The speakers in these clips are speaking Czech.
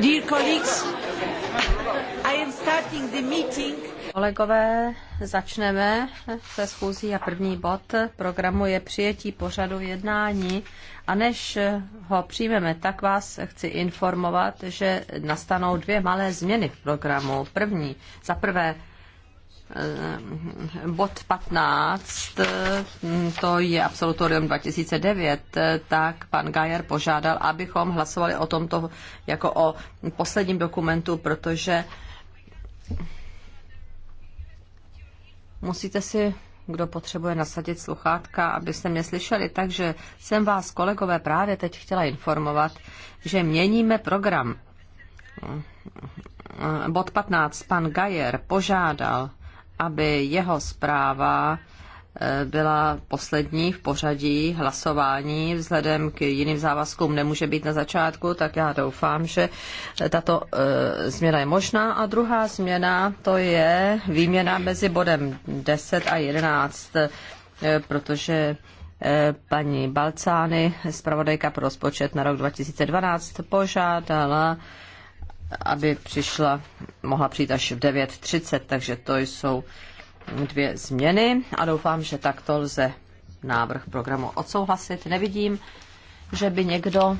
Dear colleagues, I am starting the meeting. Kolegové, začneme se schůzí a první bod programu je přijetí pořadu jednání. A než ho přijmeme, tak vás chci informovat, že nastanou dvě malé změny v programu. První, za prvé, Eh, bod 15, eh, to je absolutorium 2009, eh, tak pan Gajer požádal, abychom hlasovali o tomto jako o posledním dokumentu, protože musíte si, kdo potřebuje nasadit sluchátka, abyste mě slyšeli. Takže jsem vás, kolegové, právě teď chtěla informovat, že měníme program. Bod 15. Pan Gajer požádal aby jeho zpráva eh, byla poslední v pořadí hlasování. Vzhledem k jiným závazkům nemůže být na začátku, tak já doufám, že tato e, změna je možná. A druhá změna to je výměna mezi bodem 10 a 11, e, eh, protože e, paní Balcány, zpravodajka pro rozpočet na rok 2012, požádala e, aby přišla, mohla přijít až v 9.30, takže to jsou dvě změny a doufám, že takto lze návrh programu odsouhlasit. Nevidím, že by někdo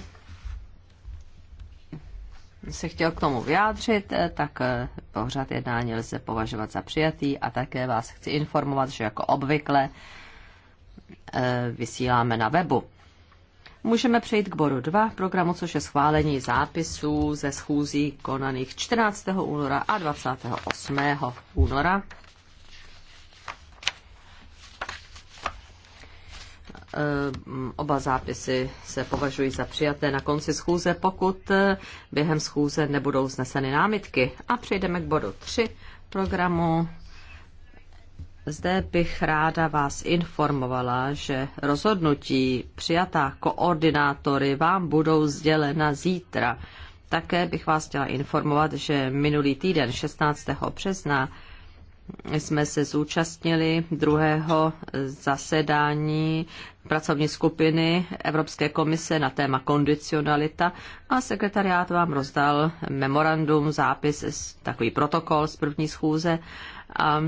se chtěl k tomu vyjádřit, eh, tak eh, pořad jednání lze považovat za přijatý a také vás chci informovat, že jako obvykle eh, vysíláme na webu. Můžeme přejít k bodu 2 programu, což je schválení zápisů ze schůzí konaných 14. února a 28. února. Ehm, oba zápisy se považují za přijaté na konci schůze, pokud eh, během schůze nebudou zneseny námitky. A přejdeme k bodu 3 programu, zde bych ráda vás informovala, že rozhodnutí přijatá koordinátory vám budou sdělena zítra. Také bych vás chtěla informovat, že minulý týden 16. března jsme se zúčastnili druhého zasedání pracovní skupiny Evropské komise na téma kondicionalita a sekretariát vám rozdal memorandum, zápis, takový protokol z první schůze a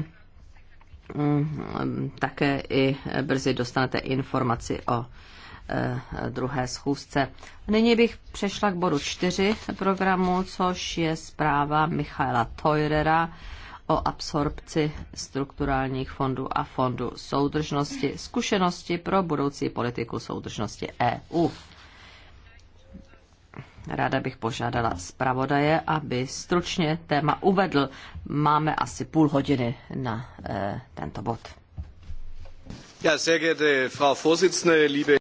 Mm, také i brzy dostanete informaci o eh, druhé schůzce. Nyní bych přešla k bodu 4 programu, což je zpráva Michaela Teurera o absorpci strukturálních fondů a fondu soudržnosti, zkušenosti pro budoucí politiku soudržnosti EU. Ráda bych požádala zpravodaje, aby stručně téma uvedl. Máme asi půl hodiny na eh, tento bod. Ja, sehr geehrte Frau Vorsitzende, liebe...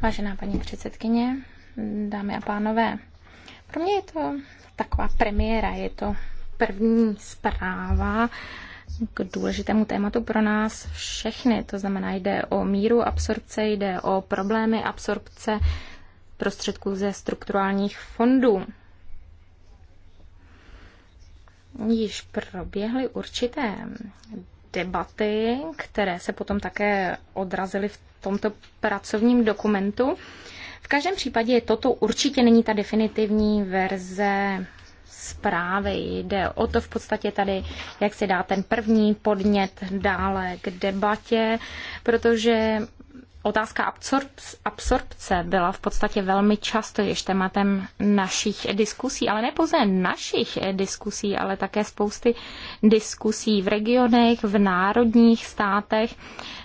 Vážená paní předsedkyně, dámy a pánové, pro mě je to taková premiéra, je to první zpráva k důležitému tématu pro nás všechny. To znamená, jde o míru absorpce, jde o problémy absorpce prostředků ze strukturálních fondů. Již proběhly určité debaty, které se potom také odrazily v tomto pracovním dokumentu. V každém případě toto určitě není ta definitivní verze zprávy. Jde o to v podstatě tady, jak se dá ten první podnět dále k debatě, protože otázka absorpce byla v podstatě velmi často již tématem našich diskusí, ale ne pouze našich diskusí, ale také spousty diskusí v regionech, v národních státech.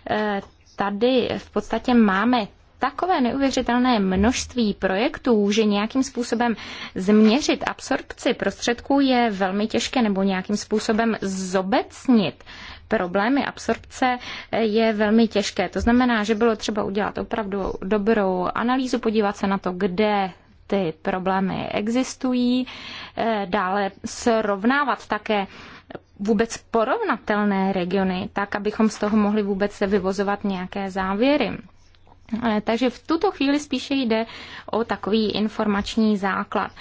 Eh, tady v podstatě máme takové neuvěřitelné množství projektů, že nějakým způsobem změřit absorpci prostředků je velmi těžké nebo nějakým způsobem zobecnit problémy absorpce eh, je velmi těžké. To znamená, že bylo třeba udělat opravdu dobrou analýzu, podívat se na to, kde ty problémy existují, eh, dále srovnávat také vůbec porovnatelné regiony, tak abychom z toho mohli vůbec vyvozovat nějaké závěry. Eh, takže v tuto chvíli spíše jde o takový informační základ.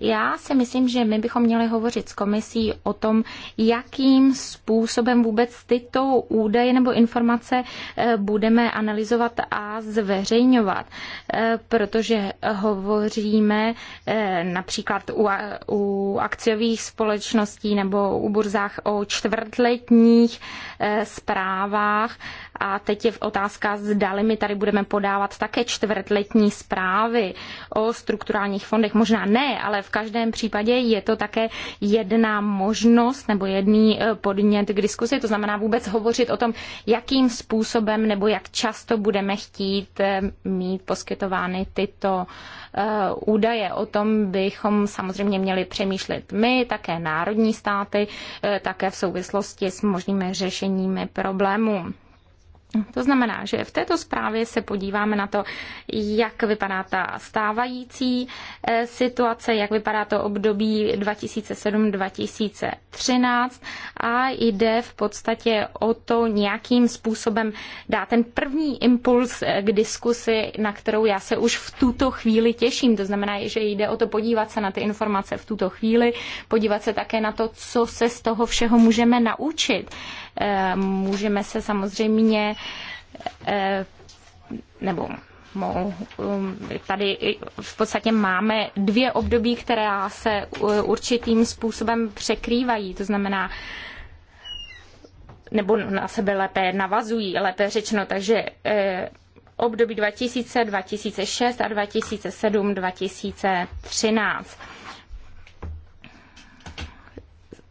Já si myslím, že my bychom měli hovořit s komisí o tom, jakým způsobem vůbec tyto údaje nebo informace eh, budeme analyzovat a zveřejňovat, eh, protože hovoříme například u, u akciových společností nebo u burzách o čtvrtletních zprávách a teď je otázka, zdali my tady budeme po podávat také čtvrtletní zprávy o strukturálních fondech. Možná ne, ale v každém případě je to také jedna možnost nebo jedný e, podnět k diskusi. To znamená vůbec hovořit o tom, jakým způsobem nebo jak často budeme chtít e, mít poskytovány tyto e, údaje. O tom bychom samozřejmě měli přemýšlet my, také národní státy, také v souvislosti s možnými řešeními problémů. To znamená, že v této zprávě se podíváme na to, jak vypadá ta stávající eh, situace, jak vypadá to období 2007-2013 a jde v podstatě o to nějakým způsobem dát ten první impuls eh, k diskusi, na kterou já se už v tuto chvíli těším. To znamená, že jde o to podívat se na ty informace v tuto chvíli, podívat se také na to, co se z toho všeho můžeme naučit. Eh, můžeme se samozřejmě eh, nebo um, tady v podstatě máme dvě období, která se eh, určitým způsobem překrývají, to znamená nebo na sebe lépe navazují, lépe řečeno, takže období 2000, 2006 a 2007, 2013.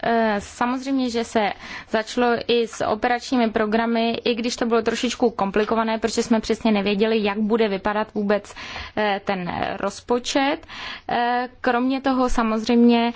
Eh, samozřejmě, že se začalo i s operačními programy, i když to bylo trošičku komplikované, protože jsme přesně nevěděli, jak bude vypadat vůbec eh, ten rozpočet. Eh, kromě toho samozřejmě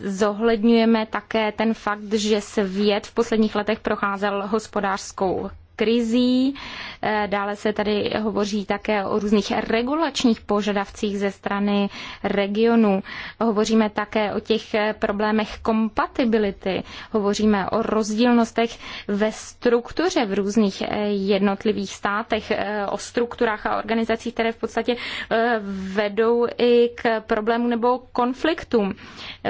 zohledňujeme také ten fakt, že svět v posledních letech procházel hospodářskou krizí. Eh, dále se tady hovoří také o různých regulačních požadavcích ze strany regionu. Hovoříme také o těch eh, problémech kompatibility. Hovoříme o rozdílnostech ve struktuře v různých eh, jednotlivých státech, o strukturách a organizacích, které v podstatě vedou i k problému nebo konfliktům.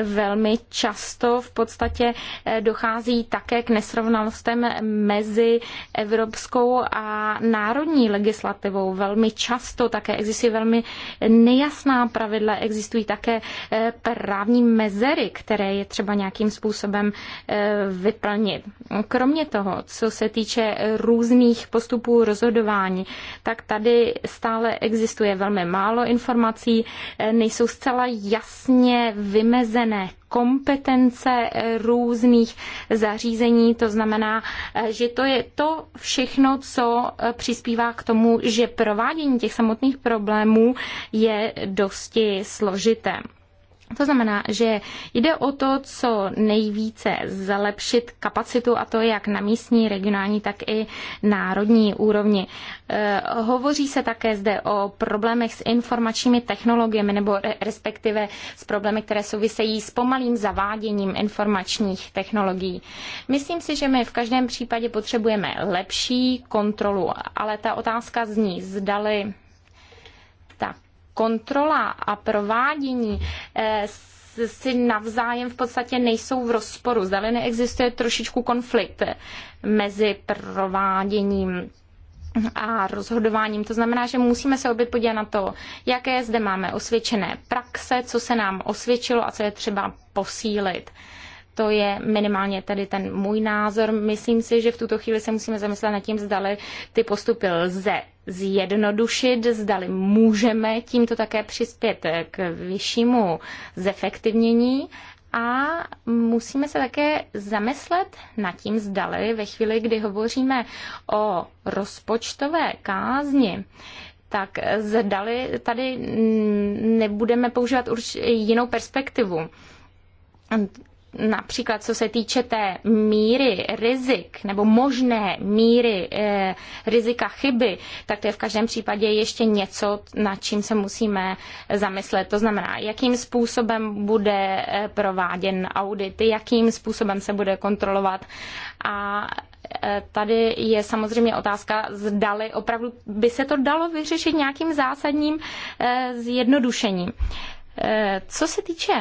Velmi často v podstatě dochází také k nesrovnalostem mezi Evropou evropskou a národní legislativou. Velmi často také existují velmi nejasná pravidla, existují také eh, právní mezery, které je třeba nějakým způsobem eh, vyplnit. Kromě toho, co se týče různých postupů rozhodování, tak tady stále existuje velmi málo informací, eh, nejsou zcela jasně vymezené kompetence různých zařízení, to znamená, že to je to všechno, co přispívá k tomu, že provádění těch samotných problémů je dosti složité. To znamená, že jde o to, co nejvíce zlepšit kapacitu, a to jak na místní, regionální, tak i národní úrovni. E, hovoří se také zde o problémech s informačními technologiemi, nebo respektive s problémy, které souvisejí s pomalým zaváděním informačních technologií. Myslím si, že my v každém případě potřebujeme lepší kontrolu, ale ta otázka zní, zdali kontrola a provádění eh, si navzájem v podstatě nejsou v rozporu. Zdali neexistuje trošičku konflikt mezi prováděním a rozhodováním. To znamená, že musíme se opět podívat na to, jaké zde máme osvědčené praxe, co se nám osvědčilo a co je třeba posílit. To je minimálně tedy ten můj názor. Myslím si, že v tuto chvíli se musíme zamyslet nad tím, zdali ty postupy lze zjednodušit, zdali můžeme tímto také přispět k vyššímu zefektivnění a musíme se také zamyslet nad tím zdali ve chvíli, kdy hovoříme o rozpočtové kázni, tak zdali tady nebudeme používat jinou perspektivu například co se týče té míry rizik nebo možné míry eh, rizika chyby, tak to je v každém případě ještě něco, nad čím se musíme zamyslet. To znamená, jakým způsobem bude eh, prováděn audit, jakým způsobem se bude kontrolovat a eh, tady je samozřejmě otázka, zdali opravdu by se to dalo vyřešit nějakým zásadním eh, zjednodušením. Co se týče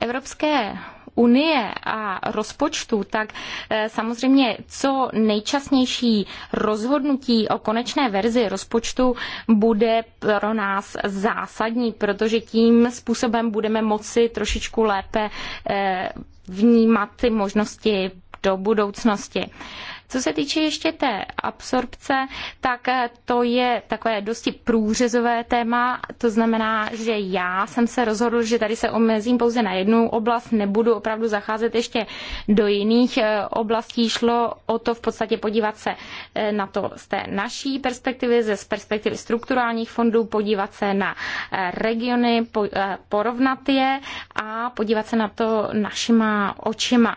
Evropské unie a rozpočtu, tak eh, samozřejmě co nejčasnější rozhodnutí o konečné verzi rozpočtu bude pro nás zásadní, protože tím způsobem budeme moci trošičku lépe eh, vnímat ty možnosti do budoucnosti. Co se týče ještě té absorpce, tak to je takové dosti průřezové téma. To znamená, že já jsem se rozhodl, že tady se omezím pouze na jednu oblast, nebudu opravdu zacházet ještě do jiných eh, oblastí. Šlo o to v podstatě podívat se eh, na to z té naší perspektivy, ze z perspektivy strukturálních fondů, podívat se na eh, regiony, porovnat je a podívat se na to našima očima.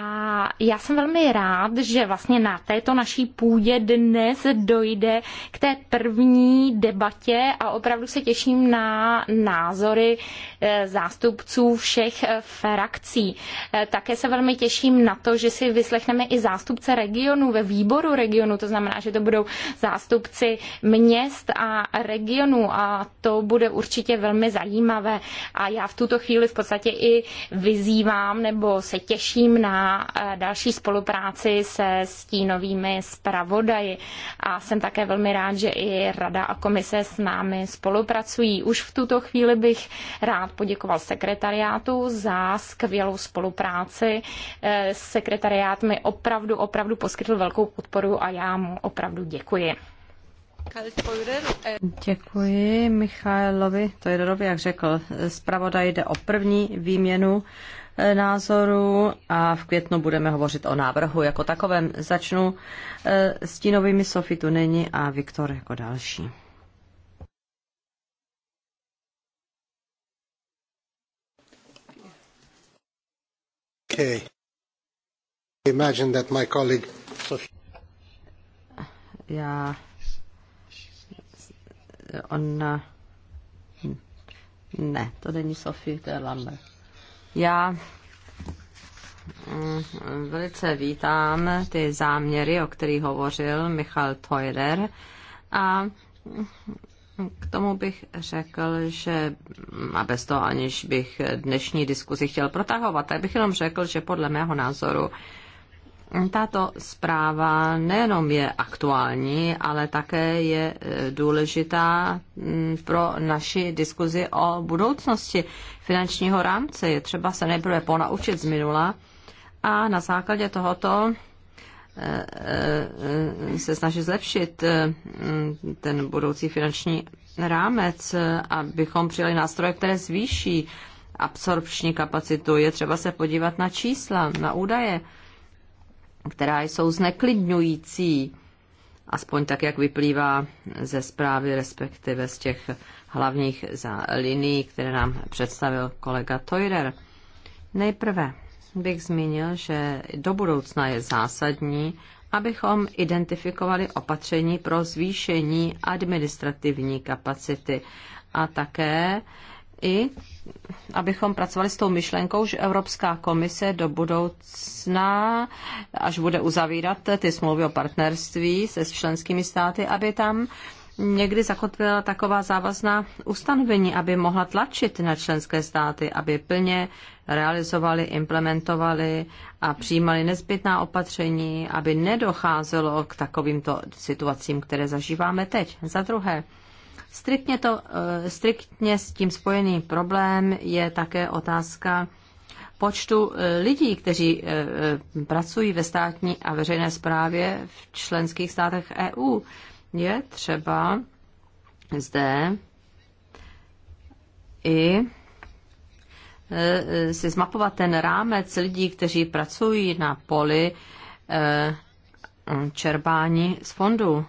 A já jsem velmi rád, že vlastně na této naší půdě dnes dojde k té první debatě a opravdu se těším na názory eh, zástupců všech eh, frakcí. Eh, také se velmi těším na to, že si vyslechneme i zástupce regionu ve výboru regionu, to znamená, že to budou zástupci měst a regionu a to bude určitě velmi zajímavé. A já v tuto chvíli v podstatě i vyzývám nebo se těším na Eh, další spolupráci se stínovými zpravodaji. A jsem také velmi rád, že i Rada a komise s námi spolupracují. Už v tuto chvíli bych rád poděkoval sekretariátu za skvělou spolupráci. Eh, sekretariát mi opravdu, opravdu poskytl velkou podporu a já mu opravdu děkuji. Děkuji Michailovi Tojderovi, jak řekl. Zpravodaj jde o první výměnu názoru a v květnu budeme hovořit o návrhu jako takovém. Začnu eh, s tínovými Sofy tu není a Viktor jako další. Okay. Imagine that my colleague Sophie... Já... Eh, ona... Hm, ne, to není Sophie, to je Lambert. Já mm, velice vítám ty záměry, o kterých hovořil Michal Teurer a k tomu bych řekl, že a bez toho aniž bych dnešní diskuzi chtěl protahovat, tak bych jenom řekl, že podle mého názoru tato zpráva nejenom je aktuální, ale také je e, důležitá pro naši diskuzi o budoucnosti finančního rámce. Je třeba se nejprve ponaučit z minula a na základě tohoto e, e, se snažit zlepšit ten budoucí finanční rámec, abychom přijali nástroje, které zvýší absorpční kapacitu. Je třeba se podívat na čísla, na údaje která jsou zneklidňující, aspoň tak, jak vyplývá ze zprávy, respektive z těch hlavních linií, které nám představil kolega Toirer. Nejprve bych zmínil, že do budoucna je zásadní, abychom identifikovali opatření pro zvýšení administrativní kapacity a také i abychom pracovali s tou myšlenkou, že Evropská komise do budoucna, až bude uzavírat ty smlouvy o partnerství se s členskými státy, aby tam někdy zakotvila taková závazná ustanovení, aby mohla tlačit na členské státy, aby plně realizovali, implementovali a přijímali nezbytná opatření, aby nedocházelo k takovýmto situacím, které zažíváme teď. Za druhé, Striktně, to, eh, striktně s tím spojený problém je také otázka počtu eh, lidí, kteří eh, pracují ve státní a veřejné správě v členských státech EU. Je třeba zde i si zmapovat ten rámec lidí, kteří pracují na poli čerpání z fondu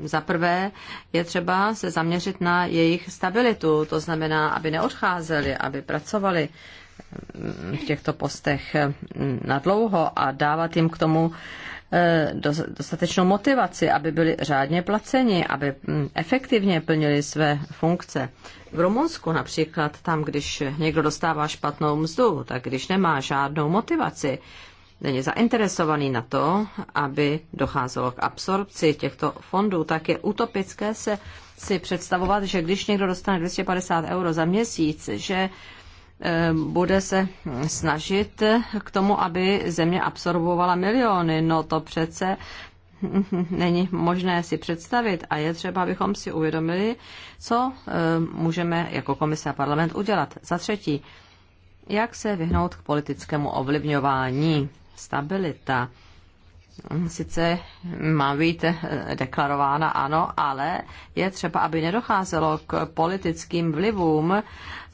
za prvé je třeba se zaměřit na jejich stabilitu, to znamená, aby neodcházeli, aby pracovali mm, v těchto postech mm, na dlouho a dávat jim k tomu eh, dostatečnou motivaci, aby byli řádně placeni, aby mm, efektivně plnili své funkce. V Rumunsku například, tam, když někdo dostává špatnou mzdu, tak když nemá žádnou motivaci, není zainteresovaný na to, aby docházelo k absorpci těchto fondů, tak je utopické se si představovat, že když někdo dostane 250 euro za měsíc, že eh, bude se snažit k tomu, aby země absorbovala miliony. No to přece není možné si představit a je třeba, abychom si uvědomili, co eh, můžeme jako komise a parlament udělat. Za třetí, jak se vyhnout k politickému ovlivňování stabilita sice má být deklarována, ano, ale je třeba, aby nedocházelo k politickým vlivům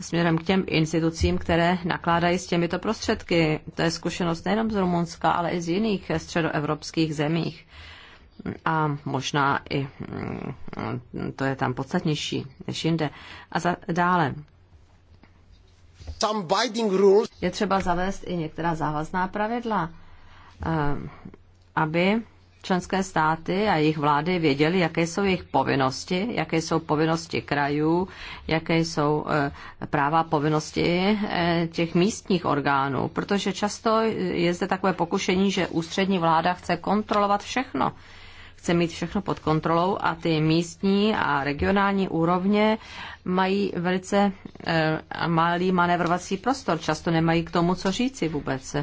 směrem k těm institucím, které nakládají s těmito prostředky. To je zkušenost nejenom z Rumunska, ale i z jiných středoevropských zemích. A možná i mm, to je tam podstatnější než jinde. A za, dále je třeba zavést i některá závazná pravidla, ehm, aby členské státy a jejich vlády věděly, jaké jsou jejich povinnosti, jaké jsou povinnosti krajů, jaké jsou eh, práva povinnosti eh, těch místních orgánů, protože často je zde takové pokušení, že ústřední vláda chce kontrolovat všechno chce mít všechno pod kontrolou a ty místní a regionální úrovně mají velice eh, malý manévrovací prostor. Často nemají k tomu, co říci vůbec.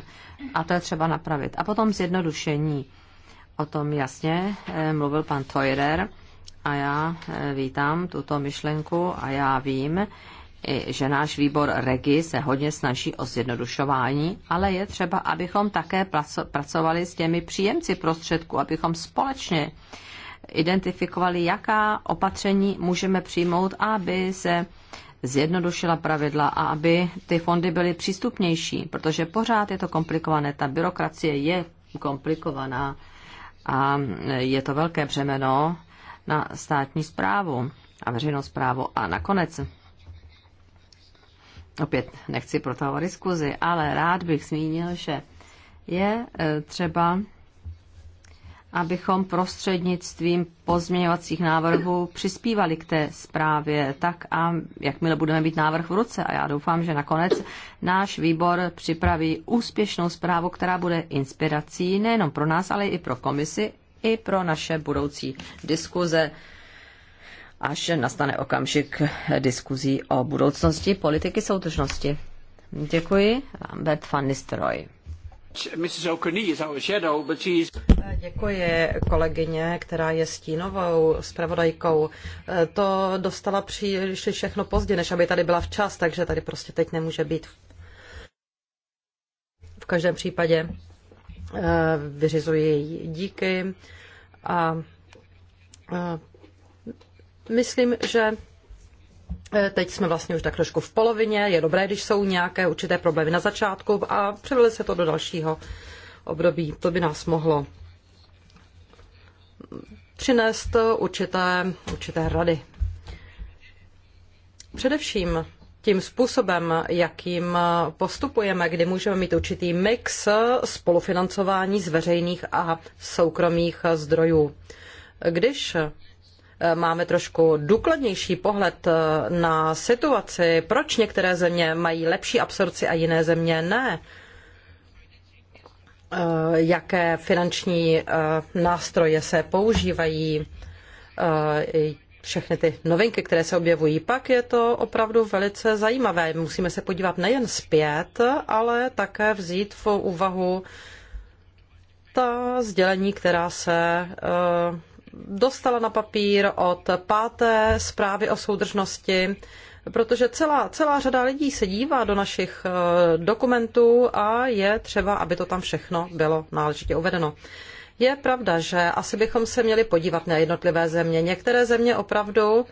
A to je třeba napravit. A potom zjednodušení. O tom jasně eh, mluvil pan Toirer a já eh, vítám tuto myšlenku a já vím, že náš výbor REGI se hodně snaží o zjednodušování, ale je třeba, abychom také pracovali s těmi příjemci prostředků, abychom společně identifikovali, jaká opatření můžeme přijmout, aby se zjednodušila pravidla a aby ty fondy byly přístupnější, protože pořád je to komplikované, ta byrokracie je komplikovaná a je to velké břemeno na státní zprávu a veřejnou zprávu. A nakonec opět nechci protahovat diskuzi, ale rád bych zmínil, že je e, třeba, abychom prostřednictvím pozměňovacích návrhů přispívali k té zprávě tak a jakmile budeme mít návrh v ruce a já doufám, že nakonec náš výbor připraví úspěšnou zprávu, která bude inspirací nejenom pro nás, ale i pro komisi, i pro naše budoucí diskuze až nastane okamžik diskuzí o budoucnosti politiky soudržnosti. Děkuji. Bert van Nistelrooy. Děkuji kolegyně, která je stínovou zpravodajkou. To dostala příliš všechno pozdě, než aby tady byla včas, takže tady prostě teď nemůže být. V každém případě eh, vyřizuji díky a eh, Myslím, že eh, Teď jsme vlastně už tak trošku v polovině, je dobré, když jsou nějaké určité problémy na začátku a převede se to do dalšího období. To by nás mohlo přinést určité, určité rady. Především tím způsobem, jakým postupujeme, kdy můžeme mít určitý mix spolufinancování z veřejných a soukromých zdrojů. Když Eh, máme trošku důkladnější pohled eh, na situaci, proč některé země mají lepší absorci a jiné země ne, eh, jaké finanční nástroje se používají, všechny ty novinky, které se objevují, pak je to opravdu velice zajímavé. Musíme se podívat nejen zpět, ale také vzít v úvahu ta sdělení, která se dostala na papír od páté zprávy o soudržnosti, protože celá, celá řada lidí se dívá do našich eh, dokumentů a je třeba, aby to tam všechno bylo náležitě uvedeno. Je pravda, že asi bychom se měli podívat na jednotlivé země. Některé země opravdu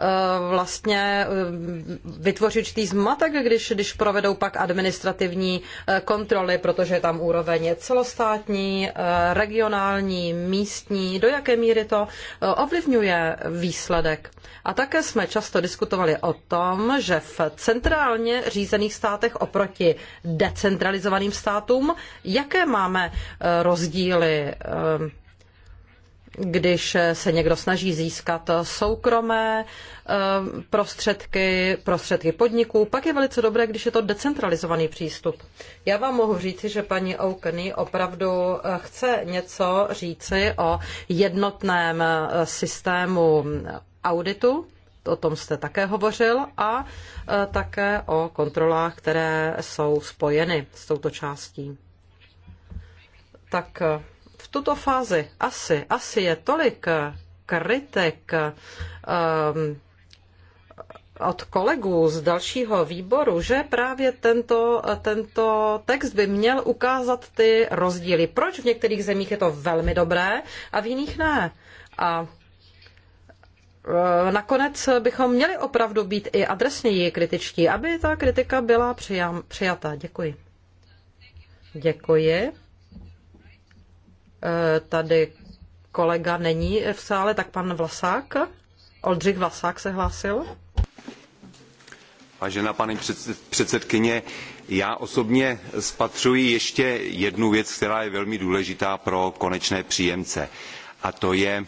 Eh, vlastně eh, vytvořit určitý zmatek, když, když provedou pak administrativní eh, kontroly, protože tam úroveň je celostátní, regionální, místní, do jaké míry to ovlivňuje výsledek. A také jsme často diskutovali o tom, že v centrálně řízených státech oproti decentralizovaným státům, jaké máme rozdíly když se někdo snaží získat soukromé eh, prostředky, prostředky podniků, pak je velice dobré, když je to decentralizovaný přístup. Já vám mohu říci, že paní Oukny opravdu eh, chce něco říci o jednotném eh, systému auditu, o tom jste také hovořil, a také o kontrolách, které jsou spojeny s touto částí. Tak tuto fázi asi, asi je tolik eh, kritik um, od kolegů z dalšího výboru, že právě tento, eh, tento text by měl ukázat ty rozdíly. Proč v některých zemích je to velmi dobré a v jiných ne? A nakonec bychom měli opravdu být i adresněji kritičtí, aby ta kritika byla přijata. Děkuji. Děkuji. Eh, tady kolega není v sále, tak pan Vlasák, Oldřich Vlasák se hlásil. Vážená paní předsedkyně, já osobně spatřuji ještě jednu věc, která je velmi důležitá pro konečné příjemce. A to je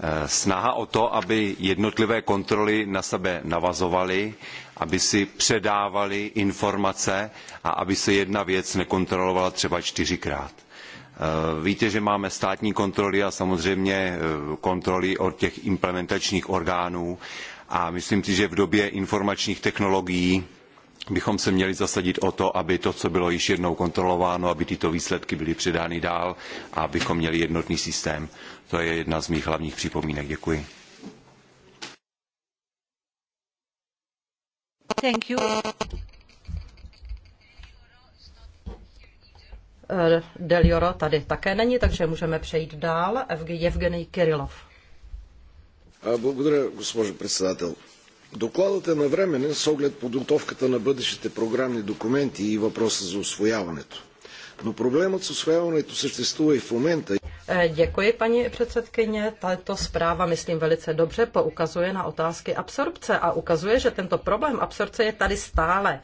eh, snaha o to, aby jednotlivé kontroly na sebe navazovaly, aby si předávaly informace a aby se jedna věc nekontrolovala třeba čtyřikrát Eh, víte, že máme státní kontroly a samozřejmě eh, kontroly od těch implementačních orgánů a myslím si, že v době informačních technologií bychom se měli zasadit o to, aby to, co bylo již jednou kontrolováno, aby tyto výsledky byly předány dál a abychom měli jednotný systém. To je jedna z mých hlavních připomínek. Děkuji. Thank you. Eh, Delioro tady také není, takže můžeme přejít dál. Evgenij Kirilov. Благодаря, госпожо председател. Докладът е навременен с оглед подготовката на бъдещите програмни документи и въпроса за освояването. No problémot s osvajováním existuje i v momentě. Děkuji, paní předsedkyně. Tato zpráva, myslím, velice dobře poukazuje na otázky absorpce a ukazuje, že tento problém absorpce je tady stále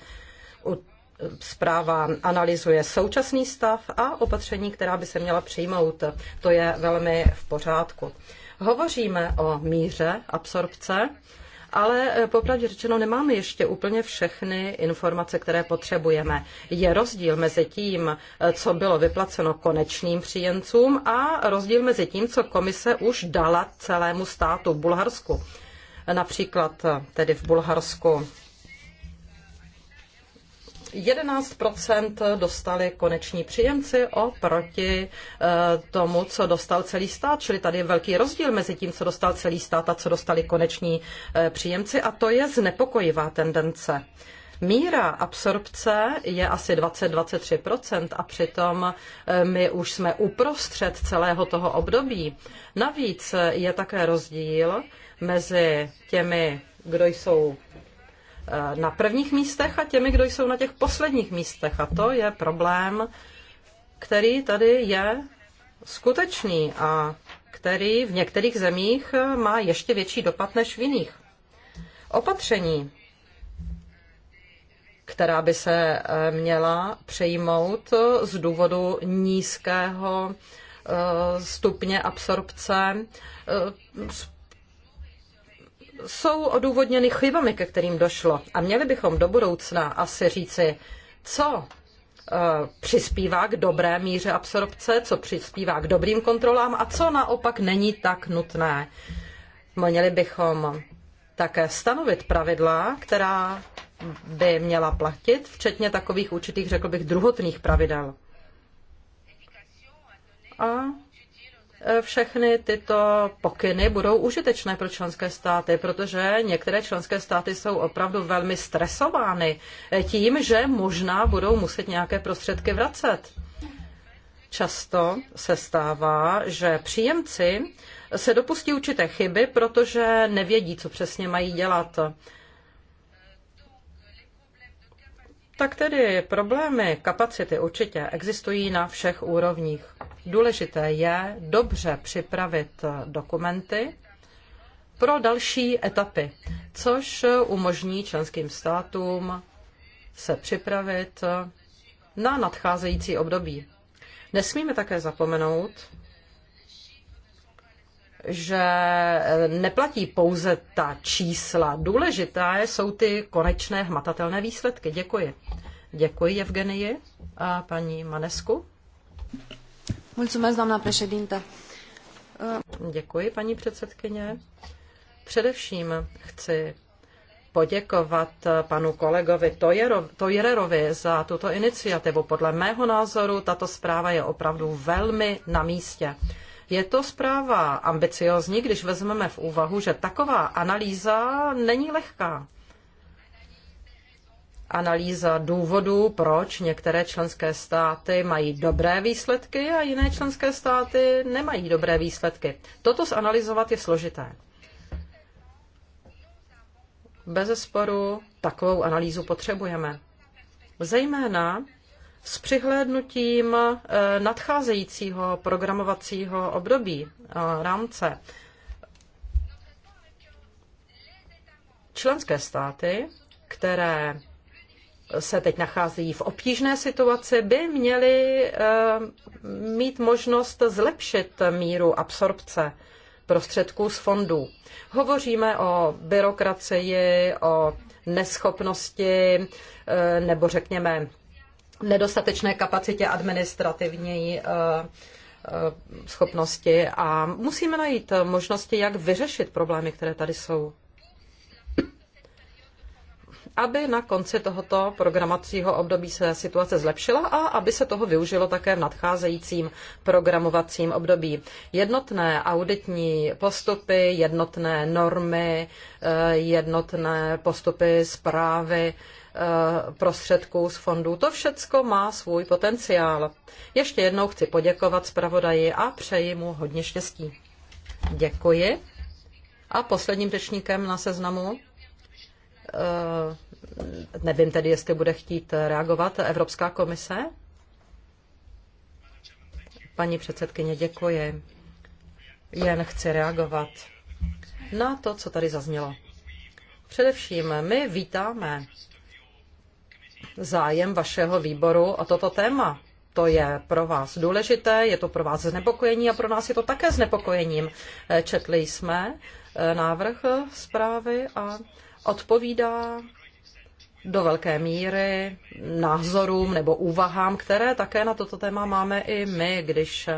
zpráva analyzuje současný stav a opatření, která by se měla přijmout. To je velmi v pořádku. Hovoříme o míře absorpce, ale eh, popravdě řečeno nemáme ještě úplně všechny informace, které potřebujeme. Je rozdíl mezi tím, eh, co bylo vyplaceno konečným příjemcům a rozdíl mezi tím, co komise už dala celému státu Bulharsku. Například eh, tedy v Bulharsku 11 dostali koneční příjemci oproti eh, tomu, co dostal celý stát. Čili tady je velký rozdíl mezi tím, co dostal celý stát a co dostali koneční eh, příjemci a to je znepokojivá tendence. Míra absorpce je asi 20-23% a přitom eh, my už jsme uprostřed celého toho období. Navíc je také rozdíl mezi těmi, kdo jsou Eh, na prvních místech a těmi, kdo jsou na těch posledních místech. A to je problém, který tady je skutečný a který v některých zemích eh, má ještě větší dopad než v jiných. Opatření, která by se eh, měla přejmout z důvodu nízkého stupně absorpce, jsou odůvodněny chybami, ke kterým došlo. A měli bychom do budoucna asi říci, co eh, přispívá k dobré míře absorpce, co přispívá k dobrým kontrolám a co naopak není tak nutné. Měli bychom také stanovit pravidla, která by měla platit, včetně takových určitých, řekl bych, druhotných pravidel. A všechny tyto pokyny budou užitečné pro členské státy, protože některé členské státy jsou opravdu velmi stresovány tím, že možná budou muset nějaké prostředky vracet. Často se stává, že příjemci se dopustí určité chyby, protože nevědí, co přesně mají dělat. Tak tedy problémy kapacity určitě existují na všech úrovních. Důležité je dobře připravit dokumenty pro další etapy, což umožní členským státům se připravit na nadcházející období. Nesmíme také zapomenout, že neplatí pouze ta čísla. Důležité jsou ty konečné hmatatelné výsledky. Děkuji. Děkuji Evgenii a paní Manesku. Mulțumesc, doamna președinte. Děkuji, paní předsedkyně. Především chci poděkovat panu kolegovi Tojererovi za tuto iniciativu. Podle mého názoru tato zpráva je opravdu velmi na místě. Je to zpráva ambiciozní, když vezmeme v úvahu, že taková analýza není lehká analýza důvodů, proč některé členské státy mají dobré výsledky a jiné členské státy nemají dobré výsledky. Toto zanalizovat je složité. Bez sporu takovou analýzu potřebujeme. Zejména s přihlédnutím eh, nadcházejícího programovacího období eh, rámce. Členské státy, které se teď nacházejí v obtížné situaci, by měli eh, mít možnost zlepšit míru absorpce prostředků z fondů. Hovoříme o byrokracii, o neschopnosti eh, nebo řekněme nedostatečné kapacitě administrativní eh, schopnosti a musíme najít možnosti, jak vyřešit problémy, které tady jsou aby na konci tohoto programacího období se situace zlepšila a aby se toho využilo také v nadcházejícím programovacím období. Jednotné auditní postupy, jednotné normy, eh, jednotné postupy zprávy eh, prostředků z fondů. To všecko má svůj potenciál. Ještě jednou chci poděkovat zpravodaji a přeji mu hodně štěstí. Děkuji. A posledním řečníkem na seznamu eh, Nevím tedy, jestli bude chtít reagovat Evropská komise. Paní předsedkyně, děkuji. Jen chci reagovat na to, co tady zaznělo. Především my vítáme zájem vašeho výboru o toto téma. To je pro vás důležité, je to pro vás znepokojení a pro nás je to také znepokojením. Četli jsme eh, návrh zprávy a odpovídá do velké míry názorům nebo úvahám, které také na toto téma máme i my, když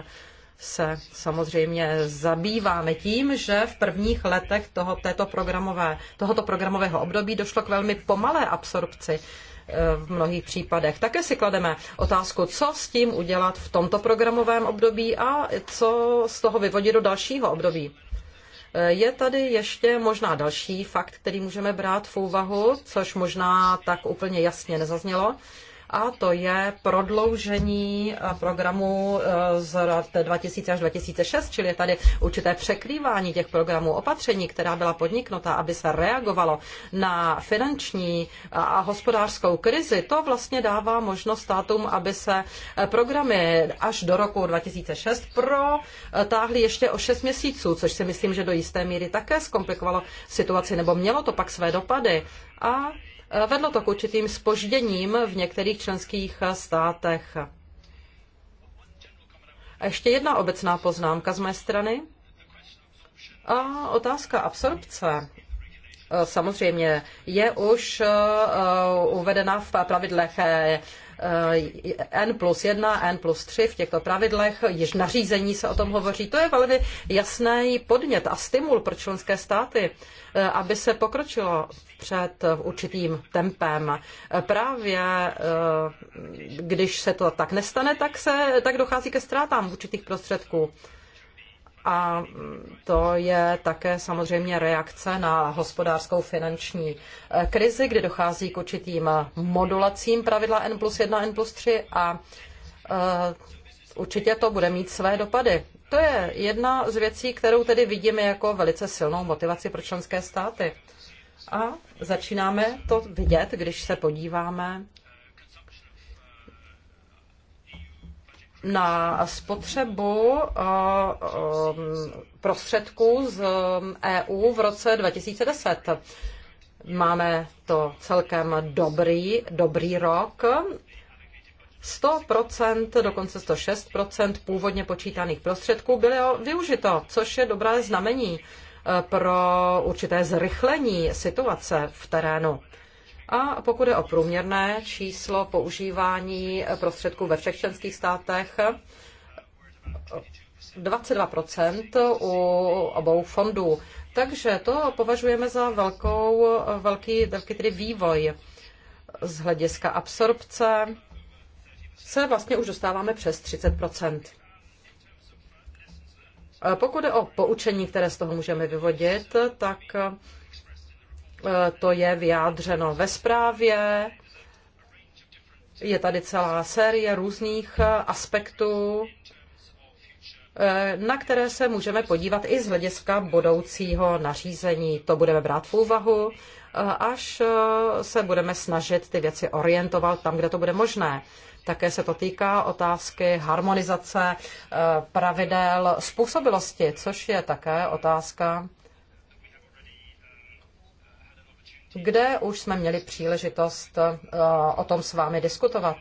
se samozřejmě zabýváme tím, že v prvních letech toho, této programové, tohoto programového období došlo k velmi pomalé absorpci eh, v mnohých případech. Také si klademe otázku, co s tím udělat v tomto programovém období a co z toho vyvodit do dalšího období. Je tady ještě možná další fakt, který můžeme brát v úvahu, což možná tak úplně jasně nezaznělo a to je prodloužení eh, programu eh, z let 2000 až 2006, čili je tady určité překrývání těch programů, opatření, která byla podniknuta, aby se reagovalo na finanční eh, a hospodářskou krizi. To vlastně dává možnost státům, aby se programy až do roku 2006 protáhly ještě o 6 měsíců, což si myslím, že do jisté míry také zkomplikovalo situaci, nebo mělo to pak své dopady. A Eh, vedlo to k určitým spožděním v některých členských eh, státech. A ještě jedna obecná poznámka z mé strany. A otázka absorpce. Eh, samozřejmě je už uvedena v pravidlech N plus 1, N plus 3 v těchto pravidlech, již nařízení se o tom hovoří. To je velmi jasný podnět a stimul pro členské státy, aby se pokročilo vpřed určitým tempem. Právě eh, když se to tak nestane, tak, se, tak dochází ke ztrátám určitých prostředků. A to je také samozřejmě reakce na hospodářskou finanční eh, krizi, kdy dochází k určitým eh, modulacím pravidla N plus 1, N plus 3 a určitě to bude mít své dopady. To je jedna z věcí, kterou tedy vidíme jako velice silnou motivaci pro členské státy. A začínáme to vidět, když se podíváme na spotřebu eh, eh, prostředků z EU eh, e v roce 2010. Máme to celkem dobrý, dobrý rok. 100%, dokonce 106% původně počítaných prostředků bylo využito, což je dobré znamení pro určité zrychlení situace v terénu. A pokud je o průměrné číslo používání prostředků ve všech členských státech, 22% u obou fondů. Takže to považujeme za velkou, velký, velký tedy vývoj z hlediska absorpce se vlastně už dostáváme přes 30 Eh, pokud je o poučení, které z toho můžeme vyvodit, tak eh, to je vyjádřeno ve zprávě. Je tady celá série různých eh, aspektů, na které se můžeme podívat i z hlediska budoucího nařízení. To budeme brát v úvahu, až se budeme snažit ty věci orientovat tam, kde to bude možné. Také se to týká otázky harmonizace eh, pravidel způsobilosti, což je také otázka, kde už jsme měli příležitost eh, o tom s vámi diskutovat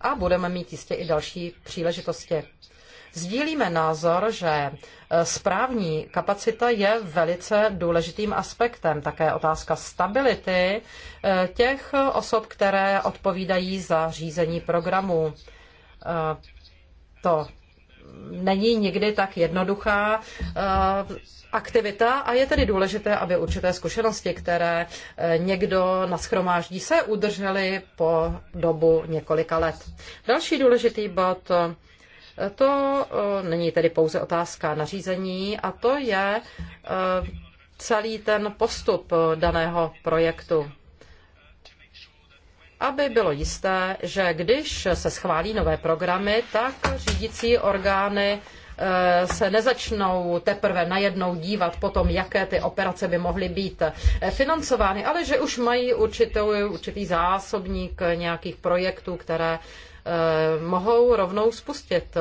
a budeme mít jistě i další příležitosti. Sdílíme názor, že e, správní kapacita je velice důležitým aspektem. Také otázka stability e, těch osob, které odpovídají za řízení programu. E, to není nikdy tak jednoduchá aktivita a je tedy důležité, aby určité zkušenosti, které někdo naschromáždí, se udržely po dobu několika let. Další důležitý bod to e, není tedy pouze otázka nařízení a to je e, celý ten postup daného projektu aby bylo jisté, že když se schválí nové programy, tak řídící orgány e, se nezačnou teprve najednou dívat po tom, jaké ty operace by mohly být financovány, ale že už mají určitou, určitý zásobník nějakých projektů, které Eh, mohou rovnou spustit.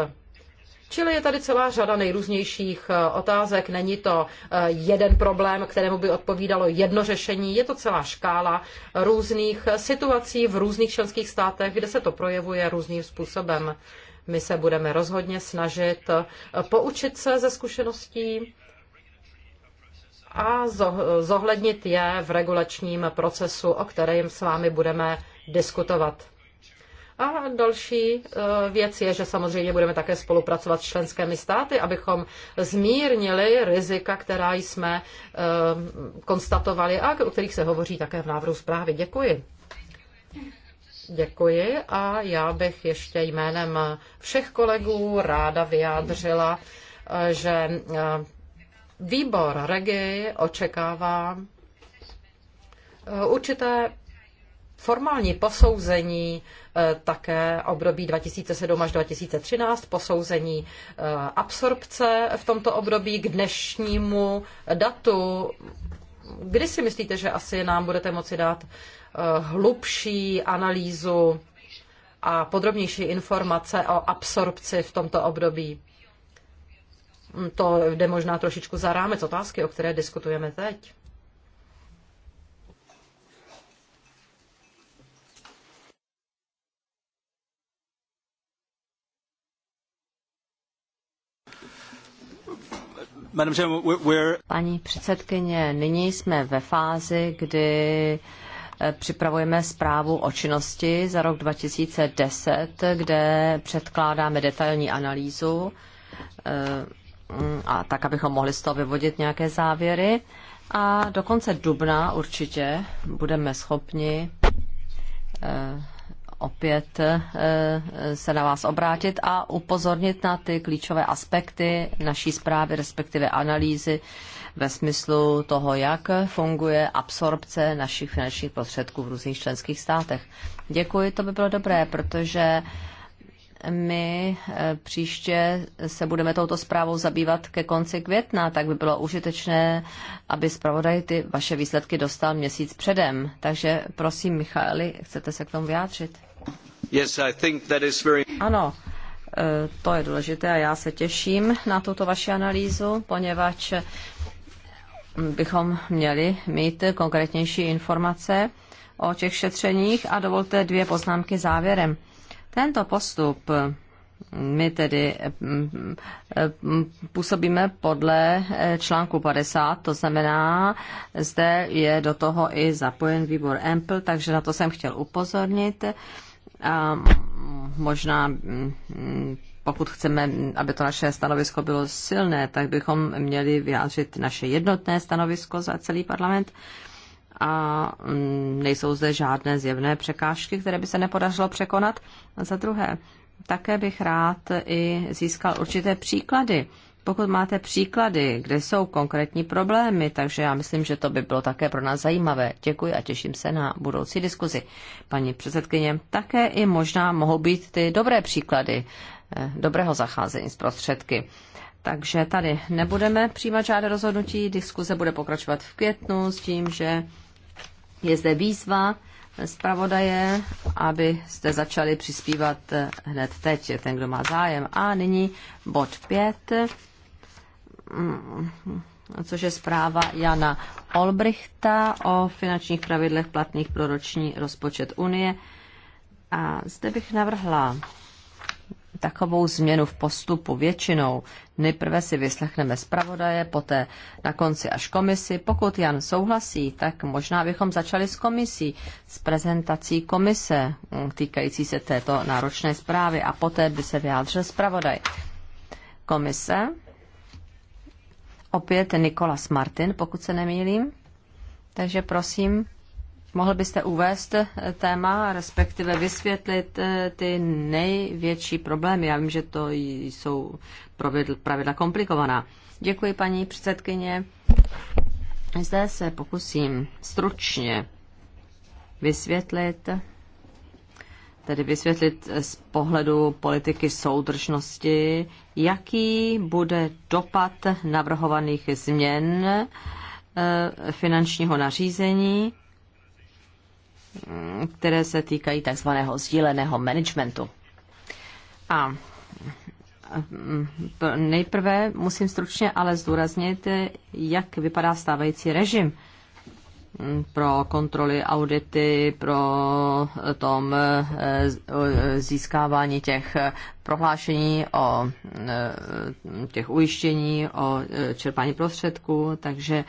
Čili je tady celá řada nejrůznějších eh, otázek. Není to eh, jeden problém, kterému by odpovídalo jedno řešení. Je to celá škála různých situací v různých členských státech, kde se to projevuje různým způsobem. My se budeme rozhodně snažit poučit se ze zkušeností a zohlednit je v regulačním procesu, o kterém s vámi budeme diskutovat. A další e, věc je, že samozřejmě budeme také spolupracovat s členskými státy, abychom zmírnili rizika, která jsme e, konstatovali a o kterých se hovoří také v návrhu zprávy. Děkuji. Děkuji a já bych ještě jménem všech kolegů ráda vyjádřila, e, že výbor Regi očekává určité formální posouzení eh, také období 2007 až 2013, posouzení eh, absorpce v tomto období k dnešnímu datu. Kdy si myslíte, že asi nám budete moci dát eh, hlubší analýzu a podrobnější informace o absorpci v tomto období? To jde možná trošičku za rámec otázky, o které diskutujeme teď. Paní předsedkyně, nyní jsme ve fázi, kdy eh, připravujeme zprávu o činnosti za rok 2010, kde předkládáme detailní analýzu eh, a tak, abychom mohli z toho vyvodit nějaké závěry. A do konce dubna určitě budeme schopni eh, opět eh, se na vás obrátit a upozornit na ty klíčové aspekty naší zprávy, respektive analýzy ve smyslu toho, jak funguje absorpce našich finančních prostředků v různých členských státech. Děkuji, to by bylo dobré, protože my eh, příště se budeme touto zprávou zabývat ke konci května, tak by bylo užitečné, aby zpravodaj ty vaše výsledky dostal měsíc předem. Takže prosím, Michaeli, chcete se k tomu vyjádřit? Yes, I think that is very... Ano, eh, to je důležité a já se těším na tuto vaši analýzu, poněvadž bychom měli mít konkrétnější informace o těch šetřeních a dovolte dvě poznámky závěrem. Tento postup my tedy mm, působíme podle eh, článku 50, to znamená, zde je do toho i zapojen výbor Ample, takže na to jsem chtěl upozornit. A možná mm, pokud chceme, aby to naše stanovisko bylo silné, tak bychom měli vyjádřit naše jednotné stanovisko za celý parlament a mm, nejsou zde žádné zjevné překážky, které by se nepodařilo překonat. A za druhé, také bych rád i získal určité příklady. Pokud máte příklady, kde jsou konkrétní problémy, takže já myslím, že to by bylo také pro nás zajímavé. Děkuji a těším se na budoucí diskuzi. Paní předsedkyně, také i možná mohou být ty dobré příklady eh, dobrého zacházení s prostředky. Takže tady nebudeme přijímat žádné rozhodnutí, diskuze bude pokračovat v květnu s tím, že je zde výzva zpravodaje, abyste začali přispívat hned teď, ten, kdo má zájem. A nyní bod 5, mm, což je zpráva Jana Olbrichta o finančních pravidlech platných pro roční rozpočet Unie. A zde bych navrhla takovou změnu v postupu většinou. Nejprve si vyslechneme zpravodaje, poté na konci až komisi. Pokud Jan souhlasí, tak možná bychom začali s komisí, s prezentací komise mm, týkající se této náročné zprávy a poté by se vyjádřil zpravodaj. Komise, opět Nikolas Martin, pokud se nemýlím. Takže prosím, Mohl byste uvést eh, téma, respektive vysvětlit eh, ty největší problémy? Já vím, že to jsou pravidla komplikovaná. Děkuji, paní předsedkyně. Zde se pokusím stručně vysvětlit, tedy vysvětlit z pohledu politiky soudržnosti, jaký bude dopad navrhovaných změn eh, finančního nařízení které se týkají takzvaného sdíleného managementu. A mm, nejprve musím stručně ale zdůraznit, jak vypadá stávající režim pro kontroly, audity, pro tom eh, eh, získávání těch eh, prohlášení o těch ujištění, o čerpání prostředků, takže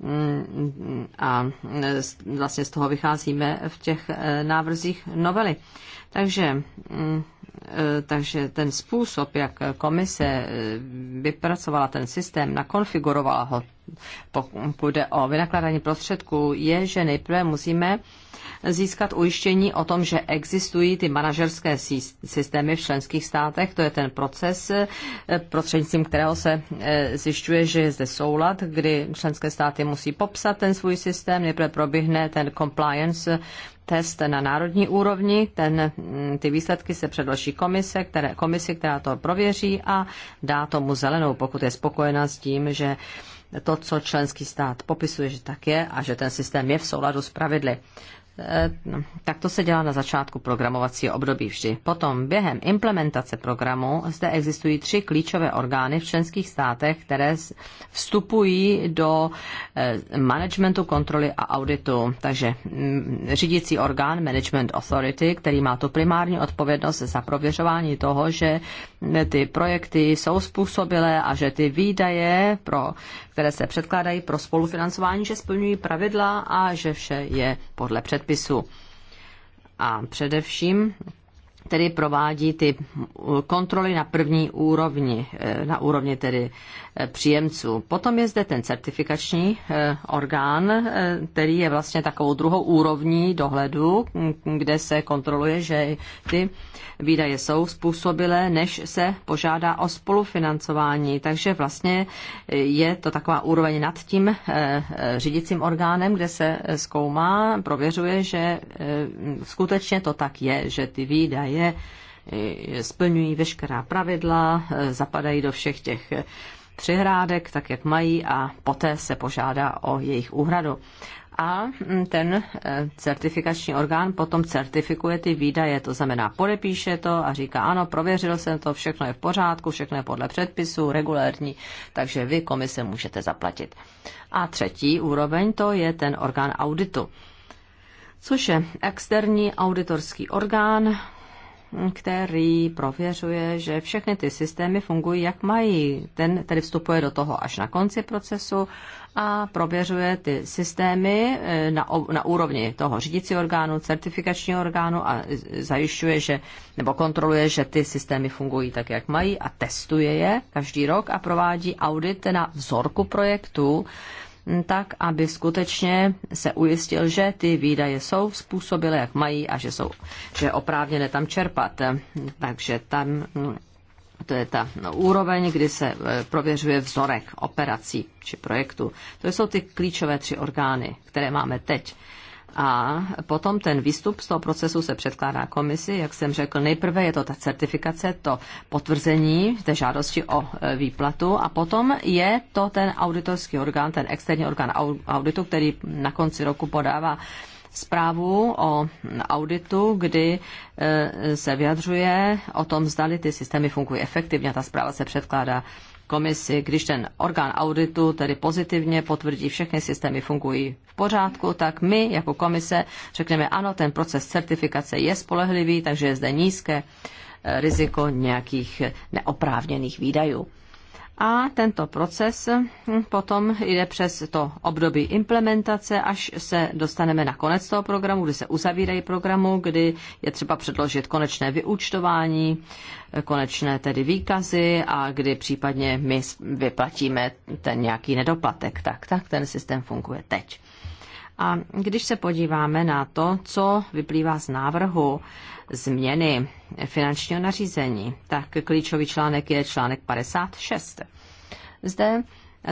mm, a vlastně z toho vycházíme v těch návrzích novely. Takže mm, Eh, takže ten způsob, jak komise eh, vypracovala ten systém, nakonfigurovala ho, pokud jde o vynakládání prostředků, je, že nejprve musíme získat ujištění o tom, že existují ty manažerské systémy v členských státech. To je ten proces, eh, prostřednictvím kterého se zjišťuje, že je zde soulad, kdy členské státy musí popsat ten svůj systém. Nejprve proběhne ten compliance test na národní úrovni, ten, mm, ty výsledky se předloží komise, které, komise, která to prověří a dá tomu zelenou, pokud je spokojená s tím, že to, co členský stát popisuje, že tak je a že ten systém je v souladu s pravidly. Eh, tak to se dělá na začátku programovacího období vždy. Potom během implementace programu zde existují tři klíčové orgány v členských státech, které vstupují do eh, managementu, kontroly a auditu. Takže mm, řídící orgán Management Authority, který má tu primární odpovědnost za prověřování toho, že eh, ty projekty jsou způsobilé a že ty výdaje, pro, které se předkládají pro spolufinancování, že splňují pravidla a že vše je podle předpisů předpisů. A především tedy provádí ty kontroly na první úrovni, eh, na úrovni tedy eh, příjemců. Potom je zde ten certifikační eh, orgán, který je vlastně takovou druhou úrovní dohledu, mm, kde se kontroluje, že ty výdaje jsou způsobilé, než se požádá o spolufinancování. Takže vlastně je to taková úroveň nad tím řídicím orgánem, kde se zkoumá, prověřuje, že skutečně to tak je, že ty výdaje je, eh, splňují veškerá pravidla, eh, zapadají do všech těch přihrádek, eh, tak jak mají, a poté se požádá o jejich úhradu. A hm, ten certifikační orgán potom certifikuje ty výdaje, to znamená podepíše to a říká, ano, prověřil jsem to, všechno je v pořádku, všechno je podle předpisů, regulérní, takže vy komise můžete zaplatit. A třetí úroveň to je ten orgán auditu, což je externí auditorský orgán, který prověřuje, že všechny ty systémy fungují, jak mají. Ten tedy vstupuje do toho až na konci procesu a prověřuje ty systémy eh, na, na úrovni toho řídícího orgánu, certifikačního orgánu a zajišťuje, že, nebo kontroluje, že ty systémy fungují tak, jak mají a testuje je každý rok a provádí audit na vzorku projektů tak aby skutečně se ujistil, že ty výdaje jsou způsobily, jak mají a že jsou že oprávněné tam čerpat. Takže tam mm, to je ta no, úroveň, kdy se e, prověřuje vzorek operací či projektu. To jsou ty klíčové tři orgány, které máme teď. A potom ten výstup z toho procesu se předkládá komisi, jak jsem řekl, nejprve je to ta certifikace, to potvrzení té žádosti o e, výplatu a potom je to ten auditorský orgán, ten externí orgán auditu, který na konci roku podává zprávu o auditu, kdy e, se vyjadřuje o tom, zdali ty systémy fungují efektivně. Ta zpráva se předkládá komisi, když ten orgán auditu tedy pozitivně potvrdí, všechny systémy fungují v pořádku, tak my jako komise řekneme, ano, ten proces certifikace je spolehlivý, takže je zde nízké eh, riziko nějakých neoprávněných výdajů. A tento proces hm, potom jde přes to období implementace, až se dostaneme na konec toho programu, kdy se uzavírají programu, kdy je třeba předložit konečné vyúčtování, konečné tedy výkazy a kdy případně my vyplatíme ten nějaký nedoplatek. Tak, tak ten systém funguje teď. A když se podíváme na to, co vyplývá z návrhu změny finančního nařízení, tak klíčový článek je článek 56. Zde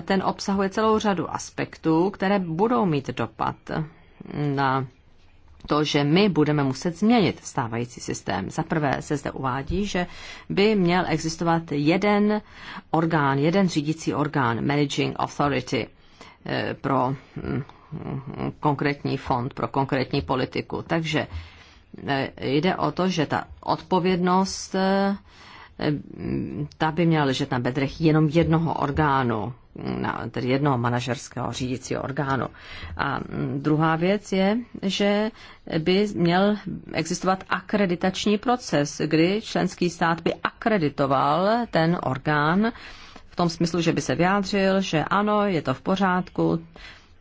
ten obsahuje celou řadu aspektů, které budou mít dopad na to, že my budeme muset změnit stávající systém. Za prvé se zde uvádí, že by měl existovat jeden orgán, jeden řídící orgán, managing authority, eh, pro hm, konkrétní fond, pro konkrétní politiku. Takže e, jde o to, že ta odpovědnost e, ta by měla ležet na bedrech jenom jednoho orgánu, tedy jednoho manažerského řídícího orgánu. A druhá věc je, že by měl existovat akreditační proces, kdy členský stát by akreditoval ten orgán v tom smyslu, že by se vyjádřil, že ano, je to v pořádku,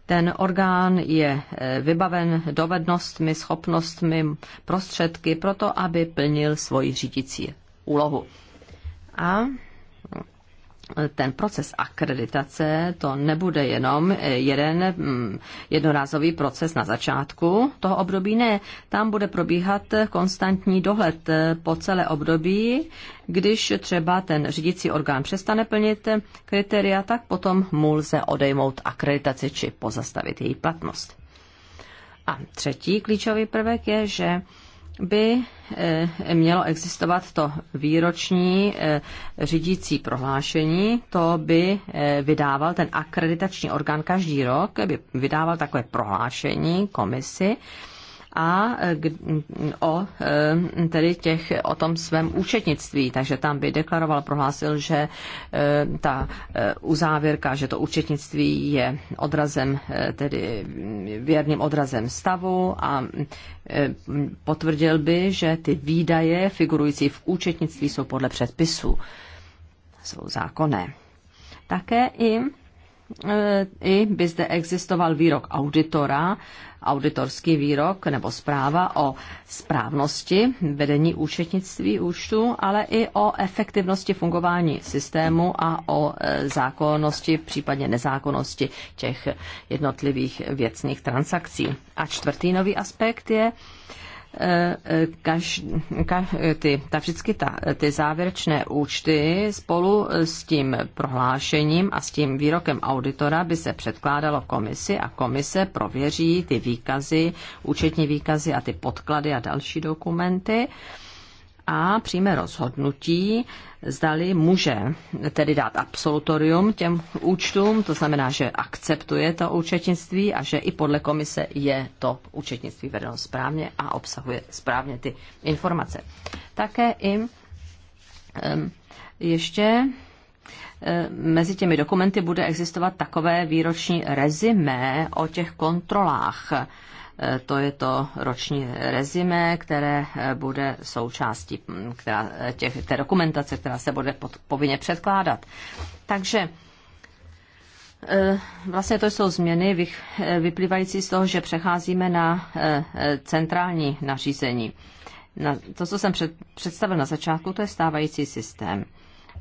ten orgán je eh, vybaven dovednostmi, schopnostmi, prostředky pro to, aby plnil svoji řídící úlohu. A ten proces akreditace, to nebude jenom eh, jeden mm, jednorázový proces na začátku toho období, ne. Tam bude probíhat konstantní dohled eh, po celé období. Když třeba ten řídící orgán přestane plnit eh, kritéria, tak potom mu lze odejmout akreditaci či pozastavit její platnost. A třetí klíčový prvek je, že by eh, mělo existovat to výroční eh, řídící prohlášení, to by eh, vydával ten akreditační orgán každý rok, by vydával takové prohlášení komisi, a eh, o eh, tedy těch, o tom svém účetnictví. Takže tam by deklaroval, prohlásil, že eh, ta uzávěrka, že to účetnictví je odrazem, tedy mm, věrným odrazem stavu a potvrdil by, že ty výdaje figurující v účetnictví jsou podle předpisů, jsou zákonné. Také i i by zde existoval výrok auditora, auditorský výrok nebo zpráva o správnosti vedení účetnictví účtu, ale i o efektivnosti fungování systému a o e, zákonnosti, případně nezákonnosti těch jednotlivých věcných transakcí. A čtvrtý nový aspekt je kaž, ka, ty, ta vždycky ta, ty závěrečné účty spolu s tím prohlášením a s tím výrokem auditora by se předkládalo komisi a komise prověří ty výkazy, účetní výkazy a ty podklady a další dokumenty a přijme rozhodnutí, zdali může tedy dát absolutorium těm účtům, to znamená, že akceptuje to účetnictví a že i podle komise je to účetnictví vedeno správně a obsahuje správně ty informace. Také i ještě mezi těmi dokumenty bude existovat takové výroční rezimé o těch kontrolách to je to roční rezime, které bude součástí která, těch, té dokumentace, která se bude pod, povinně předkládat. Takže eh, Vlastně to jsou změny eh, vyplývající z toho, že přecházíme na eh, centrální nařízení. Na to, co jsem před, představil na začátku, to je stávající systém.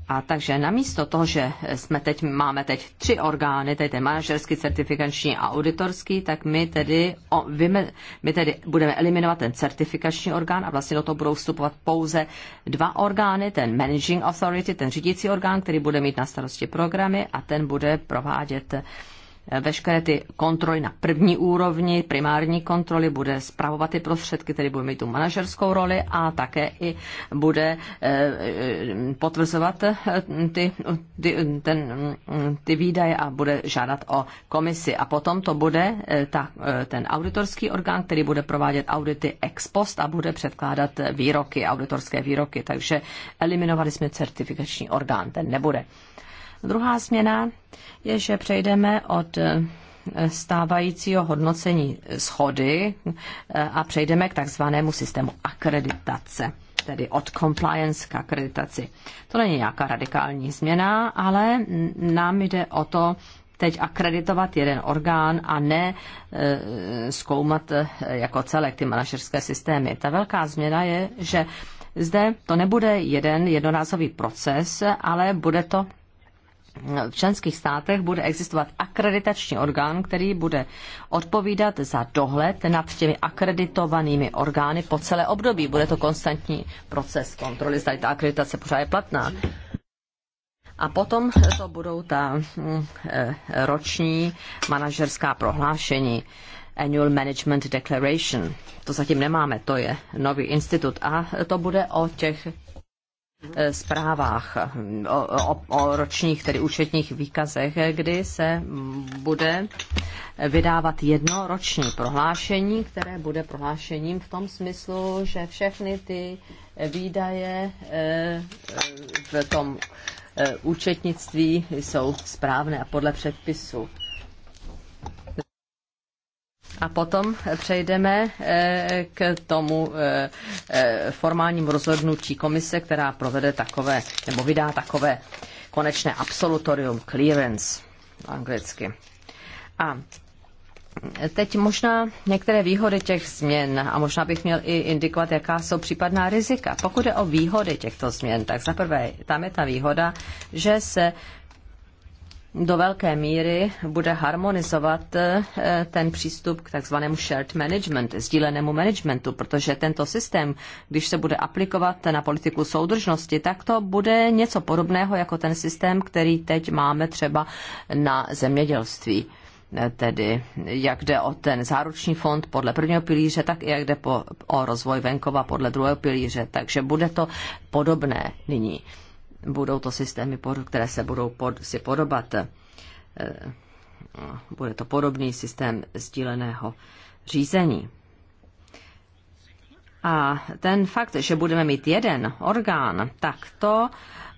A takže namísto toho, že jsme teď, máme teď tři orgány, tedy ten manažerský, certifikační a auditorský, tak my tedy, o, vyme, my tedy budeme eliminovat ten certifikační orgán a vlastně do toho budou vstupovat pouze dva orgány, ten managing authority, ten řídící orgán, který bude mít na starosti programy a ten bude provádět uh, veškeré ty kontroly na první úrovni, primární kontroly, bude zpravovat ty prostředky, tedy bude mít tu manažerskou roli a také i bude eh, eh, potvrzovat eh, ty, ty, ten, ty výdaje a bude žádat o komisi. A potom to bude ta, ten auditorský orgán, který bude provádět audity ex post a bude předkládat výroky, auditorské výroky. Takže eliminovali jsme certifikační orgán, ten nebude. Druhá změna je, že přejdeme od eh, stávajícího hodnocení schody eh, a přejdeme k takzvanému systému akreditace, tedy od compliance k akreditaci. To není nějaká radikální změna, ale nám jde o to, teď akreditovat jeden orgán a ne e, zkoumat jako celek ty manažerské systémy. Ta velká změna je, že zde to nebude jeden jednorázový proces, ale bude to v členských státech bude existovat akreditační orgán, který bude odpovídat za dohled nad těmi akreditovanými orgány po celé období. Bude to konstantní proces kontroly, zda ta akreditace pořád je platná. A potom to budou ta mm, e, roční manažerská prohlášení. Annual Management Declaration. To zatím nemáme, to je nový institut. A to bude o těch Eh, zprávách, hm, o, o, o ročních, tedy účetních výkazech, kdy se bude vydávat jedno roční prohlášení, které bude prohlášením v tom smyslu, že všechny ty výdaje eh, v tom eh, účetnictví jsou správné a podle předpisu. A potom přejdeme eh, k tomu eh, eh, formálnímu rozhodnutí komise, která provede takové, nebo vydá takové konečné absolutorium, clearance anglicky. A Teď možná některé výhody těch změn a možná bych měl i indikovat, jaká jsou případná rizika. Pokud je o výhody těchto změn, tak zaprvé tam je ta výhoda, že se do velké míry bude harmonizovat eh, ten přístup k takzvanému shared management, sdílenému managementu, protože tento systém, když se bude aplikovat na politiku soudržnosti, tak to bude něco podobného jako ten systém, který teď máme třeba na zemědělství eh, tedy jak jde o ten záruční fond podle prvního pilíře, tak i jak jde po, o rozvoj venkova podle druhého pilíře. Takže bude to podobné nyní budou to systémy, které se budou pod, si podobat. Eh, bude to podobný systém sdíleného řízení. A ten fakt, že budeme mít jeden orgán, tak to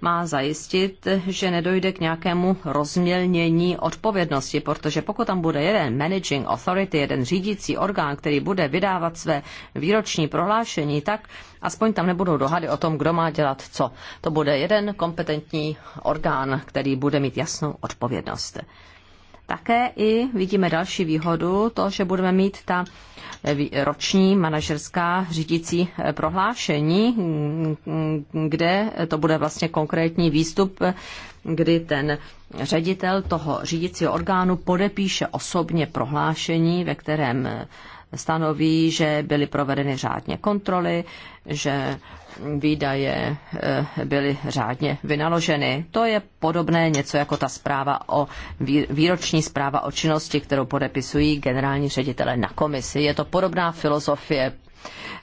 má zajistit, že nedojde k nějakému rozmělnění odpovědnosti, protože pokud tam bude jeden managing authority, jeden řídící orgán, který bude vydávat své výroční prohlášení, tak aspoň tam nebudou dohady o tom, kdo má dělat co. To bude jeden kompetentní orgán, který bude mít jasnou odpovědnost. Také i vidíme další výhodu, to, že budeme mít ta roční manažerská řídící eh, prohlášení, mm, mm, kde to bude vlastně konkrétní výstup, kdy ten ředitel toho řídícího orgánu podepíše osobně prohlášení, ve kterém eh, stanoví, že byly provedeny řádně kontroly, že výdaje eh, byly řádně vynaloženy. To je podobné něco jako ta zpráva o výroční zpráva o činnosti, kterou podepisují generální ředitele na komisi. Je to podobná filozofie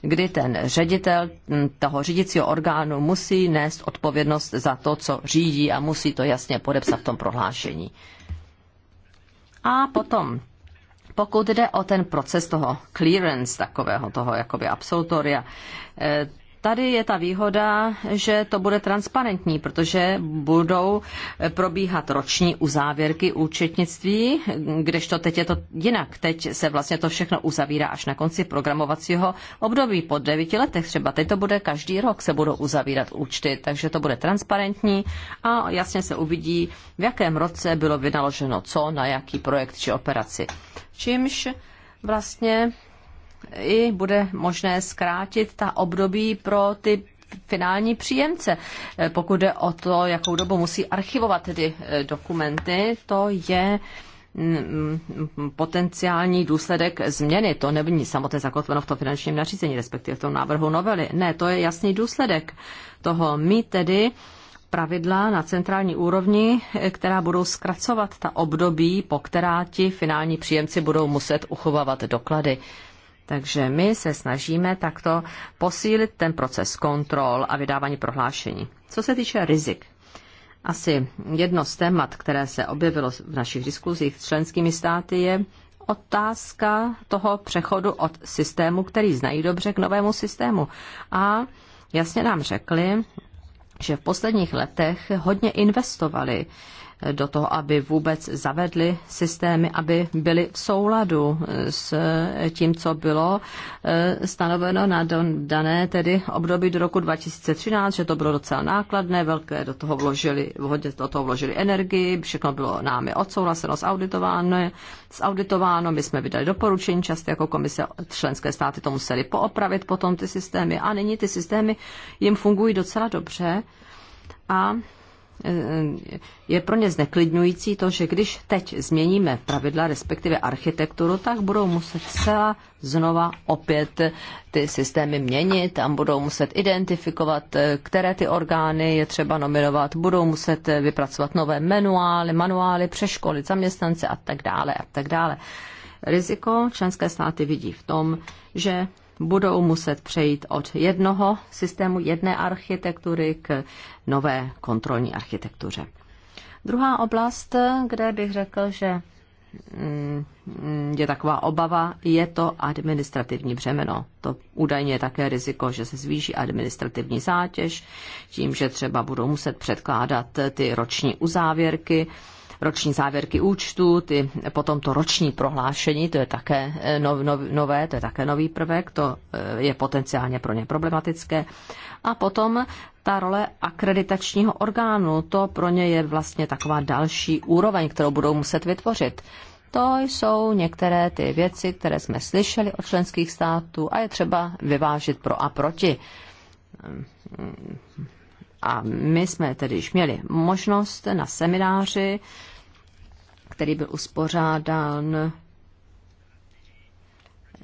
kdy ten ředitel hm, toho řídicího orgánu musí nést odpovědnost za to, co řídí a musí to jasně podepsat v tom prohlášení. A potom pokud jde o ten proces toho clearance, takového toho jakoby absolutoria, eh, tady je ta výhoda, že to bude transparentní, protože budou probíhat roční uzávěrky účetnictví, kdežto teď je to jinak. Teď se vlastně to všechno uzavírá až na konci programovacího období. Po devíti letech třeba teď to bude každý rok se budou uzavírat účty, takže to bude transparentní a jasně se uvidí, v jakém roce bylo vynaloženo co, na jaký projekt či operaci. Čímž vlastně i bude možné zkrátit ta období pro ty finální příjemce. Eh, pokud jde o to, jakou dobu musí archivovat tedy eh, dokumenty, to je mm, mm, potenciální důsledek změny. To není samotné zakotveno v tom finančním nařízení, respektive v tom návrhu novely. Ne, to je jasný důsledek toho. My tedy pravidla na centrální úrovni, eh, která budou zkracovat ta období, po která ti finální příjemci budou muset uchovávat doklady. Takže my se snažíme takto posílit ten proces kontrol a vydávání prohlášení. Co se týče rizik, asi jedno z témat, které se objevilo v našich diskuzích s členskými státy, je otázka toho přechodu od systému, který znají dobře, k novému systému. A jasně nám řekli, že v posledních letech hodně investovali do toho, aby vůbec zavedli systémy, aby byly v souladu s tím, co bylo eh, stanoveno na dané tedy období do roku 2013, že to bylo docela nákladné, velké do toho vložili, vhodně do toho vložili energii, všechno bylo námi odsouhlaseno, zauditováno, zauditováno, my jsme vydali doporučení, často jako komise členské státy to museli poopravit potom ty systémy a nyní ty systémy jim fungují docela dobře a je pro ně zneklidňující to, že když teď změníme pravidla, respektive architekturu, tak budou muset zcela znova opět ty systémy měnit a budou muset identifikovat, které ty orgány je třeba nominovat, budou muset vypracovat nové manuály, manuály, přeškolit zaměstnance a tak dále a tak dále. Riziko členské státy vidí v tom, že budou muset přejít od jednoho systému, jedné architektury k nové kontrolní architektuře. Druhá oblast, kde bych řekl, že mm, je taková obava, je to administrativní břemeno. To údajně je také riziko, že se zvýší administrativní zátěž, tím, že třeba budou muset předkládat ty roční uzávěrky roční závěrky účtu, ty, potom to roční prohlášení, to je také eh, nov, nov, nové, to je také nový prvek, to eh, je potenciálně pro ně problematické. A potom ta role akreditačního orgánu, to pro ně je vlastně taková další úroveň, kterou budou muset vytvořit. To jsou některé ty věci, které jsme slyšeli od členských států a je třeba vyvážit pro a proti a my jsme tedy již měli možnost na semináři, který byl uspořádán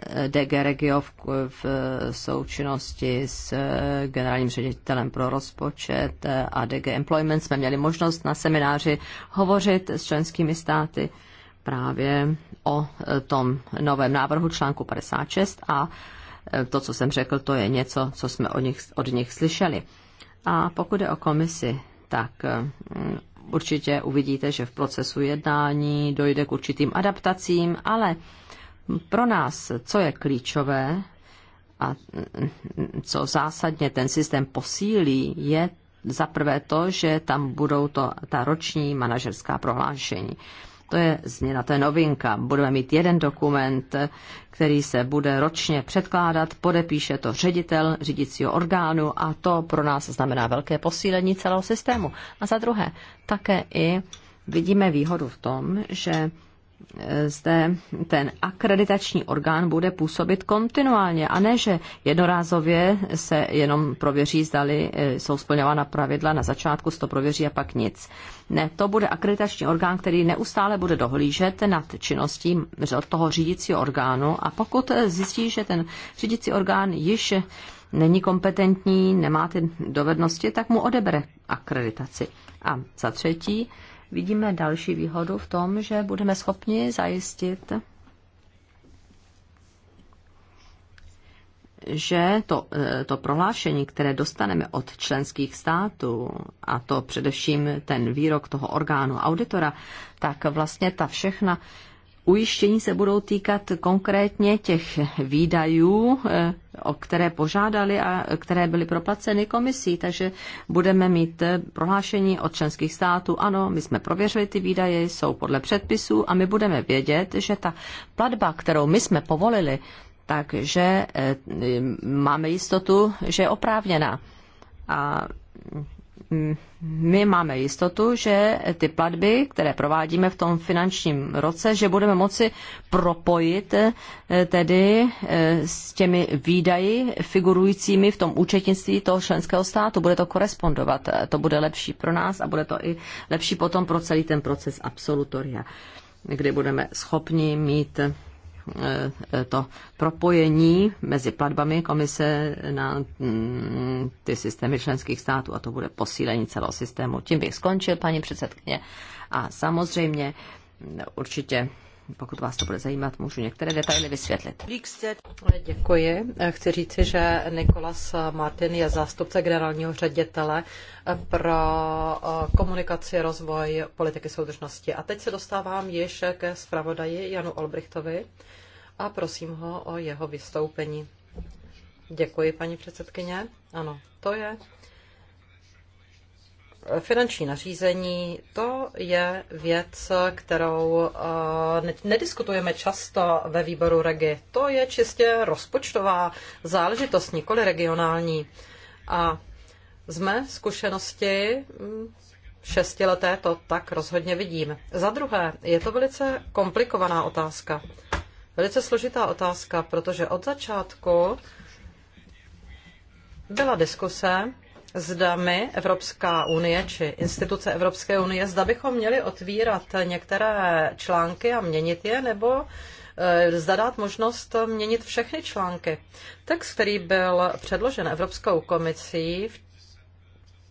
eh, DG Regio v, v součinnosti s eh, generálním ředitelem pro rozpočet eh, a DG Employment jsme měli možnost na semináři hovořit s členskými státy právě o tom novém návrhu článku 56 a to, co jsem řekl, to je něco, co jsme od nich, od nich slyšeli. A pokud je o komisi, tak eh, určitě uvidíte, že v procesu jednání dojde k určitým adaptacím, ale pro nás, co je klíčové a mm, co zásadně ten systém posílí, je za prvé to, že tam budou to, ta roční manažerská prohlášení. To je změna, to je novinka. Budeme mít jeden dokument, který se bude ročně předkládat, podepíše to ředitel řídícího orgánu a to pro nás znamená velké posílení celého systému. A za druhé, také i vidíme výhodu v tom, že e, zde ten akreditační orgán bude působit kontinuálně a ne, že jednorázově se jenom prověří, zdali e, jsou splňována pravidla na začátku, se to prověří a pak nic. Ne, to bude akreditační orgán, který neustále bude dohlížet nad činností toho řídícího orgánu a pokud zjistí, že ten řídící orgán již není kompetentní, nemá ty dovednosti, tak mu odebere akreditaci. A za třetí, vidíme další výhodu v tom, že budeme schopni zajistit že to, e, to prohlášení, které dostaneme od členských států, a to především ten výrok toho orgánu auditora, tak vlastně ta všechna ujištění se budou týkat konkrétně těch výdajů, e, o které požádali a které byly proplaceny komisí. Takže budeme mít e, prohlášení od členských států, ano, my jsme prověřili ty výdaje, jsou podle předpisů a my budeme vědět, že ta platba, kterou my jsme povolili, takže eh, máme jistotu, že je oprávněná. A mm, my máme jistotu, že ty platby, které provádíme v tom finančním roce, že budeme moci propojit eh, tedy eh, s těmi výdaji figurujícími v tom účetnictví toho členského státu. Bude to korespondovat, to bude lepší pro nás a bude to i lepší potom pro celý ten proces absolutoria, kdy budeme schopni mít Eh, to propojení mezi platbami komise na mm, ty systémy členských států a to bude posílení celého systému. Tím bych skončil, paní předsedkyně. A samozřejmě určitě pokud vás to bude zajímat, můžu některé detaily vysvětlit. Děkuji. Chci říci, že Nikolas Martin je zástupce generálního ředitele pro eh, komunikaci, rozvoj politiky soudržnosti. A teď se dostávám ještě ke zpravodaji Janu Olbrichtovi, a prosím ho o jeho vystoupení. Děkuji, paní předsedkyně. Ano, to je finanční nařízení, to je věc, kterou eh, nediskutujeme často ve výboru regi. To je čistě rozpočtová záležitost, nikoli regionální. A z mé zkušenosti hm, šestileté to tak rozhodně vidím. Za druhé, je to velice komplikovaná otázka velice složitá otázka, protože od začátku byla diskuse, zda my, Evropská unie či instituce Evropské unie, zda bychom měli otvírat některé články a měnit je, nebo eh, zda dát možnost měnit všechny články. Text, který byl předložen Evropskou komisí v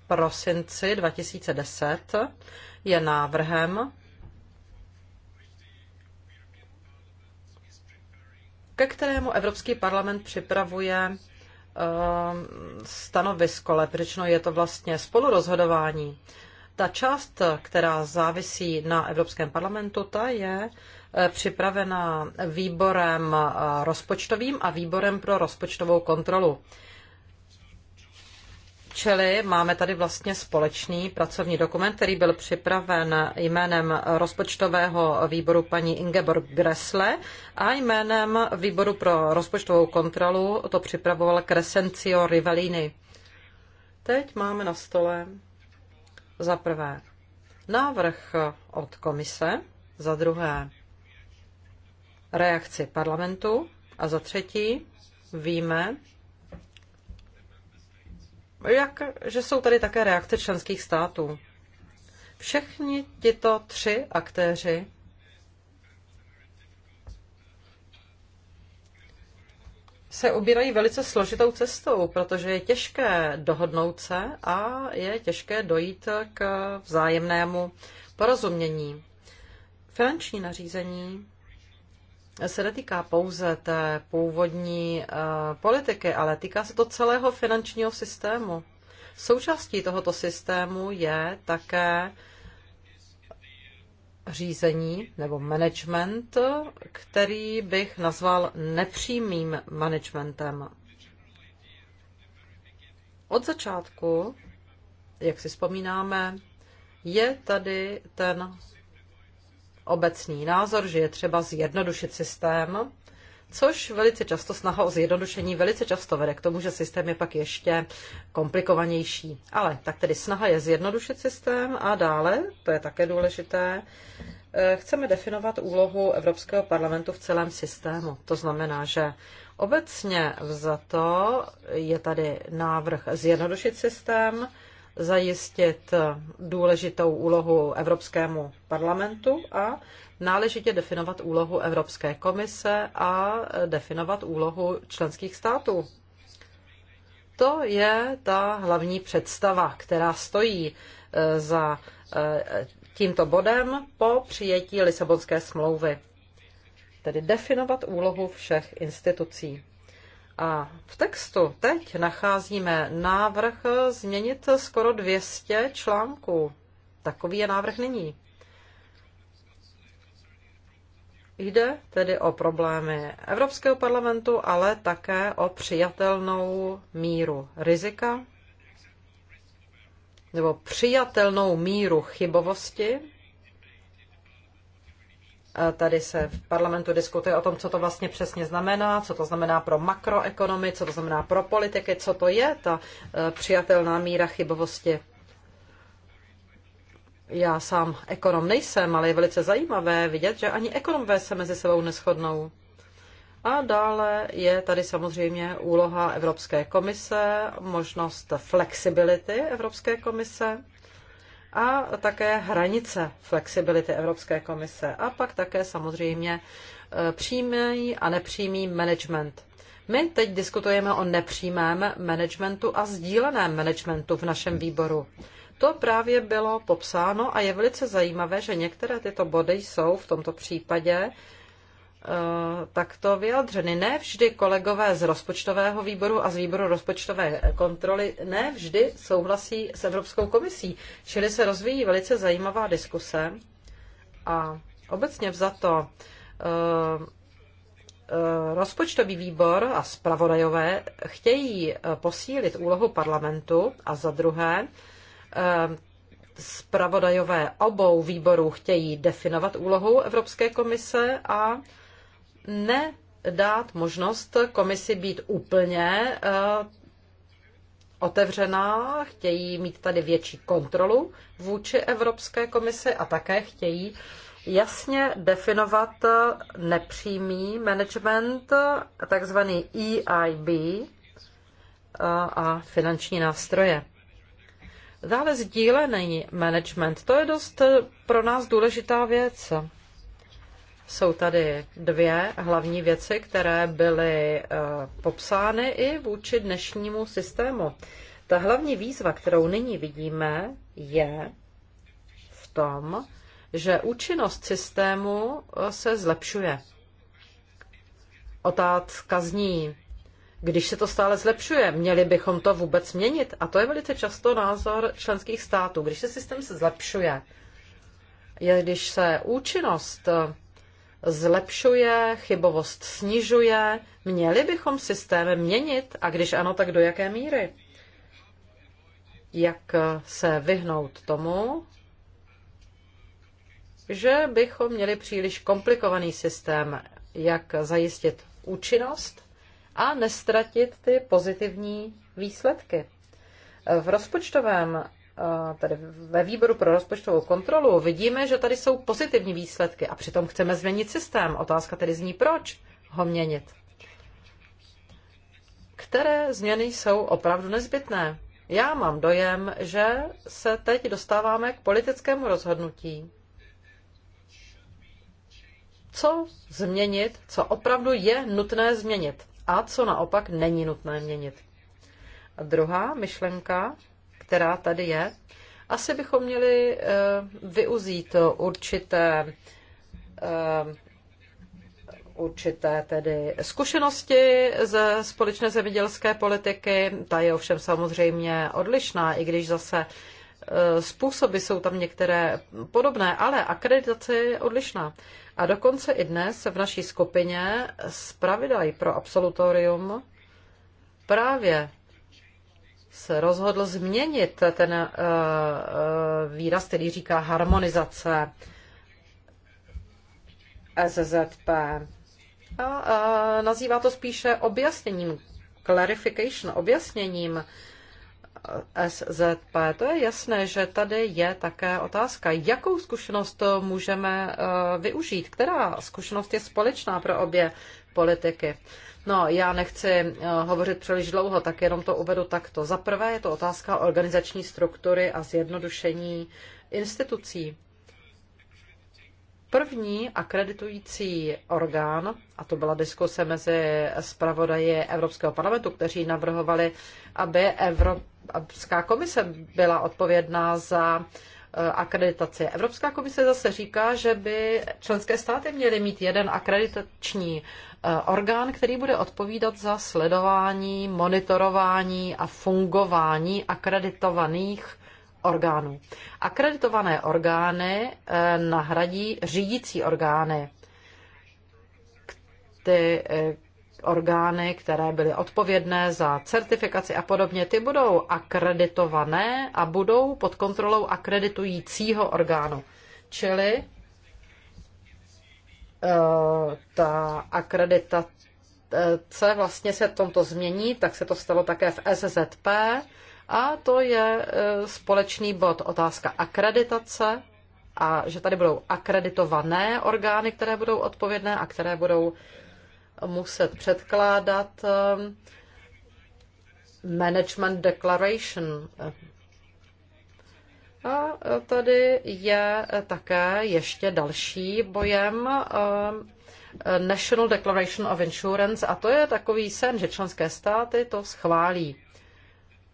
prosinci 2010, je návrhem, ke kterému Evropský parlament připravuje ehm, stanovisko, ale pročno je to vlastně spolurozhodování. Ta část, která závisí na Evropském parlamentu, ta je eh, připravena výborem eh, rozpočtovým a výborem pro rozpočtovou kontrolu. Čili máme tady vlastně společný pracovní dokument, který byl připraven jménem rozpočtového výboru paní Ingeborg Gressle a jménem výboru pro rozpočtovou kontrolu to připravoval Crescencio Rivellini. Teď máme na stole za prvé návrh od komise, za druhé reakci parlamentu a za třetí víme, jak, že jsou tady také reakce členských států. Všichni tito tři aktéři se ubírají velice složitou cestou, protože je těžké dohodnout se a je těžké dojít k vzájemnému porozumění. Finanční nařízení se netýká pouze té původní eh, politiky, ale týká se to celého finančního systému. Součástí tohoto systému je také řízení nebo management, který bych nazval nepřímým managementem. Od začátku, jak si vzpomínáme, je tady ten obecný názor, že je třeba zjednodušit systém, což velice často snaha o zjednodušení velice často vede k tomu, že systém je pak ještě komplikovanější. Ale tak tedy snaha je zjednodušit systém a dále, to je také důležité, eh, chceme definovat úlohu Evropského parlamentu v celém systému. To znamená, že obecně vzato je tady návrh zjednodušit systém, zajistit důležitou úlohu Evropskému parlamentu a náležitě definovat úlohu Evropské komise a definovat úlohu členských států. To je ta hlavní představa, která stojí e, za e, tímto bodem po přijetí Lisabonské smlouvy, tedy definovat úlohu všech institucí. A v textu teď nacházíme návrh změnit skoro 200 článků. Takový je návrh nyní. Jde tedy o problémy Evropského parlamentu, ale také o přijatelnou míru rizika nebo přijatelnou míru chybovosti Tady se v parlamentu diskutuje o tom, co to vlastně přesně znamená, co to znamená pro makroekonomii, co to znamená pro politiky, co to je ta e, přijatelná míra chybovosti. Já sám ekonom nejsem, ale je velice zajímavé vidět, že ani ekonomové se mezi sebou neschodnou. A dále je tady samozřejmě úloha Evropské komise, možnost flexibility Evropské komise a také hranice flexibility Evropské komise a pak také samozřejmě e, přímý a nepřímý management. My teď diskutujeme o nepřímém managementu a sdíleném managementu v našem výboru. To právě bylo popsáno a je velice zajímavé, že některé tyto body jsou v tomto případě uh, Eh, takto vyjadřeny. Ne vždy kolegové z rozpočtového výboru a z výboru rozpočtové kontroly ne vždy souhlasí s Evropskou komisí, čili se rozvíjí velice zajímavá diskuse a obecně vzato eh, eh, rozpočtový výbor a zpravodajové chtějí posílit úlohu parlamentu a za druhé zpravodajové obou výborů chtějí definovat úlohu Evropské komise a nedát možnost komisi být úplně eh, otevřená, chtějí mít tady větší kontrolu vůči Evropské komisi a také chtějí jasně definovat nepřímý management, takzvaný EIB eh, a finanční nástroje. Dále sdílený management, to je dost pro nás důležitá věc. Jsou tady dvě hlavní věci, které byly eh, popsány i vůči dnešnímu systému. Ta hlavní výzva, kterou nyní vidíme, je v tom, že účinnost systému eh, se zlepšuje. Otázka zní, když se to stále zlepšuje, měli bychom to vůbec měnit? A to je velice často názor členských států. Když se systém se zlepšuje, je, když se účinnost eh, zlepšuje, chybovost snižuje. Měli bychom systém měnit a když ano, tak do jaké míry? Jak se vyhnout tomu, že bychom měli příliš komplikovaný systém, jak zajistit účinnost a nestratit ty pozitivní výsledky. V rozpočtovém tady ve výboru pro rozpočtovou kontrolu vidíme, že tady jsou pozitivní výsledky a přitom chceme změnit systém. Otázka tedy zní, proč ho měnit? Které změny jsou opravdu nezbytné? Já mám dojem, že se teď dostáváme k politickému rozhodnutí. Co změnit, co opravdu je nutné změnit a co naopak není nutné měnit. A druhá myšlenka která tady je, asi bychom měli eh, využít určité eh, určité tedy zkušenosti ze společné zemědělské politiky. Ta je ovšem samozřejmě odlišná, i když zase eh, způsoby jsou tam některé podobné, ale akreditace je odlišná. A dokonce i dnes v naší skupině zpravidaj pro absolutorium právě se rozhodl změnit ten eh, eh, výraz, který říká harmonizace SZP. A nazývá to spíše objasněním, clarification, objasněním SZP. To je jasné, že tady je také otázka, jakou zkušenost můžeme eh, využít, která zkušenost je společná pro obě politiky. No, já nechci eh, hovořit příliš dlouho, tak jenom to uvedu takto. Za prvé je to otázka organizační struktury a zjednodušení institucí. První akreditující orgán, a to byla diskuse mezi zpravodaji Evropského parlamentu, kteří navrhovali, aby Evropská komise byla odpovědná za Eh, akreditaci. Evropská komise zase říká, že by členské státy měly mít jeden akreditační eh, orgán, který bude odpovídat za sledování, monitorování a fungování akreditovaných orgánů. Akreditované orgány eh, nahradí řídící orgány, orgány, které byly odpovědné za certifikaci a podobně, ty budou akreditované a budou pod kontrolou akreditujícího orgánu. Čili eh, ta akreditace vlastně se tomto změní, tak se to stalo také v SZP a to je eh, společný bod otázka akreditace a že tady budou akreditované orgány, které budou odpovědné a které budou uh, muset předkládat um, Management Declaration. A tady je také ještě další bojem um, National Declaration of Insurance a to je takový sen, že členské státy to schválí.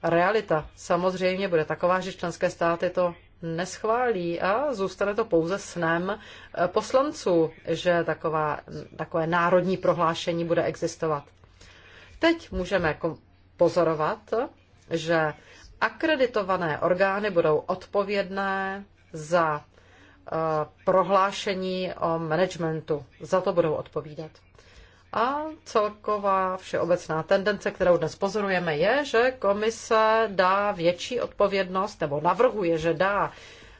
Realita samozřejmě bude taková, že členské státy to neschválí a zůstane to pouze snem eh, poslanců, že taková, takové národní prohlášení bude existovat. Teď můžeme pozorovat, že akreditované orgány budou odpovědné za eh, prohlášení o managementu. Za to budou odpovídat. A celková všeobecná tendence, kterou dnes pozorujeme, je, že komise dá větší odpovědnost, nebo navrhuje, že dá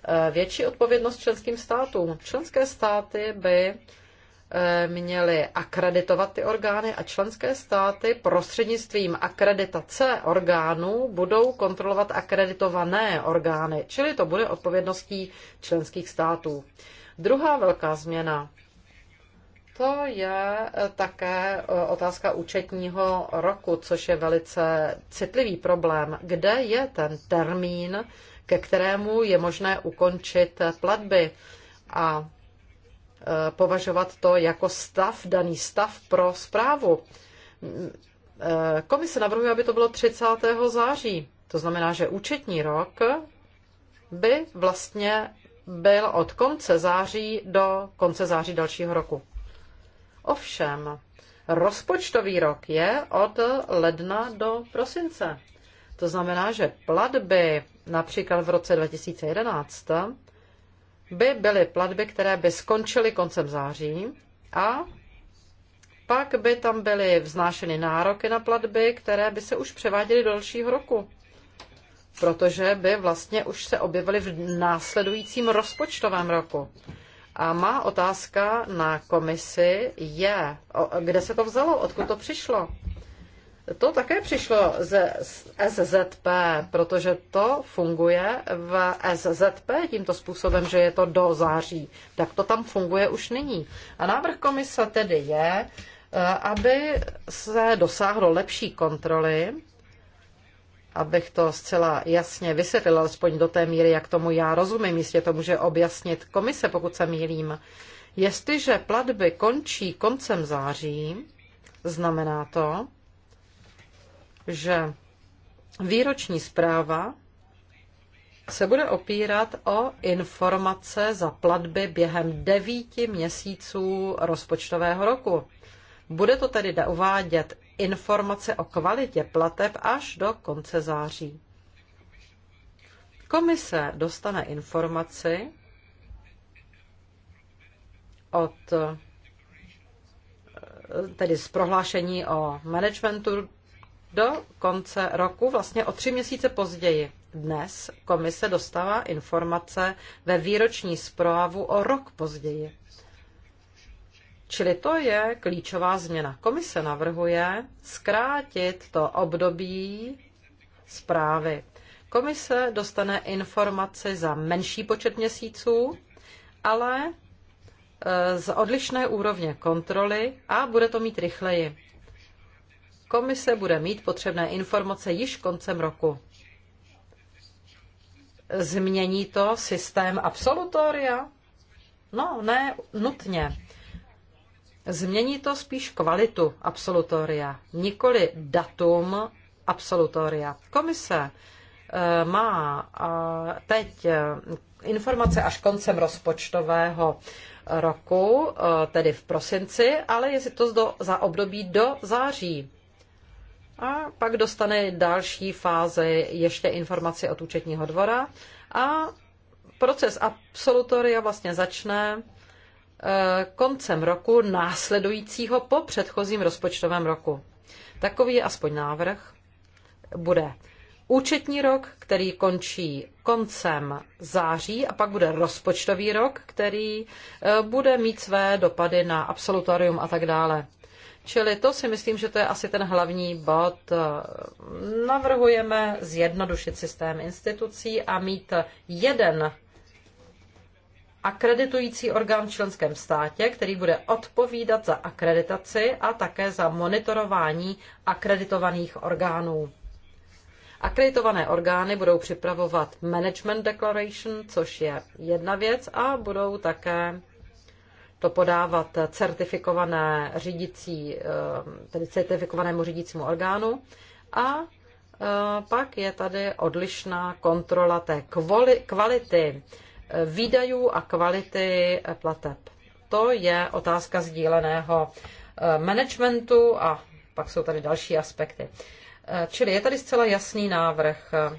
eh, větší odpovědnost členským státům. Členské státy by eh, měly akreditovat ty orgány a členské státy prostřednictvím akreditace orgánů budou kontrolovat akreditované orgány, čili to bude odpovědností členských států. Druhá velká změna to je e, také e, otázka účetního roku, což je velice citlivý problém. Kde je ten termín, ke kterému je možné ukončit platby a e, považovat to jako stav, daný stav pro zprávu? Komise navrhuje, aby to bylo 30. září. To znamená, že účetní rok by vlastně byl od konce září do konce září dalšího roku. Ovšem, rozpočtový rok je od ledna do prosince. To znamená, že platby například v roce 2011 by byly platby, které by skončily koncem září a pak by tam byly vznášeny nároky na platby, které by se už převáděly do dalšího roku, protože by vlastně už se objevily v následujícím rozpočtovém roku. A má otázka na komisi je, kde se to vzalo, odkud to přišlo? To také přišlo ze SZP, protože to funguje v SZP tímto způsobem, že je to do září. Tak to tam funguje už nyní. A návrh komise tedy je, eh, aby se dosáhlo lepší kontroly abych to zcela jasně vysvětlila, alespoň do té míry, jak tomu já rozumím, jistě to může objasnit komise, pokud se mýlím. Jestliže platby končí koncem září, znamená to, že výroční zpráva se bude opírat o informace za platby během devíti měsíců rozpočtového roku. Bude to tedy uvádět informace o kvalitě plateb až do konce září. Komise dostane informaci od tedy z prohlášení o managementu do konce roku, vlastně o tři měsíce později. Dnes komise dostává informace ve výroční zprávu o rok později. Čili to je klíčová změna. Komise navrhuje zkrátit to období zprávy. Komise dostane informaci za menší počet měsíců, ale e, z odlišné úrovně kontroly a bude to mít rychleji. Komise bude mít potřebné informace již koncem roku. Změní to systém absolutoria? No, ne nutně. Změní to spíš kvalitu absolutoria, nikoli datum absolutoria. Komise eh, má teď eh, informace až koncem rozpočtového roku, eh, tedy v prosinci, ale je to za období do září. A pak dostane další fáze ještě informace od účetního dvora a proces absolutoria vlastně začne Eh, koncem roku následujícího po předchozím rozpočtovém roku. Takový je aspoň návrh. Bude účetní rok, který končí koncem září a pak bude rozpočtový rok, který eh, bude mít své dopady na absolutorium a tak dále. Čili to si myslím, že to je asi ten hlavní bod. Navrhujeme zjednodušit systém institucí a mít jeden akreditující orgán v členském státě, který bude odpovídat za akreditaci a také za monitorování akreditovaných orgánů. Akreditované orgány budou připravovat Management Declaration, což je jedna věc, a budou také to podávat certifikované řídící, eh, tedy certifikovanému řídícímu orgánu. A eh, pak je tady odlišná kontrola té kvality výdajů a kvality plateb. To je otázka sdíleného eh, managementu a pak jsou tady další aspekty. Eh, čili je tady zcela jasný návrh eh,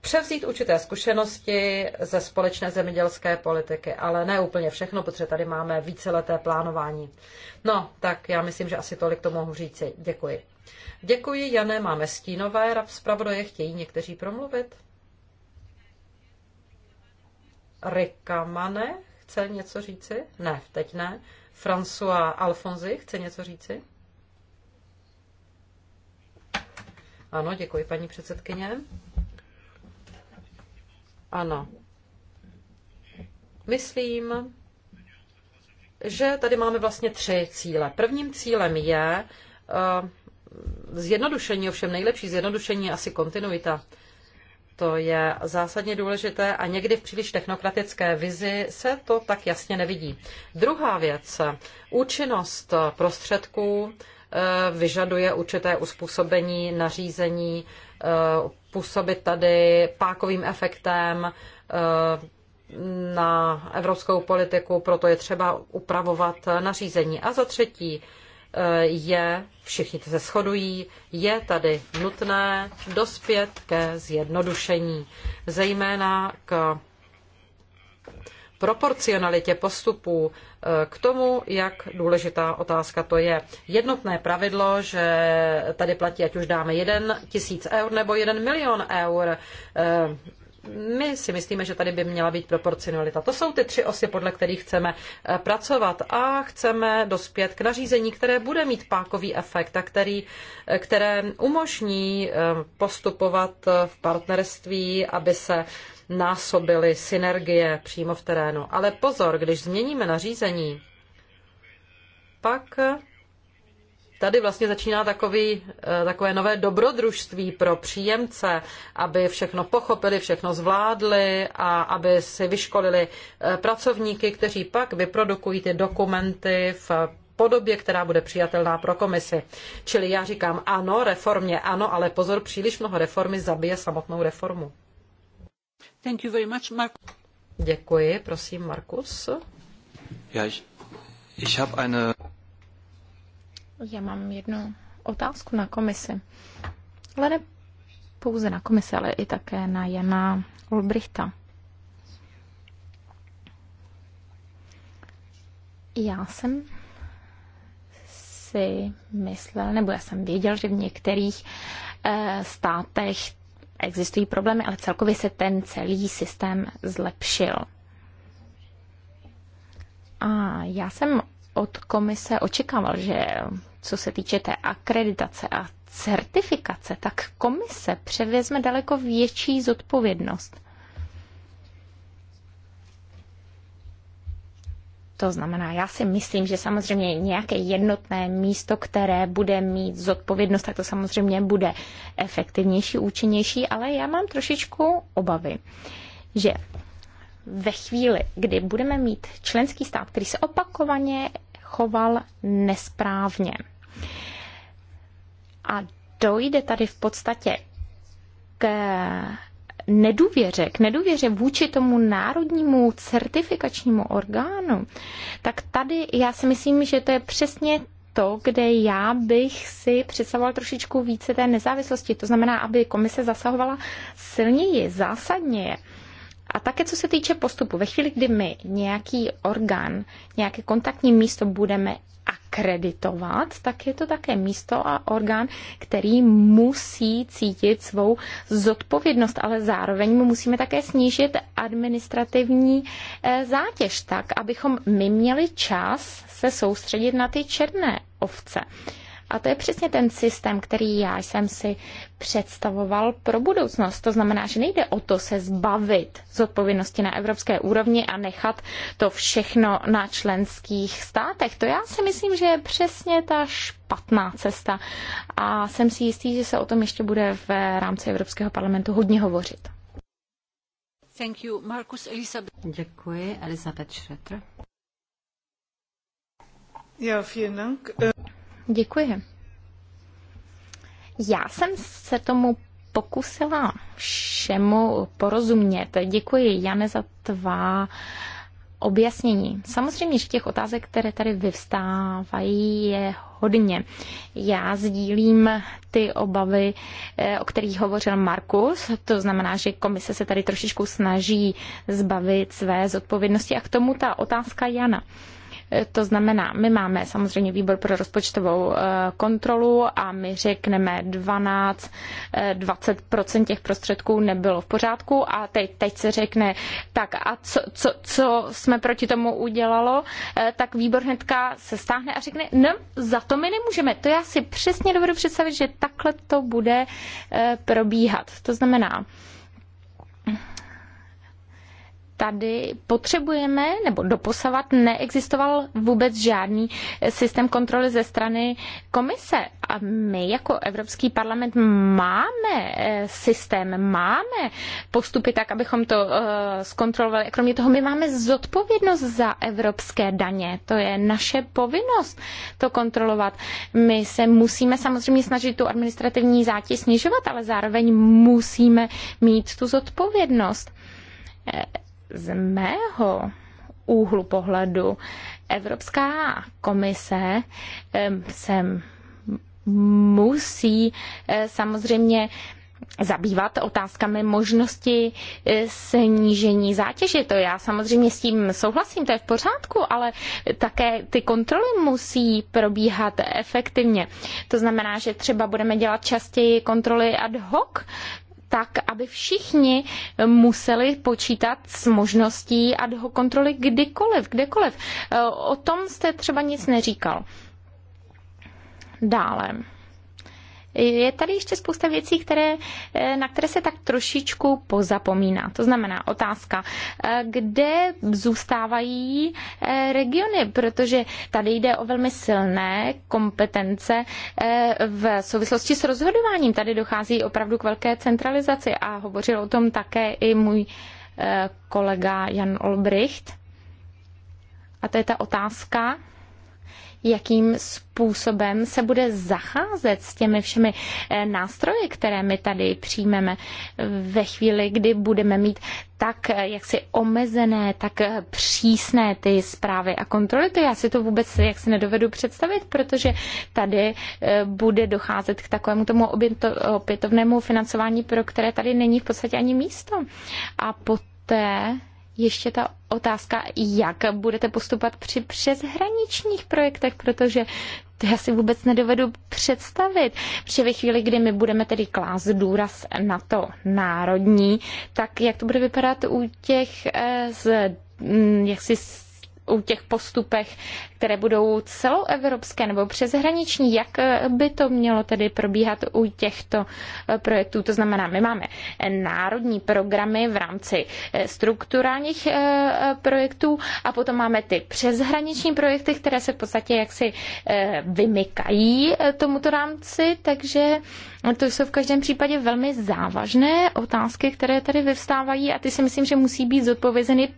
převzít určité zkušenosti ze společné zemědělské politiky, ale ne úplně všechno, protože tady máme víceleté plánování. No, tak já myslím, že asi tolik to mohu říci. Děkuji. Děkuji, Jane, máme stínové, rap zpravodaje, chtějí někteří promluvit? Rikamane chce něco říci? Ne, teď ne. François Alfonzi chce něco říci? Ano, děkuji, paní předsedkyně. Ano. Myslím, že tady máme vlastně tři cíle. Prvním cílem je uh, zjednodušení, ovšem nejlepší zjednodušení je asi kontinuita. Uh, to je zásadně důležité a někdy v příliš technokratické vizi se to tak jasně nevidí. Druhá věc, účinnost prostředků eh, vyžaduje určité uspůsobení nařízení, eh, působit tady pákovým efektem eh, na evropskou politiku, proto je třeba upravovat nařízení. A za třetí, je, všichni se shodují, je tady nutné dospět ke zjednodušení, zejména k proporcionalitě postupů eh, k tomu, jak důležitá otázka to je. Jednotné pravidlo, že tady platí, ať už dáme jeden tisíc eur nebo jeden milion eur, eh, my si myslíme, že tady by měla být proporcionalita. To jsou ty tři osy, podle kterých chceme eh, pracovat a chceme dospět k nařízení, které bude mít pákový efekt a který, eh, které umožní eh, postupovat v partnerství, aby se násobily synergie přímo v terénu. Ale pozor, když změníme nařízení, pak Tady vlastně začíná takový, eh, takové nové dobrodružství pro příjemce, aby všechno pochopili, všechno zvládli a aby si vyškolili eh, pracovníky, kteří pak vyprodukují ty dokumenty v podobě, která bude přijatelná pro komisi. Čili já říkám ano, reformě ano, ale pozor, příliš mnoho reformy zabije samotnou reformu. Thank you very much, Mark. Děkuji, prosím, Markus. Ja, ich, ich habe eine já mám jednu otázku na komisi. Ale ne pouze na komisi, ale i také na Jana Ulbrichta. Já jsem si myslel, nebo já jsem věděl, že v některých eh, státech existují problémy, ale celkově se ten celý systém zlepšil. A já jsem od komise očekával, že co se týče té akreditace a certifikace, tak komise převezme daleko větší zodpovědnost. To znamená, já si myslím, že samozřejmě nějaké jednotné místo, které bude mít zodpovědnost, tak to samozřejmě bude efektivnější, účinnější, ale já mám trošičku obavy, že ve chvíli, kdy budeme mít členský stát, který se opakovaně choval nesprávně. A dojde tady v podstatě k nedůvěře, k nedůvěře vůči tomu národnímu certifikačnímu orgánu, tak tady já si myslím, že to je přesně to, kde já bych si představoval trošičku více té nezávislosti. To znamená, aby komise zasahovala silněji, zásadněji. A také co se týče postupu, ve chvíli, kdy my nějaký orgán, nějaké kontaktní místo budeme akreditovat, tak je to také místo a orgán, který musí cítit svou zodpovědnost, ale zároveň mu musíme také snížit administrativní eh, zátěž tak, abychom my měli čas se soustředit na ty černé ovce. A to je přesně ten systém, který já jsem si představoval pro budoucnost. To znamená, že nejde o to se zbavit z odpovědnosti na evropské úrovni a nechat to všechno na členských státech. To já si myslím, že je přesně ta špatná cesta. A jsem si jistý, že se o tom ještě bude v rámci Evropského parlamentu hodně hovořit. Thank you, Marcus Elizabeth. Děkuji, Elizabeth Schroeter. Ja, vielen Dank. Äh, Děkuji. Já jsem se tomu pokusila všemu porozumět. Děkuji, Jane, za tvá objasnění. Samozřejmě, že těch otázek, které tady vyvstávají, je hodně. Já sdílím ty obavy, eh, o kterých hovořil Markus, to znamená, že komise se tady trošičku snaží zbavit své zodpovědnosti a k tomu ta otázka Jana. To znamená, my máme samozřejmě výbor pro rozpočtovou eh, kontrolu a my řekneme 12, 20% eh, těch prostředků nebylo v pořádku a teď, teď se řekne, tak a co, co, co jsme proti tomu udělalo, eh, tak výbor hnedka se stáhne a řekne, no, za to my nemůžeme. To já si přesně dovedu představit, že takhle to bude probíhat. To znamená, tady potřebujeme, nebo doposavat neexistoval vůbec žádný eh, systém kontroly ze strany komise. A my jako Evropský parlament máme eh, systém, máme postupy tak, abychom to eh, zkontrolovali. Kromě toho my máme zodpovědnost za evropské daně. To je naše povinnost to kontrolovat. My se musíme samozřejmě snažit tu administrativní zátěž snižovat, ale zároveň musíme mít tu zodpovědnost z mého úhlu pohledu Evropská komise se musí eh, samozřejmě zabývat otázkami možnosti eh, snížení zátěže. To já samozřejmě s tím souhlasím, to je v pořádku, ale také ty kontroly musí probíhat efektivně. To znamená, že třeba budeme dělat častěji kontroly ad hoc, tak, aby všichni museli počítat s možností ad hoc kontroly kdykoliv, kdekoliv. O tom jste třeba nic neříkal. Dále je tady ještě spousta věcí, které, eh, na které se tak trošičku pozapomíná. To znamená otázka, eh, kde zůstávají eh, regiony, protože tady jde o velmi silné kompetence v souvislosti s rozhodováním. Tady dochází opravdu k velké centralizaci a hovořil o tom také i můj kolega Jan Olbricht. A to je ta otázka, jakým způsobem se bude zacházet s těmi všemi eh, nástroji, které my tady přijmeme ve chvíli, kdy budeme mít tak eh, jaksi omezené, tak eh, přísné ty zprávy a kontroly, to já si to vůbec jaksi nedovedu představit, protože tady bude docházet k takovému tomu opětovnému financování, pro které tady není v podstatě ani místo. A poté ještě ta otázka, jak budete postupovat při přeshraničních projektech, protože to já si vůbec nedovedu představit, protože ve chvíli, kdy my budeme tedy klást důraz na to národní, tak jak to bude vypadat u těch eh, z, mm, jak si u těch postupech které budou celoevropské nebo přeshraniční, jak by to mělo tedy probíhat u těchto eh, projektů. To znamená, my máme národní programy v rámci eh, strukturálních eh, projektů a potom máme ty přeshraniční projekty, které se v podstatě jaksi vymykají tomuto rámci, takže to jsou v každém případě velmi závažné otázky, které tady vyvstávají a ty si myslím, že musí být zodpovězeny,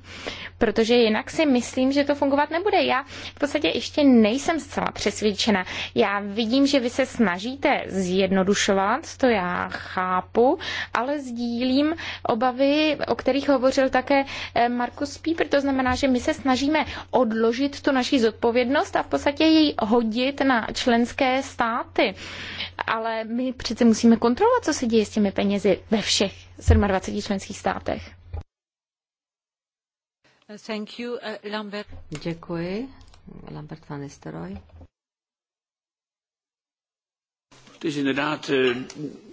protože jinak si myslím, že to fungovat nebude. Já v zásadě ještě nejsem zcela přesvědčena. Já vidím, že vy se snažíte zjednodušovat, to já chápu, ale sdílím obavy, o kterých hovořil také eh, Markus Pieper. To znamená, že my se snažíme odložit tu naši zodpovědnost a v podstatě ji hodit na členské státy. Ale my přece musíme kontrolovat, co se děje s těmi penězi ve všech 27 členských státech. Eh, Děkuji. Lambert van Nistelrooy. Het is inderdaad uh,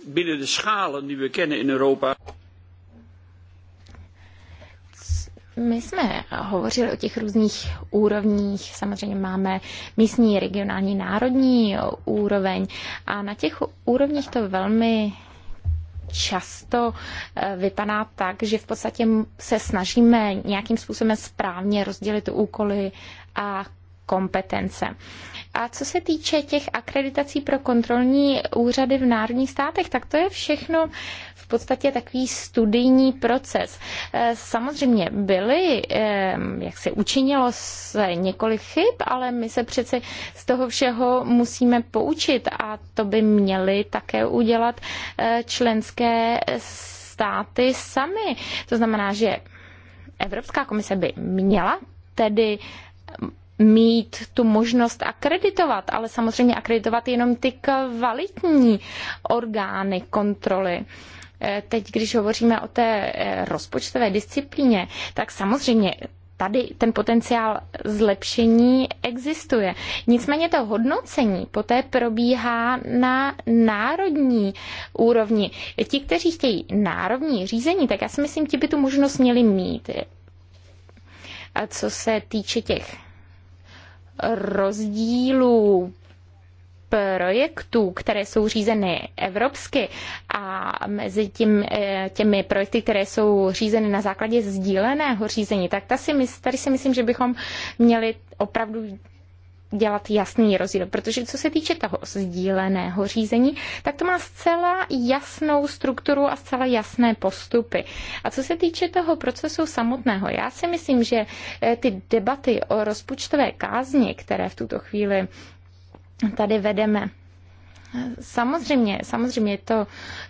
binnen de schalen die we kennen in Europa. My jsme hovořili o těch různých úrovních. Samozřejmě máme místní, regionální, národní úroveň. A na těch úrovních to velmi často eh, vypadá tak, že v podstatě se snažíme nějakým způsobem správně rozdělit úkoly a kompetence. A co se týče těch akreditací pro kontrolní úřady v národních státech, tak to je všechno v podstatě takový studijní proces. E, samozřejmě byly, e, jak se učinilo se několik chyb, ale my se přece z toho všeho musíme poučit a to by měly také udělat e, členské státy sami. To znamená, že Evropská komise by měla tedy mít tu možnost akreditovat, ale samozřejmě akreditovat jenom ty kvalitní orgány kontroly eh, teď, když hovoříme o té eh, rozpočtové disciplíně, tak samozřejmě tady ten potenciál zlepšení existuje. Nicméně to hodnocení poté probíhá na národní úrovni. Ti, kteří chtějí národní řízení, tak já si myslím, ti by tu možnost měli mít. A co se týče těch rozdílů projektů, které jsou řízeny evropsky a mezi tím, eh, těmi projekty, které jsou řízeny na základě sdíleného řízení, tak ta si mysl, tady si myslím, že bychom měli opravdu dělat jasný rozdíl, protože co se týče toho sdíleného řízení, tak to má zcela jasnou strukturu a zcela jasné postupy. A co se týče toho procesu samotného, já si myslím, že eh, ty debaty o rozpočtové kázni, které v tuto chvíli tady vedeme, Samozřejmě, samozřejmě to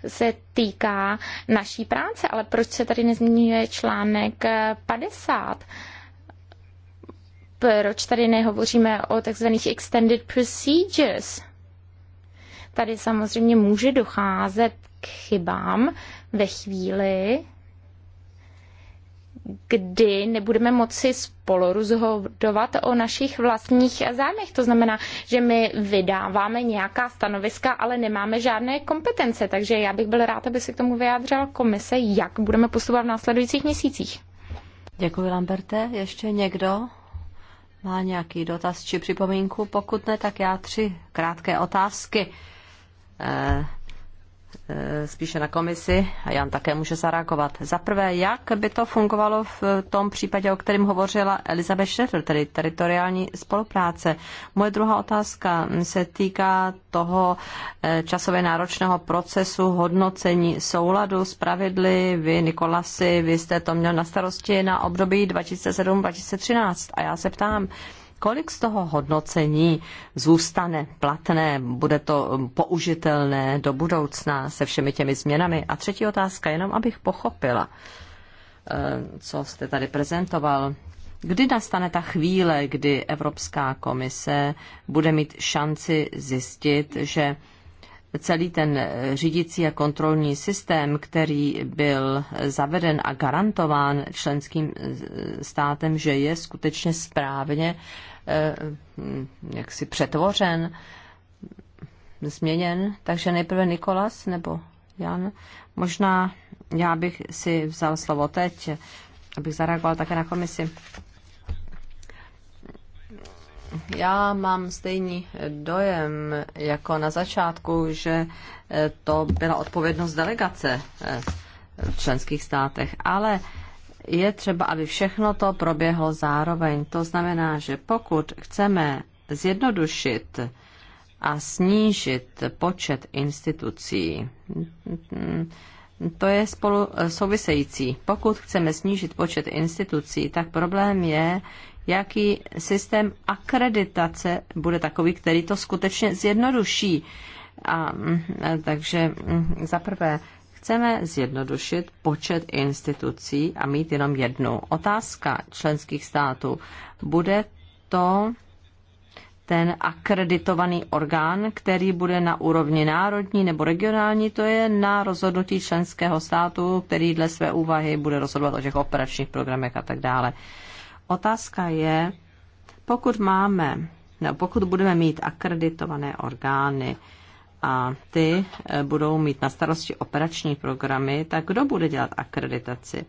se týká naší práce, ale proč se tady nezmiňuje článek 50? Eh, proč tady nehovoříme o takzvaných extended procedures. Tady samozřejmě může docházet k chybám ve chvíli, kdy nebudeme moci spolu rozhodovat o našich vlastních zájmech. To znamená, že my vydáváme nějaká stanoviska, ale nemáme žádné kompetence. Takže já bych byl rád, aby se k tomu vyjádřila komise, jak budeme postupovat v následujících měsících. Děkuji, Lamberte. Ještě někdo má nějaký dotaz či připomínku? Pokud ne, tak já tři krátké otázky. Eh, Eh, spíše na komisi a Jan také může zareagovat. Za prvé, jak by to fungovalo v tom případě, o kterém hovořila Elizabeth Schroeder, tedy teritoriální spolupráce. Moje druhá otázka se týká toho eh, časově náročného procesu hodnocení souladu s pravidly. Vy, Nikolasi, vy jste to měl na starosti na období 2007-2013 a já se ptám, kolik z toho hodnocení zůstane platné, bude to um, použitelné do budoucna se všemi těmi změnami? A třetí otázka, jenom abych pochopila, uh, co jste tady prezentoval. Kdy nastane ta chvíle, kdy Evropská komise bude mít šanci zjistit, že celý ten eh, řídící a kontrolní systém, který byl zaveden a garantován členským eh, státem, že je skutečně správně Eh, eh, jaksi přetvořen, změněn. Takže nejprve Nikolas nebo Jan. Možná já bych si vzal slovo teď, abych zareagoval také na komisi. Já mám stejný dojem jako na začátku, že eh, to byla odpovědnost delegace v členských státech, ale je třeba, aby všechno to proběhlo zároveň. To znamená, že pokud chceme zjednodušit a snížit počet institucí, to je spolu související. Pokud chceme snížit počet institucí, tak problém je, jaký systém akreditace bude takový, který to skutečně zjednoduší. A, takže mm, za prvé Chceme zjednodušit počet institucí a mít jenom jednu. Otázka členských států. Bude to ten akreditovaný orgán, který bude na úrovni národní nebo regionální, to je na rozhodnutí členského státu, který dle své úvahy bude rozhodovat o těch operačních programech a tak dále. Otázka je, pokud máme, no, pokud budeme mít akreditované orgány, a ty eh, budou mít na starosti operační programy, tak kdo bude dělat akreditaci?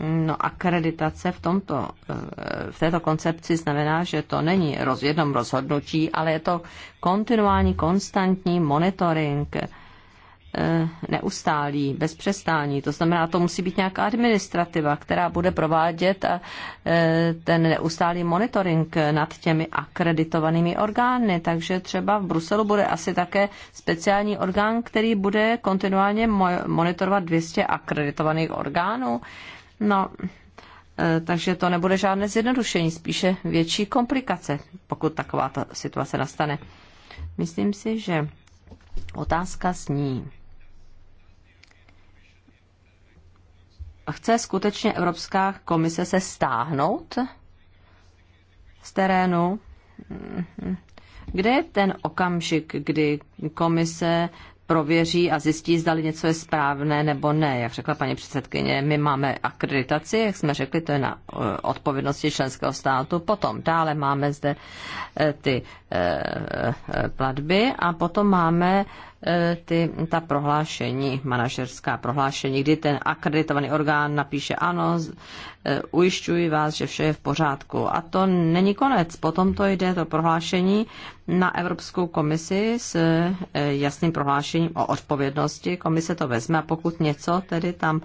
No akreditace v, tomto, eh, v této koncepci znamená, že to není roz, jednom rozhodnutí, ale je to kontinuální, konstantní monitoring Eh, neustálý, bez přestání. To znamená, to musí být nějaká administrativa, která bude provádět eh, ten neustálý monitoring nad těmi akreditovanými orgány. Takže třeba v Bruselu bude asi také speciální orgán, který bude kontinuálně monitorovat 200 akreditovaných orgánů. No, eh, takže to nebude žádné zjednodušení, spíše větší komplikace, pokud taková ta situace nastane. Myslím si, že otázka zní, chce skutečně Evropská komise se stáhnout z terénu? Kde je ten okamžik, kdy komise prověří a zjistí, zda něco je správné nebo ne. Jak řekla paní předsedkyně, my máme akreditaci, jak jsme řekli, to je na eh, odpovědnosti členského státu. Potom dále máme zde eh, ty Eh, platby a potom máme eh, ty, ta prohlášení, manažerská prohlášení, kdy ten akreditovaný orgán napíše ano, eh, ujišťuji vás, že vše je v pořádku. A to není konec. Potom to jde, to prohlášení, na Evropskou komisi s jasným prohlášením o odpovědnosti. Komise to vezme a pokud něco tedy tam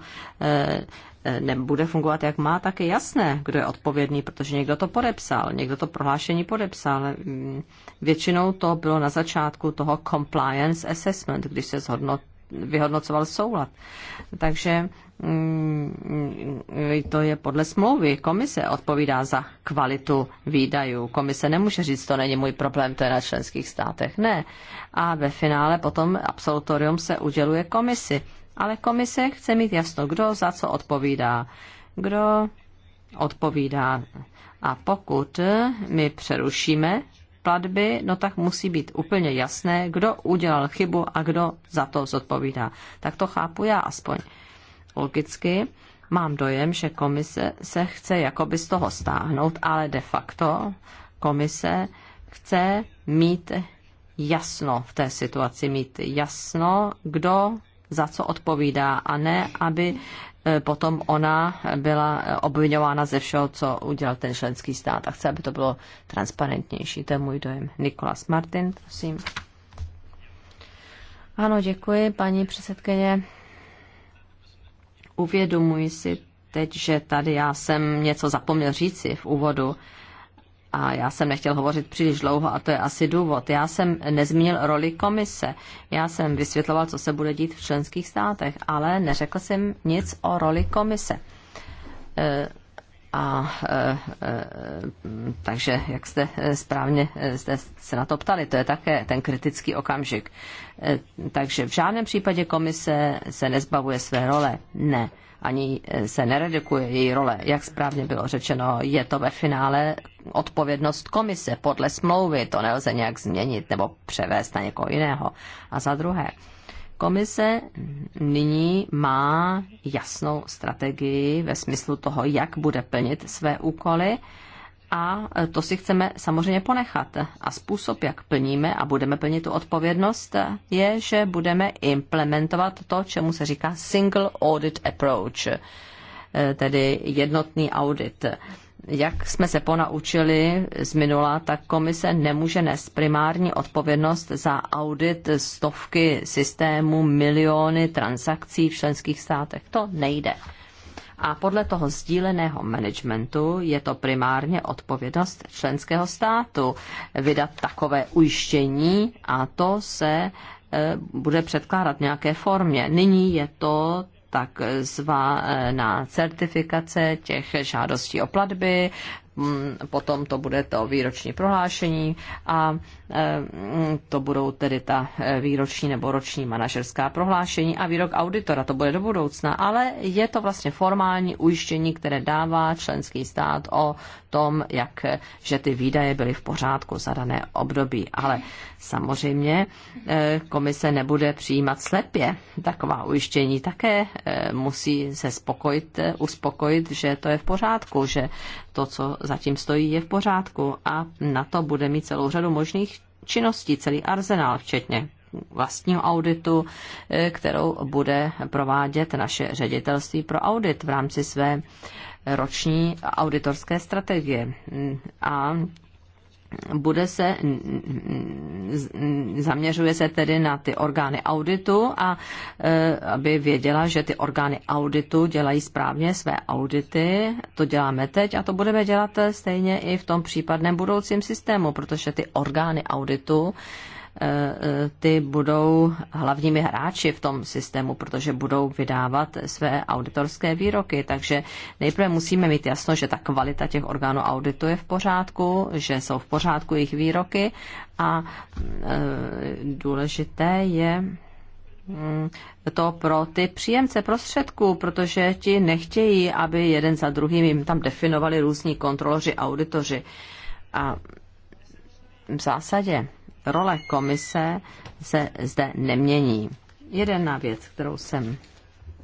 nebude fungovat, jak má, tak je jasné, kdo je odpovědný, protože někdo to podepsal, někdo to prohlášení podepsal. Mm, většinou to bylo na začátku toho compliance assessment, když se zhodnot, vyhodnocoval soulad. Takže mm, to je podle smlouvy. Komise odpovídá za kvalitu výdajů. Komise nemůže říct, to není můj problém, to je na členských státech. Ne. A ve finále potom absolutorium se uděluje komisi ale komise chce mít jasno, kdo za co odpovídá, kdo odpovídá. A pokud my přerušíme platby, no tak musí být úplně jasné, kdo udělal chybu a kdo za to zodpovídá. Tak to chápu já aspoň. Logicky mám dojem, že komise se chce jakoby z toho stáhnout, ale de facto komise chce mít jasno v té situaci, mít jasno, kdo za co odpovídá a ne, aby e, potom ona byla obvinována ze všeho, co udělal ten členský stát a chce, aby to bylo transparentnější. To je můj dojem. Nikolas Martin, prosím. Ano, děkuji, paní předsedkyně. Uvědomuji si teď, že tady já jsem něco zapomněl říci v úvodu a já jsem nechtěl hovořit příliš dlouho a to je asi důvod. Já jsem nezmínil roli komise. Já jsem vysvětloval, co se bude dít v členských státech, ale neřekl jsem nic o roli komise. E a e, e, takže, jak jste e, správně e, jste se na to ptali, to je také ten kritický okamžik. E, takže v žádném případě komise se nezbavuje své role. Ne ani e, se neredukuje její role. Jak správně bylo řečeno, je to ve finále odpovědnost komise podle smlouvy, to nelze nějak změnit nebo převést na někoho jiného. A za druhé, Komise nyní má jasnou strategii ve smyslu toho, jak bude plnit své úkoly a to si chceme samozřejmě ponechat. A způsob, jak plníme a budeme plnit tu odpovědnost, je, že budeme implementovat to, čemu se říká single audit approach, tedy jednotný audit jak jsme se ponaučili z minula, tak komise nemůže nést primární odpovědnost za audit stovky systémů, miliony transakcí v členských státech. To nejde. A podle toho sdíleného managementu je to primárně odpovědnost členského státu vydat takové ujištění a to se eh, bude předkládat v nějaké formě. Nyní je to tak eh, na certifikace těch žádostí o platby, mm, potom to bude to výroční prohlášení a eh, mm, to budou tedy ta eh, výroční nebo roční manažerská prohlášení a výrok auditora, to bude do budoucna, ale je to vlastně formální ujištění, které dává členský stát o tom, jak, že ty výdaje byly v pořádku za dané období, ale Samozřejmě eh, komise nebude přijímat slepě. Taková ujištění také eh, musí se spokojit, eh, uspokojit, že to je v pořádku, že to, co zatím stojí, je v pořádku a na to bude mít celou řadu možných činností, celý arzenál včetně vlastního auditu, kterou bude provádět naše ředitelství pro audit v rámci své roční auditorské strategie. Mm, a bude se, zaměřuje se tedy na ty orgány auditu a e, aby věděla, že ty orgány auditu dělají správně své audity, to děláme teď a to budeme dělat stejně i v tom případném budoucím systému, protože ty orgány auditu Eh, eh, ty budou hlavními hráči v tom systému, protože budou vydávat své auditorské výroky. Takže nejprve musíme mít jasno, že ta kvalita těch orgánů auditu je v pořádku, že jsou v pořádku jejich výroky a eh, důležité je mm, to pro ty příjemce prostředků, protože ti nechtějí, aby jeden za druhým jim tam definovali různí kontroloři, auditoři. A v zásadě role komise se zde nemění. Jedna věc, kterou jsem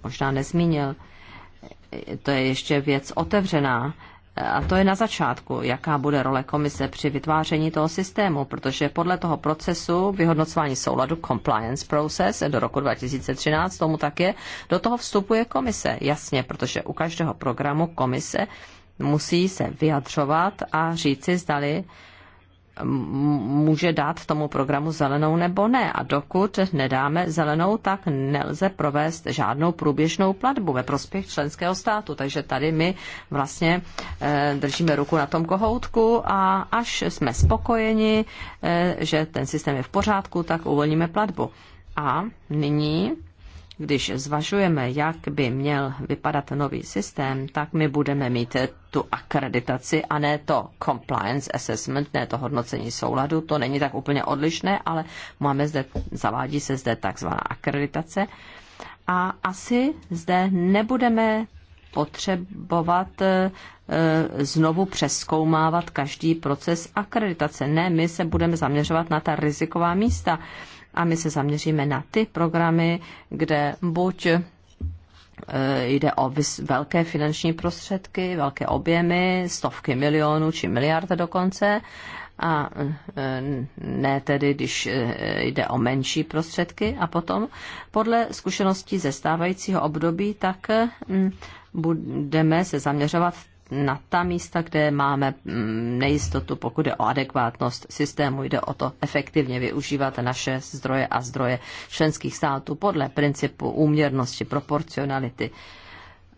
možná nezmínil, to je ještě věc otevřená. A to je na začátku, jaká bude role komise při vytváření toho systému, protože podle toho procesu vyhodnocování souladu compliance process do roku 2013 tomu tak je, do toho vstupuje komise. Jasně, protože u každého programu komise musí se vyjadřovat a říci, zdali může dát tomu programu zelenou nebo ne. A dokud nedáme zelenou, tak nelze provést žádnou průběžnou platbu ve prospěch členského státu. Takže tady my vlastně eh, držíme ruku na tom kohoutku a až jsme spokojeni, eh, že ten systém je v pořádku, tak uvolníme platbu. A nyní když zvažujeme, jak by měl vypadat nový systém, tak my budeme mít tu akreditaci a ne to compliance assessment, ne to hodnocení souladu. To není tak úplně odlišné, ale máme zde, zavádí se zde takzvaná akreditace. A asi zde nebudeme potřebovat eh, znovu přeskoumávat každý proces akreditace. Ne, my se budeme zaměřovat na ta riziková místa a my se zaměříme na ty programy, kde buď e, jde o velké finanční prostředky, velké objemy, stovky milionů či miliard dokonce, a e, ne tedy, když e, jde o menší prostředky. A potom podle zkušeností ze stávajícího období, tak mm, budeme se zaměřovat na ta místa, kde máme mm, nejistotu, pokud je o adekvátnost systému. Jde o to efektivně využívat naše zdroje a zdroje členských států podle principu úměrnosti, proporcionality.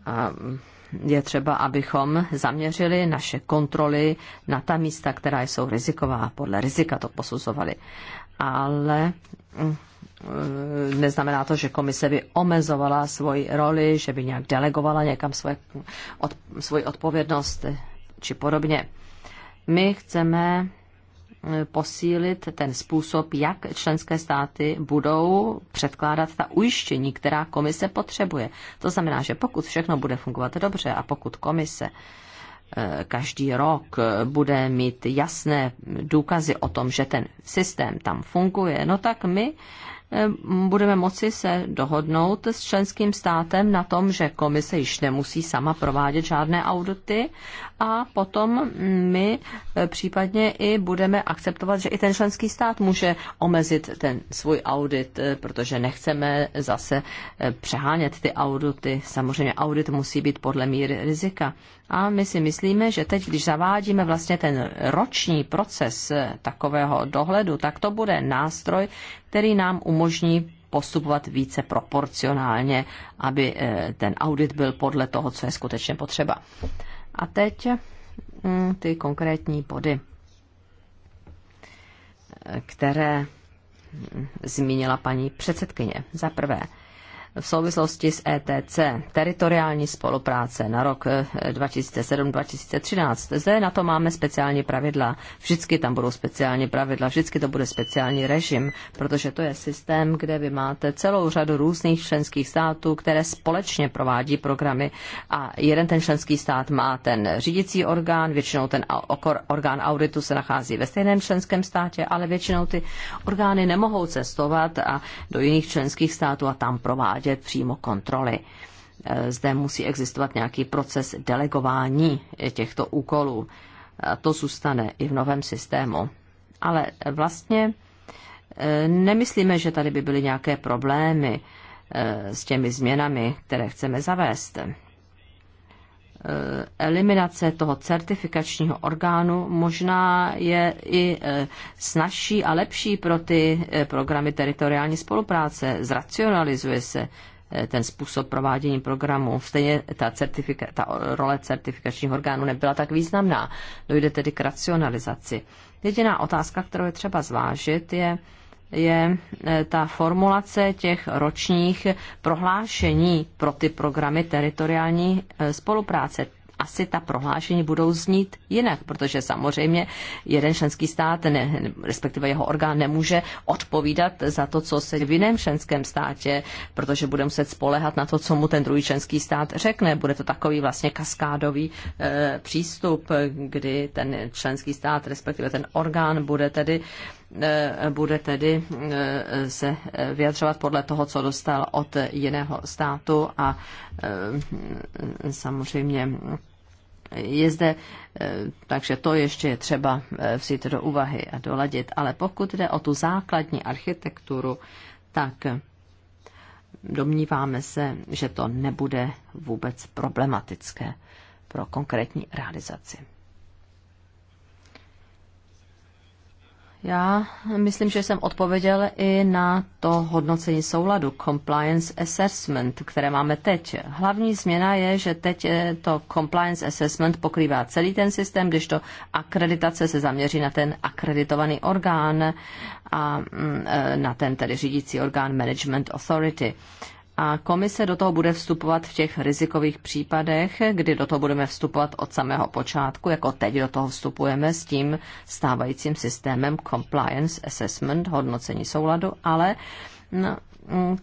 Ehm, je třeba, abychom zaměřili naše kontroly na ta místa, která jsou riziková, podle rizika to posuzovali. Ale mm, neznamená to, že komise by omezovala svoji roli, že by nějak delegovala někam svoje, od, svoji odpovědnost či podobně. My chceme eh, posílit ten způsob, jak členské státy budou předkládat ta ujištění, která komise potřebuje. To znamená, že pokud všechno bude fungovat dobře a pokud komise eh, každý rok eh, bude mít jasné důkazy o tom, že ten systém tam funguje, no tak my Ehm, budeme moci se dohodnout s členským státem na tom, že komise již nemusí sama provádět žádné audity a potom my eh, případně i budeme akceptovat, že i ten členský stát může omezit ten svůj audit, eh, protože nechceme zase eh, přehánět ty audity. Samozřejmě audit musí být podle míry rizika. A my si myslíme, že teď, když zavádíme vlastně ten roční proces takového dohledu, tak to bude nástroj, který nám umožní postupovat více proporcionálně, aby ten audit byl podle toho, co je skutečně potřeba. A teď mm, ty konkrétní body, eh, které mm, zmínila paní předsedkyně. Za prvé, v souvislosti s ETC, teritoriální spolupráce na rok 2007-2013. Eh, Zde na to máme speciální pravidla. Vždycky tam budou speciální pravidla, vždycky to bude speciální režim, protože to je systém, kde vy máte celou řadu různých členských států, které společně provádí programy a jeden ten členský stát má ten řídící orgán, většinou ten orgán auditu se nachází ve stejném členském státě, ale většinou ty orgány nemohou cestovat a do jiných členských států a tam provádí provádět přímo kontroly. Eh, zde musí existovat nějaký proces delegování těchto úkolů. A to zůstane i v novém systému. Ale vlastně eh, nemyslíme, že tady by byly nějaké problémy eh, s těmi změnami, které chceme zavést. Eh, eliminace toho certifikačního orgánu možná je i eh, snažší a lepší pro ty eh, programy teritoriální spolupráce. Zracionalizuje se ten způsob provádění programu. Stejně ta, certifika- ta role certifikačního orgánu nebyla tak významná. Dojde tedy k racionalizaci. Jediná otázka, kterou je třeba zvážit, je, je eh, ta formulace těch ročních prohlášení pro ty programy teritoriální eh, spolupráce asi ta prohlášení budou znít jinak, protože samozřejmě jeden členský stát, ne, respektive jeho orgán, nemůže odpovídat za to, co se v jiném členském státě, protože bude muset spolehat na to, co mu ten druhý členský stát řekne. Bude to takový vlastně kaskádový e, přístup, kdy ten členský stát, respektive ten orgán, bude tedy E, bude tedy e, se vyjadřovat podle toho, co dostal od jiného státu a e, samozřejmě je zde, takže to ještě je třeba vzít do úvahy a doladit. Ale pokud jde o tu základní architekturu, tak domníváme se, že to nebude vůbec problematické pro konkrétní realizaci. Já myslím, že jsem odpověděl i na to hodnocení souladu, compliance assessment, které máme teď. Hlavní změna je, že teď eh, to compliance assessment pokrývá celý ten systém, když to akreditace se zaměří na ten akreditovaný orgán a mm, eh, na ten tedy řídící orgán Management Authority a komise do toho bude vstupovat v těch rizikových případech, kdy do toho budeme vstupovat od samého počátku, jako teď do toho vstupujeme s tím stávajícím systémem compliance assessment, hodnocení souladu, ale no, mm,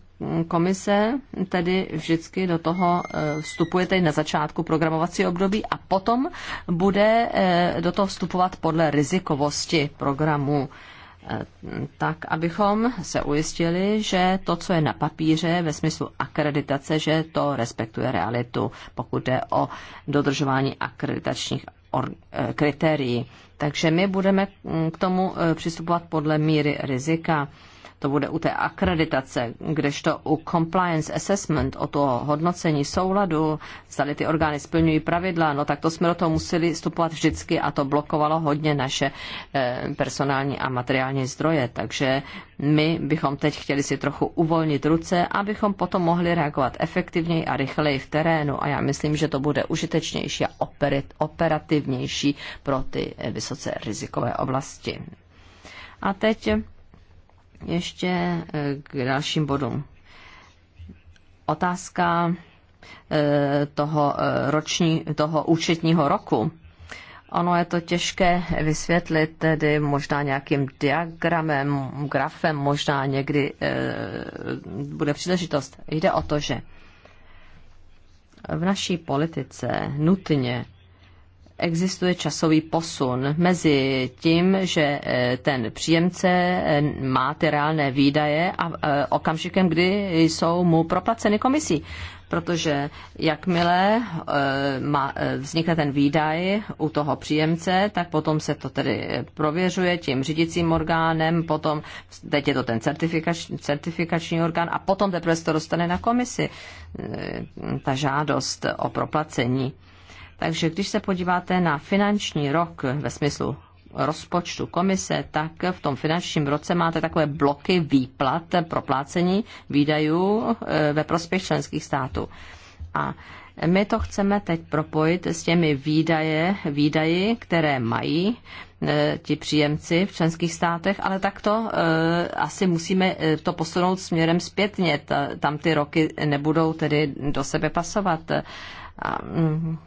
komise tedy vždycky do toho e, vstupuje tedy na začátku programovací období a potom bude e, do toho vstupovat podle rizikovosti programu tak abychom se ujistili, že to, co je na papíře ve smyslu akreditace, že to respektuje realitu, pokud jde o dodržování akreditačních eh, kritérií. Takže my budeme mm, k tomu eh, přistupovat podle míry rizika to bude u té akreditace, kdežto u compliance assessment, o to hodnocení souladu, zda-li ty orgány splňují pravidla, no tak to jsme do toho museli vstupovat vždycky a to blokovalo hodně naše eh, personální a materiální zdroje, takže my bychom teď chtěli si trochu uvolnit ruce, abychom potom mohli reagovat efektivněji a rychleji v terénu a já myslím, že to bude užitečnější a operativnější pro ty eh, vysoce rizikové oblasti. A teď ještě eh, k dalším bodům. Otázka eh, toho, eh, roční, toho účetního roku. Ono je to těžké vysvětlit tedy možná nějakým diagramem, grafem, možná někdy e, bude příležitost. Jde o to, že v naší politice nutně existuje časový posun mezi tím, že eh, ten příjemce eh, má ty reálné výdaje a eh, okamžikem, kdy jsou mu proplaceny komisí. Protože jakmile má, vznikne ten výdaj u toho příjemce, tak potom se to tedy prověřuje tím řídicím orgánem, potom teď je to ten certifikač, certifikační orgán a potom teprve se to dostane na komisi, ta žádost o proplacení. Takže když se podíváte na finanční rok ve smyslu rozpočtu komise, tak v tom finančním roce máte takové bloky výplat, plácení výdajů e, ve prospěch členských států. A my to chceme teď propojit s těmi výdaje, výdaji, které mají e, ti příjemci v členských státech, ale takto e, asi musíme to posunout směrem zpětně. Tam ty roky nebudou tedy do sebe pasovat. A, mhm,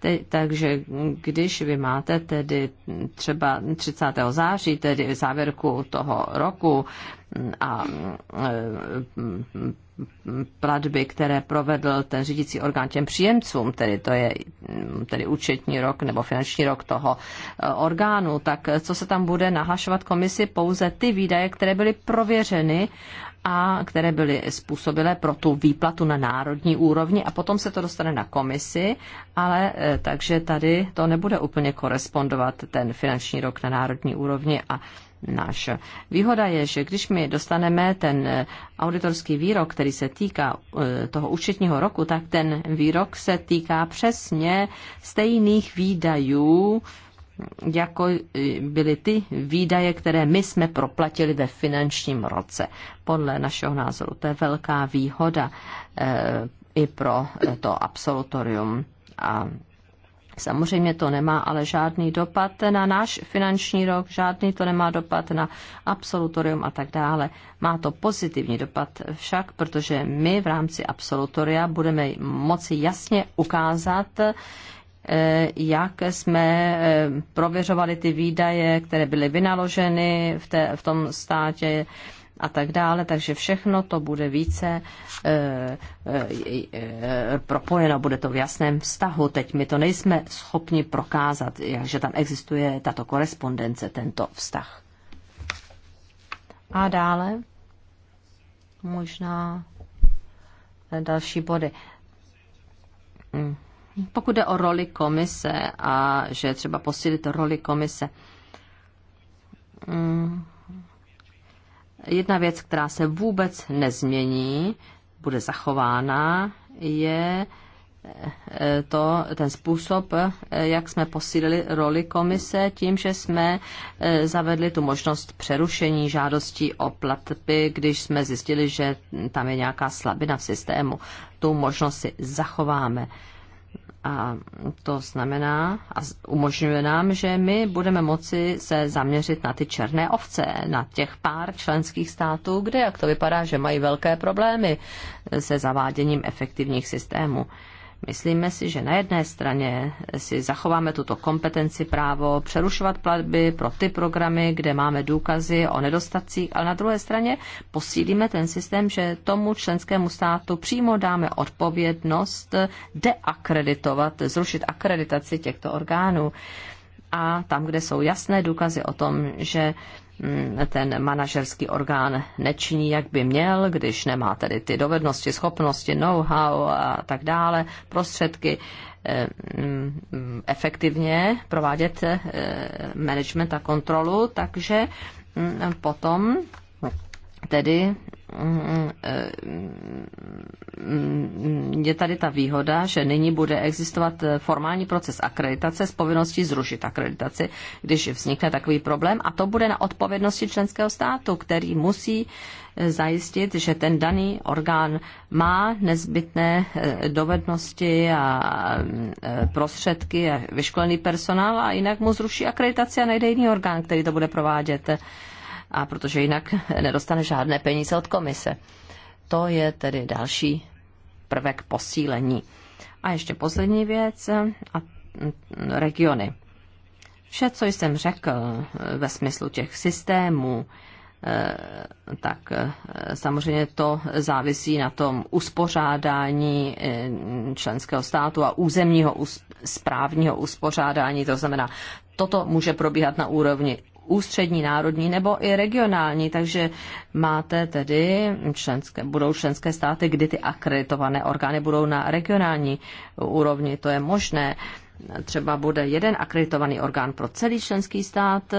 te, takže když vy máte tedy třeba 30. září, tedy závěrku toho roku a e, platby, které provedl ten řídící orgán těm příjemcům, tedy to je tedy účetní rok nebo finanční rok toho e, orgánu, tak co se tam bude nahlašovat komisi? Pouze ty výdaje, které byly prověřeny a které byly způsobilé pro tu výplatu na národní úrovni a potom se to dostane na komisi, ale e, takže tady to nebude úplně korespondovat ten finanční rok na národní úrovni a náš. Výhoda je, že když my dostaneme ten e, auditorský výrok, který se týká e, toho účetního roku, tak ten výrok se týká přesně stejných výdajů, jako byly ty výdaje, které my jsme proplatili ve finančním roce. Podle našeho názoru to je velká výhoda eh, i pro eh, to absolutorium. A Samozřejmě to nemá ale žádný dopad na náš finanční rok, žádný to nemá dopad na absolutorium a tak dále. Má to pozitivní dopad však, protože my v rámci absolutoria budeme moci jasně ukázat, Eh, jak jsme eh, prověřovali ty výdaje, které byly vynaloženy v, té, v tom státě a tak dále, takže všechno to bude více e, e, e, propojeno, bude to v jasném vztahu. Teď my to nejsme schopni prokázat, že tam existuje tato korespondence, tento vztah. A dále možná další body. Mm. Pokud jde o roli komise a že třeba posílit roli komise. Mm, jedna věc, která se vůbec nezmění, bude zachována, je eh, to, ten způsob, eh, jak jsme posílili roli komise tím, že jsme eh, zavedli tu možnost přerušení žádostí o platby, když jsme zjistili, že tam je nějaká slabina v systému. Tu možnost si zachováme. A to znamená a umožňuje nám, že my budeme moci se zaměřit na ty černé ovce, na těch pár členských států, kde, jak to vypadá, že mají velké problémy se zaváděním efektivních systémů. Myslíme si, že na jedné straně si zachováme tuto kompetenci právo přerušovat platby pro ty programy, kde máme důkazy o nedostatcích, ale na druhé straně posílíme ten systém, že tomu členskému státu přímo dáme odpovědnost deakreditovat, zrušit akreditaci těchto orgánů. A tam, kde jsou jasné důkazy o tom, že Mm, ten manažerský orgán nečiní, jak by měl, když nemá tedy ty dovednosti, schopnosti, know-how a tak dále, prostředky eh, mm, efektivně provádět eh, management a kontrolu, takže mm, potom tedy Mm, mm, mm, je tady ta výhoda, že nyní bude existovat eh, formální proces akreditace s povinností zrušit akreditaci, když vznikne takový problém a to bude na odpovědnosti členského státu, který musí eh, zajistit, že ten daný orgán má nezbytné eh, dovednosti a prostředky a vyškolený personál a jinak mu zruší akreditaci a najde jiný orgán, který to bude provádět a protože jinak nedostane žádné peníze od komise. To je tedy další prvek posílení. A ještě poslední věc, a mm, regiony. Vše, co jsem řekl e, ve smyslu těch systémů, e, tak e, samozřejmě to závisí na tom uspořádání členského státu a územního správního uspořádání. To znamená, toto může probíhat na úrovni ústřední, národní nebo i regionální, takže máte tedy členské, budou členské státy, kdy ty akreditované orgány budou na regionální úrovni, to je možné. Třeba bude jeden akreditovaný orgán pro celý členský stát,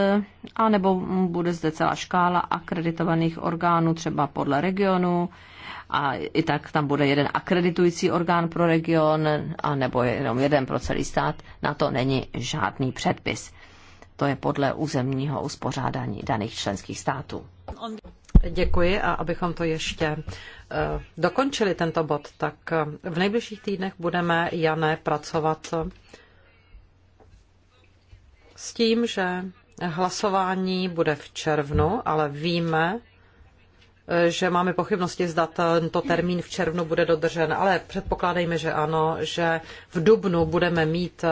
anebo bude zde celá škála akreditovaných orgánů, třeba podle regionu, a i tak tam bude jeden akreditující orgán pro region, anebo jenom jeden pro celý stát. Na to není žádný předpis. To je podle územního uspořádání daných členských států. Děkuji a abychom to ještě eh, dokončili tento bod, tak eh, v nejbližších týdnech budeme, Jané, pracovat eh, s tím, že hlasování bude v červnu, ale víme, že máme pochybnosti, zda tento termín v červnu bude dodržen, ale předpokládejme, že ano, že v dubnu budeme mít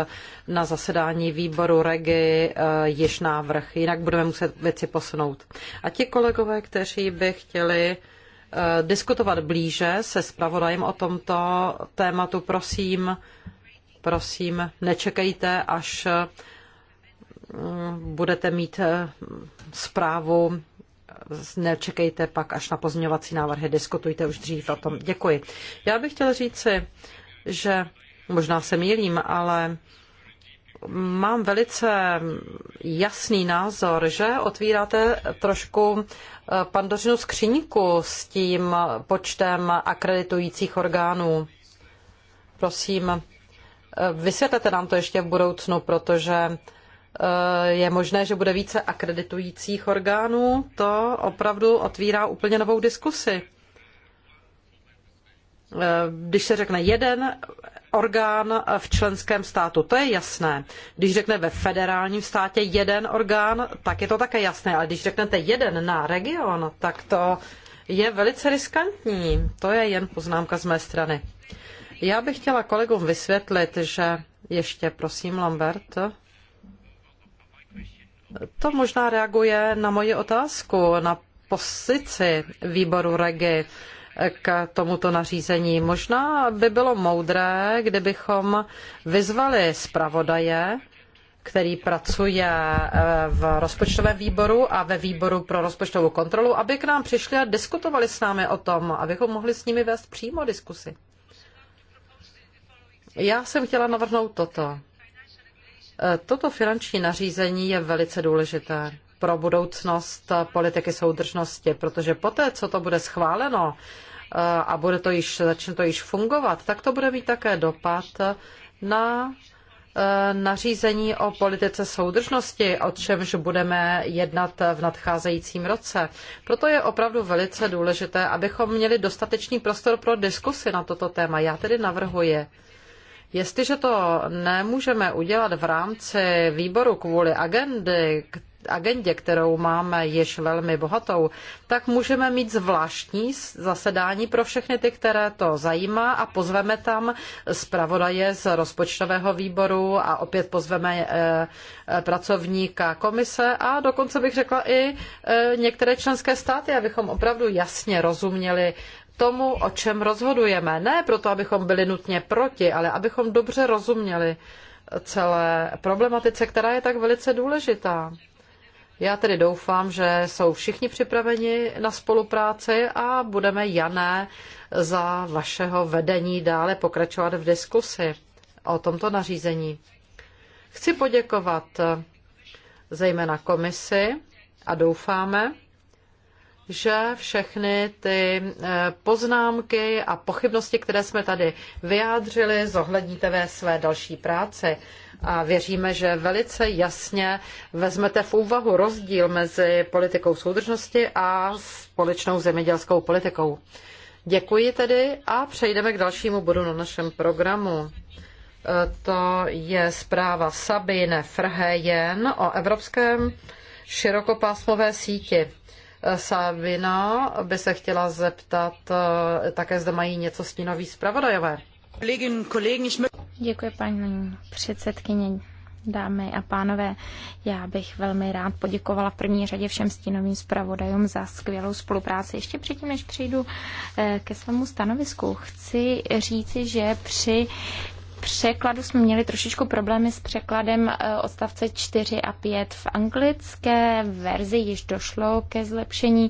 na zasedání výboru REGI eh, již návrh, jinak budeme muset věci posunout. A ti kolegové, kteří by chtěli eh, diskutovat blíže se zpravodajem o tomto tématu, prosím, prosím, nečekejte, až mm, budete mít eh, zprávu nečekejte pak až na pozměňovací návrhy, diskutujte už dřív o tom. Děkuji. Já bych chtěl říci, že možná se mýlím, ale mám velice jasný názor, že otvíráte trošku eh, pandořinu skříňku s tím počtem akreditujících orgánů. Prosím, eh, vysvětlete nám to ještě v budoucnu, protože Eh, je možné, že bude více akreditujících orgánů, to opravdu otvírá úplně novou diskusi. Eh, když se řekne jeden orgán v členském státu, to je jasné. Když řekne ve federálním státě jeden orgán, tak je to také jasné. Ale když řeknete jeden na region, tak to je velice riskantní. To je jen poznámka z mé strany. Já bych chtěla kolegům vysvětlit, že ještě prosím, Lambert. To možná reaguje na moji otázku, na pozici výboru REGI k tomuto nařízení. Možná by bylo moudré, kdybychom vyzvali zpravodaje, který pracuje eh, v rozpočtovém výboru a ve výboru pro rozpočtovou kontrolu, aby k nám přišli a diskutovali s námi o tom, abychom mohli s nimi vést přímo diskusy. Já jsem chtěla navrhnout toto. Toto finanční nařízení je velice důležité pro budoucnost politiky soudržnosti, protože poté, co to bude schváleno eh, a bude to již, začne to již fungovat, tak to bude mít také dopad na eh, nařízení o politice soudržnosti, o čemž budeme jednat v nadcházejícím roce. Proto je opravdu velice důležité, abychom měli dostatečný prostor pro diskusy na toto téma. Já tedy navrhuji, Jestliže to nemůžeme udělat v rámci výboru kvůli agendy, agendě, kterou máme již velmi bohatou, tak můžeme mít zvláštní zasedání pro všechny ty, které to zajímá a pozveme tam zpravodaje z rozpočtového výboru a opět pozveme eh, eh, pracovníka komise a dokonce bych řekla i eh, některé členské státy, abychom opravdu jasně rozuměli tomu, o čem rozhodujeme. Ne proto, abychom byli nutně proti, ale abychom dobře rozuměli celé problematice, která je tak velice důležitá. Já tedy doufám, že jsou všichni připraveni na spolupráci a budeme, Jané, za vašeho vedení dále pokračovat v diskusi o tomto nařízení. Chci poděkovat zejména komisi a doufáme, že všechny ty eh, poznámky a pochybnosti, které jsme tady vyjádřili, zohledníte ve své další práci. A věříme, že velice jasně vezmete v úvahu rozdíl mezi politikou soudržnosti a společnou zemědělskou politikou. Děkuji tedy a přejdeme k dalšímu bodu na našem programu. Eh, to je zpráva Sabine Frhejen o Evropském širokopásmové síti. Sávina by se chtěla zeptat, eh, také zde mají něco stínový zpravodajové. Děkuji, paní předsedkyně. Dámy a pánové, já bych velmi rád poděkovala v první řadě všem stínovým zpravodajům za skvělou spolupráci. Ještě předtím, než přejdu eh, ke svému stanovisku, chci říci, že při překladu jsme měli trošičku problémy s překladem eh, odstavce 4 a 5. V anglické verzi již došlo ke zlepšení,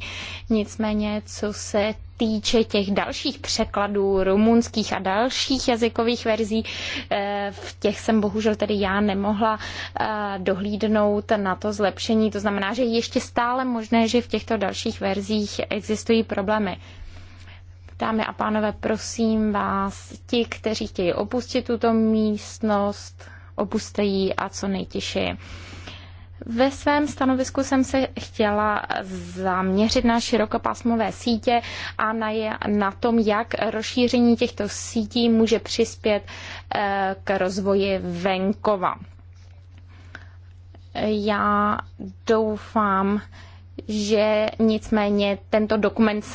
nicméně co se týče těch dalších překladů rumunských a dalších jazykových verzí, eh, v těch jsem bohužel tedy já nemohla eh, dohlídnout na to zlepšení. To znamená, že ještě stále možné, že v těchto dalších verzích existují problémy. Dámy a pánové, prosím vás, ti, kteří chtějí opustit tuto místnost, opuste ji a co nejtěžší. Ve svém stanovisku jsem se chtěla zaměřit na širokopásmové sítě a na, je, na tom, jak rozšíření těchto sítí může přispět eh, k rozvoji venkova. Já doufám, že nicméně tento dokument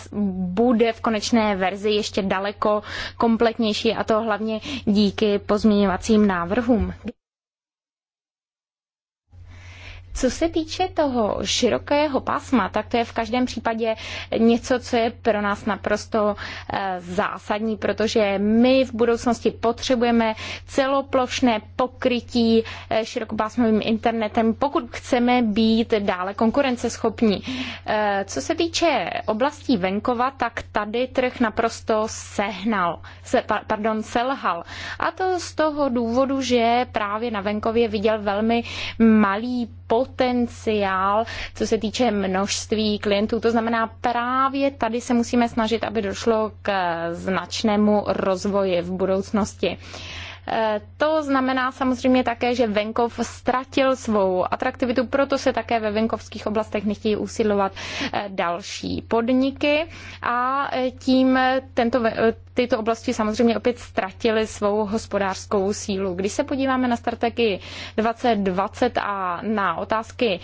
bude v konečné verzi ještě daleko kompletnější a to hlavně díky pozměňovacím návrhům. Co se týče toho širokého pásma, tak to je v každém případě něco, co je pro nás naprosto eh, zásadní, protože my v budoucnosti potřebujeme celoplošné pokrytí eh, širokopásmovým internetem, pokud chceme být dále konkurenceschopní. Eh, co se týče oblastí venkova, tak tady trh naprosto sehnal, se, pardon, selhal. A to z toho důvodu, že právě na venkově viděl velmi malý pot potenciál, co se týče množství klientů. To znamená, právě tady se musíme snažit, aby došlo k značnému rozvoji v budoucnosti. Uh, Eh, to znamená samozřejmě také, že venkov ztratil svou atraktivitu, proto se také ve venkovských oblastech nechtějí usilovat eh, další podniky a eh, tím tento, tyto oblasti samozřejmě opět ztratily svou hospodářskou sílu. Když se podíváme na strategii 2020 a na otázky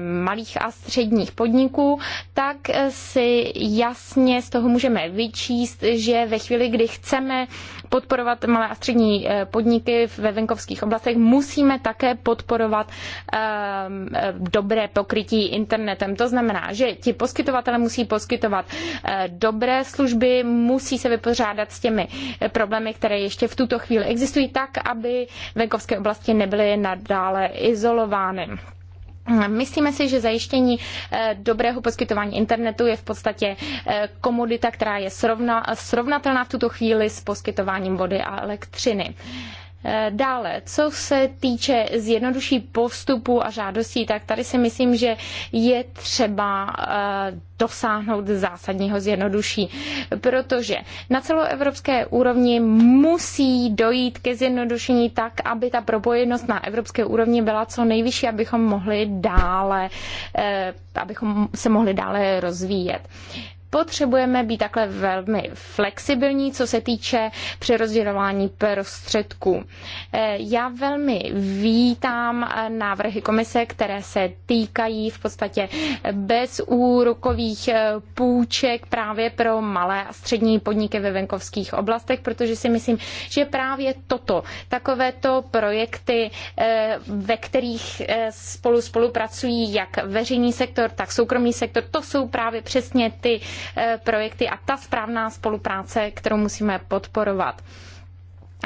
malých a středních podniků, tak si jasně z toho můžeme vyčíst, že ve chvíli, kdy chceme podporovat malé a střední Eh, podniky ve venkovských oblastech, musíme také podporovat eh, eh, dobré pokrytí internetem. To znamená, že ti poskytovatele musí poskytovat dobré služby, musí se vypořádat s těmi problémy, které ještě v tuto chvíli existují, tak, aby venkovské oblasti nebyly nadále izolovány. Myslíme si, že zajištění eh, dobrého poskytování internetu je v podstatě eh, komodita, která je srovna, srovnatelná v tuto chvíli s poskytováním vody a elektřiny. Eh, dále, co se týče zjednoduší postupu a žádostí, tak tady si myslím, že je třeba eh, dosáhnout zásadního zjednoduší, protože na celoevropské úrovni musí dojít ke zjednodušení tak, aby ta propojenost na evropské úrovni byla co nejvyšší, abychom mohli dále, eh, abychom se mohli dále rozvíjet potřebujeme být takhle velmi flexibilní, co se týče přerozdělování prostředků. Eh, já velmi vítám eh, návrhy komise, které se týkají v podstatě bezúrokových eh, půjček právě pro malé a střední podniky ve venkovských oblastech, protože si myslím, že právě toto, takovéto projekty, ve kterých spolu spolupracují jak veřejný sektor, tak soukromý sektor, to jsou právě přesně ty Eh, projekty a ta správná spolupráce, kterou musíme podporovat.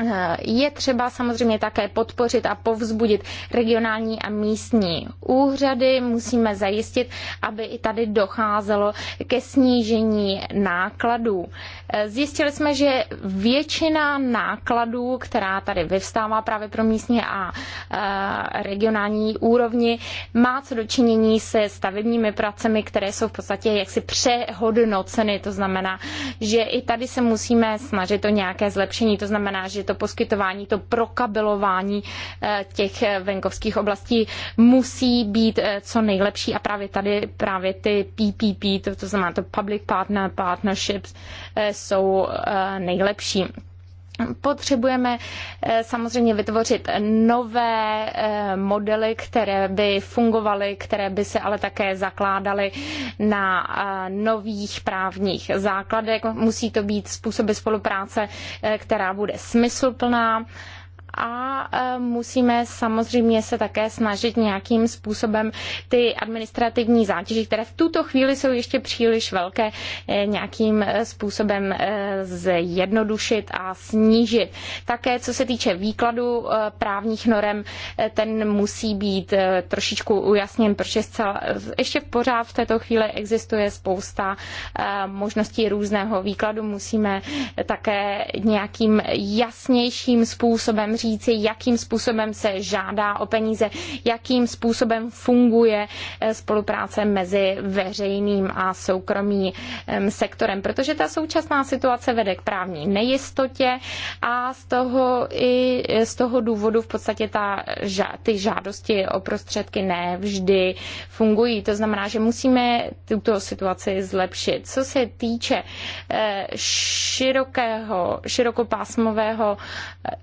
Eh, je třeba samozřejmě také podpořit a povzbudit regionální a místní úřady. Musíme zajistit, aby i tady docházelo ke snížení nákladů. Eh, zjistili jsme, že většina nákladů, která tady vyvstává právě pro místní a eh, regionální úrovni, má co dočinění se stavebními pracemi, které jsou v podstatě jaksi přehodnoceny. To znamená, že i tady se musíme snažit o nějaké zlepšení. To znamená, že to poskytování, to prokabelování eh, těch eh, venkovských oblastí musí být eh, co nejlepší a právě tady právě ty PPP, to, to znamená to Public Partner Partnerships, jsou nejlepší. Potřebujeme eh, samozřejmě vytvořit nové eh, modely, které by fungovaly, které by se ale také zakládaly na eh, nových právních základech. Musí to být způsoby spolupráce, která bude smysluplná a e, musíme samozřejmě se také snažit nějakým způsobem ty administrativní zátěže, které v tuto chvíli jsou ještě příliš velké, e, nějakým e, způsobem zjednodušit a snížit. Také co se týče výkladu právních norem, ten musí být trošičku ujasněn, protože ještě pořád v této chvíli existuje spousta možností různého výkladu. Musíme také nějakým jasnějším způsobem říci, jakým způsobem se žádá o peníze, jakým způsobem funguje eh, spolupráce mezi veřejným a soukromým ehm, sektorem, protože ta současná situace vede k právní nejistotě a z toho, i, eh, z toho důvodu v podstatě ta, ty žádosti o prostředky ne vždy fungují. To znamená, že musíme tuto situaci zlepšit. Co se týče eh, širokého, širokopásmového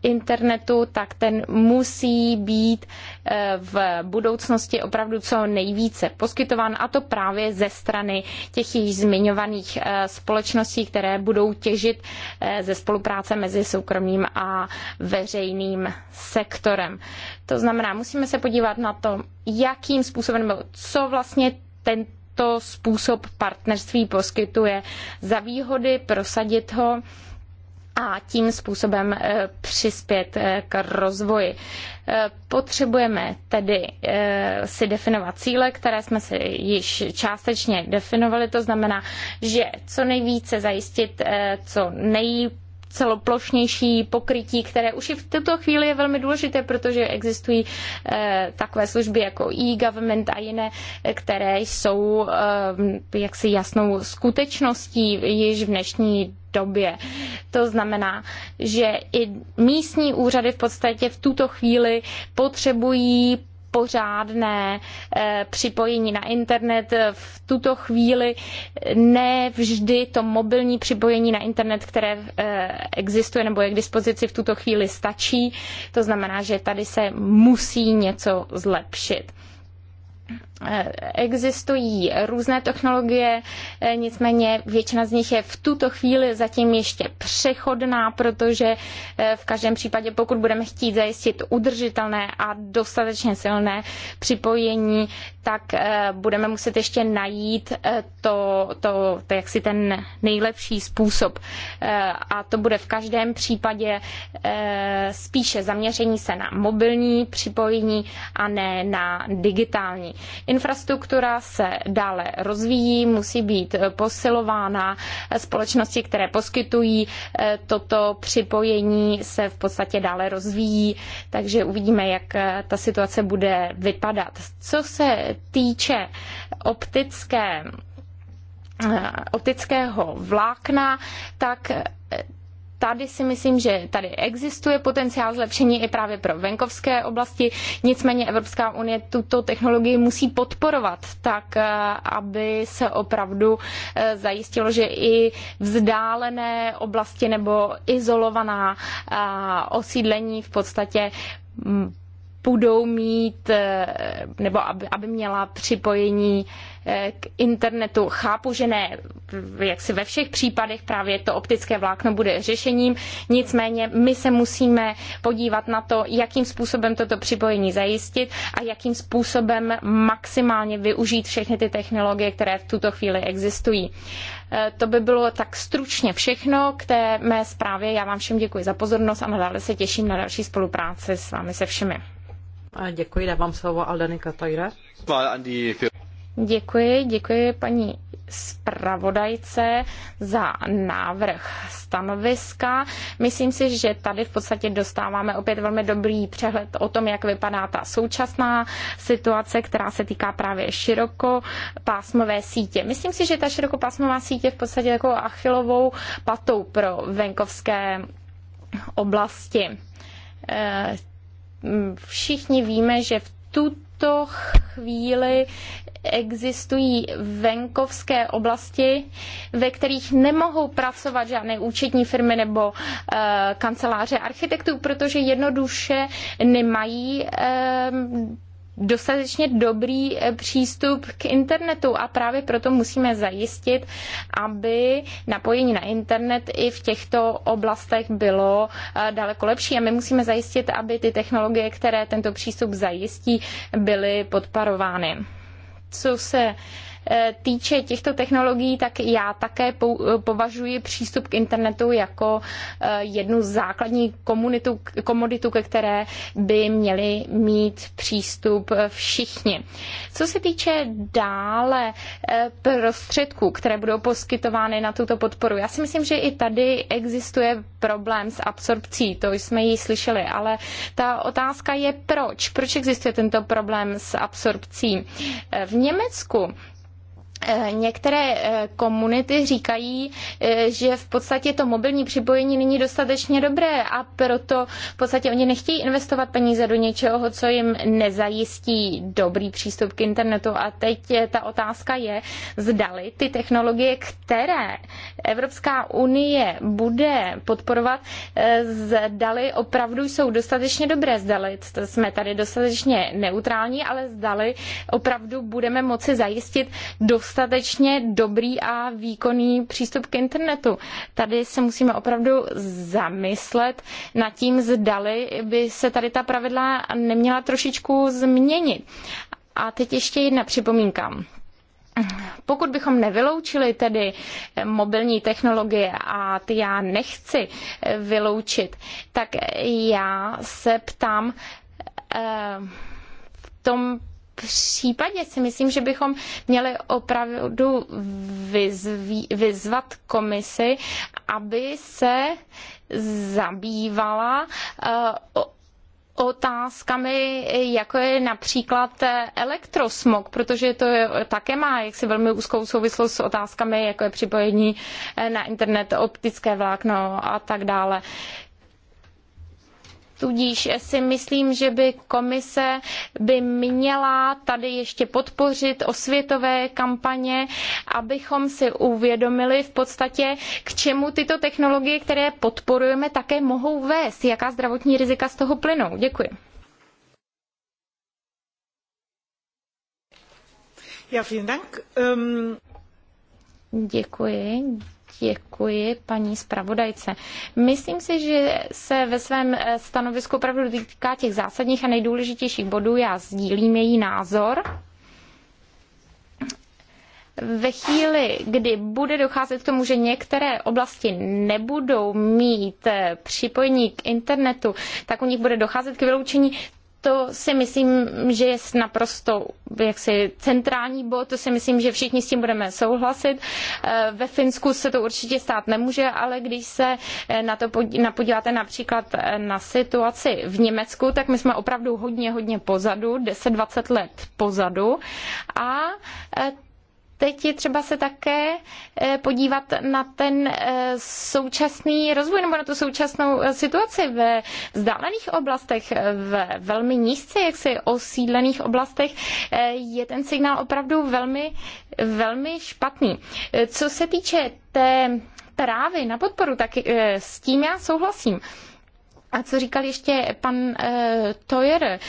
internetu, planetu, tak ten musí být eh, v budoucnosti opravdu co nejvíce poskytován a to právě ze strany těch již zmiňovaných eh, společností, které budou těžit eh, ze spolupráce mezi soukromým a veřejným sektorem. To znamená, musíme se podívat na to, jakým způsobem, nebo co vlastně ten to způsob partnerství poskytuje za výhody, prosadit ho a tím způsobem eh, přispět eh, k rozvoji. Eh, potřebujeme tedy si definovat cíle, které jsme si již částečně definovali, to znamená, že co nejvíce zajistit, co nej celoplošnější pokrytí, které už i v této chvíli je velmi důležité, protože existují takové služby jako e-government a jiné, které jsou jaksi jasnou skutečností již v dnešní době. To znamená, že i místní úřady v podstatě v tuto chvíli potřebují pořádné eh, připojení na internet. V tuto chvíli ne vždy to mobilní připojení na internet, které eh, existuje nebo je k dispozici v tuto chvíli stačí. To znamená, že tady se musí něco zlepšit. Eh, existují různé technologie, eh, nicméně většina z nich je v tuto chvíli zatím ještě přechodná, protože eh, v každém případě, pokud budeme chtít zajistit udržitelné a dostatečně silné připojení, tak budeme muset ještě najít to, to, to jaksi ten nejlepší způsob. A to bude v každém případě spíše zaměření se na mobilní připojení a ne na digitální. Infrastruktura se dále rozvíjí, musí být posilována. Společnosti, které poskytují eh, toto připojení, se v podstatě dále rozvíjí, takže uvidíme, jak eh, ta situace bude vypadat. Co se týče optické eh, optického vlákna, tak tady si myslím, že tady existuje potenciál zlepšení i právě pro venkovské oblasti. Nicméně Evropská unie tuto technologii musí podporovat tak, eh, aby se opravdu eh, zajistilo, že i vzdálené oblasti nebo izolovaná eh, osídlení v podstatě mm, budou mít, nebo aby, aby měla připojení Eh, k internetu. Chápu, že ne, jak si ve všech případech právě to optické vlákno bude řešením, nicméně my se musíme podívat na to, jakým způsobem toto připojení zajistit a jakým způsobem maximálně využít všechny ty technologie, které v tuto chvíli existují. Eh, to by bylo tak stručně všechno k té mé zprávě. Já vám všem děkuji za pozornost a nadále se těším na další spolupráci s vámi se všemi. Děkuji, dávám slovo Aldeny Katajre. Děkuji, děkuji paní zpravodajce za návrh stanoviska. Myslím si, že tady v podstatě dostáváme opět velmi dobrý přehled o tom, jak vypadá ta současná situace, která se týká právě širokopásmové sítě. Myslím si, že ta širokopásmová sítě je v podstatě takovou achilovou patou pro venkovské oblasti. Eh, všichni víme, že v tuto tuto chvíli existují venkovské oblasti, ve kterých nemohou pracovat žádné účetní firmy nebo e, kanceláře architektů, protože jednoduše nemají e, dostatečně dobrý eh, přístup k internetu a právě proto musíme zajistit, aby napojení na internet i v těchto oblastech bylo daleko lepší a my musíme zajistit, aby ty technologie, které tento přístup zajistí, byly podporovány co se týče těchto technologií, tak já také považuji přístup k internetu jako eh, jednu základní komunitu, komoditu, ke které by měli mít přístup všichni. Co se týče dále eh, prostředků, které budou poskytovány na tuto podporu, já si myslím, že i tady existuje problém s absorpcí, to jsme ji slyšeli, ale ta otázka je proč. Proč existuje tento problém s absorpcí? Eh, v Německu Eh, některé eh, komunity říkají, eh, že v podstatě to mobilní připojení není dostatečně dobré a proto v podstatě oni nechtějí investovat peníze do něčeho, co jim nezajistí dobrý přístup k internetu. A teď ta otázka je, zdali ty technologie, které Evropská unie bude podporovat, zdali opravdu jsou dostatečně dobré, zdali jsme tady dostatečně neutrální, ale zdali opravdu budeme moci zajistit dost dostatečně dobrý a výkonný přístup k internetu. Tady se musíme opravdu zamyslet nad tím, zdali by se tady ta pravidla neměla trošičku změnit. A teď ještě jedna připomínka. Pokud bychom nevyloučili tedy mobilní technologie a ty já nechci vyloučit, tak já se ptám eh, v tom případě si myslím, že bychom měli opravdu vyzví, vyzvat komisi, aby se zabývala eh, otázkami, jako je například eh, elektrosmog, protože to je, také má jaksi velmi úzkou souvislost s otázkami, jako je připojení eh, na internet, optické vlákno a tak dále. Tudíž si myslím, že by komise by měla tady ještě podpořit osvětové kampaně, abychom si uvědomili v podstatě, k čemu tyto technologie, které podporujeme, také mohou vést, jaká zdravotní rizika z toho plynou. Děkuji. Ja, vielen Dank. Um... Děkuji děkuji paní zpravodajce. Myslím si, že se ve svém eh, stanovisku opravdu týká těch zásadních a nejdůležitějších bodů. Já sdílím její názor ve chvíli, kdy bude docházet k tomu, že některé oblasti nebudou mít eh, připojení k internetu, tak u nich bude docházet k vyloučení to si myslím, že je naprosto jaksi centrální bod, to si myslím, že všichni s tím budeme souhlasit. Eh, ve Finsku se to určitě stát nemůže, ale když se eh, na to podíváte například eh, na situaci v Německu, tak my jsme opravdu hodně, hodně pozadu, 10-20 let pozadu a teď je třeba se také eh, podívat na ten eh, současný rozvoj nebo na tu současnou eh, situaci ve vzdálených oblastech, v velmi nízce se osídlených oblastech je ten signál opravdu velmi, velmi špatný. Co se týče té právy na podporu, tak s tím já souhlasím. A co říkal ještě pan e, Toyer, e,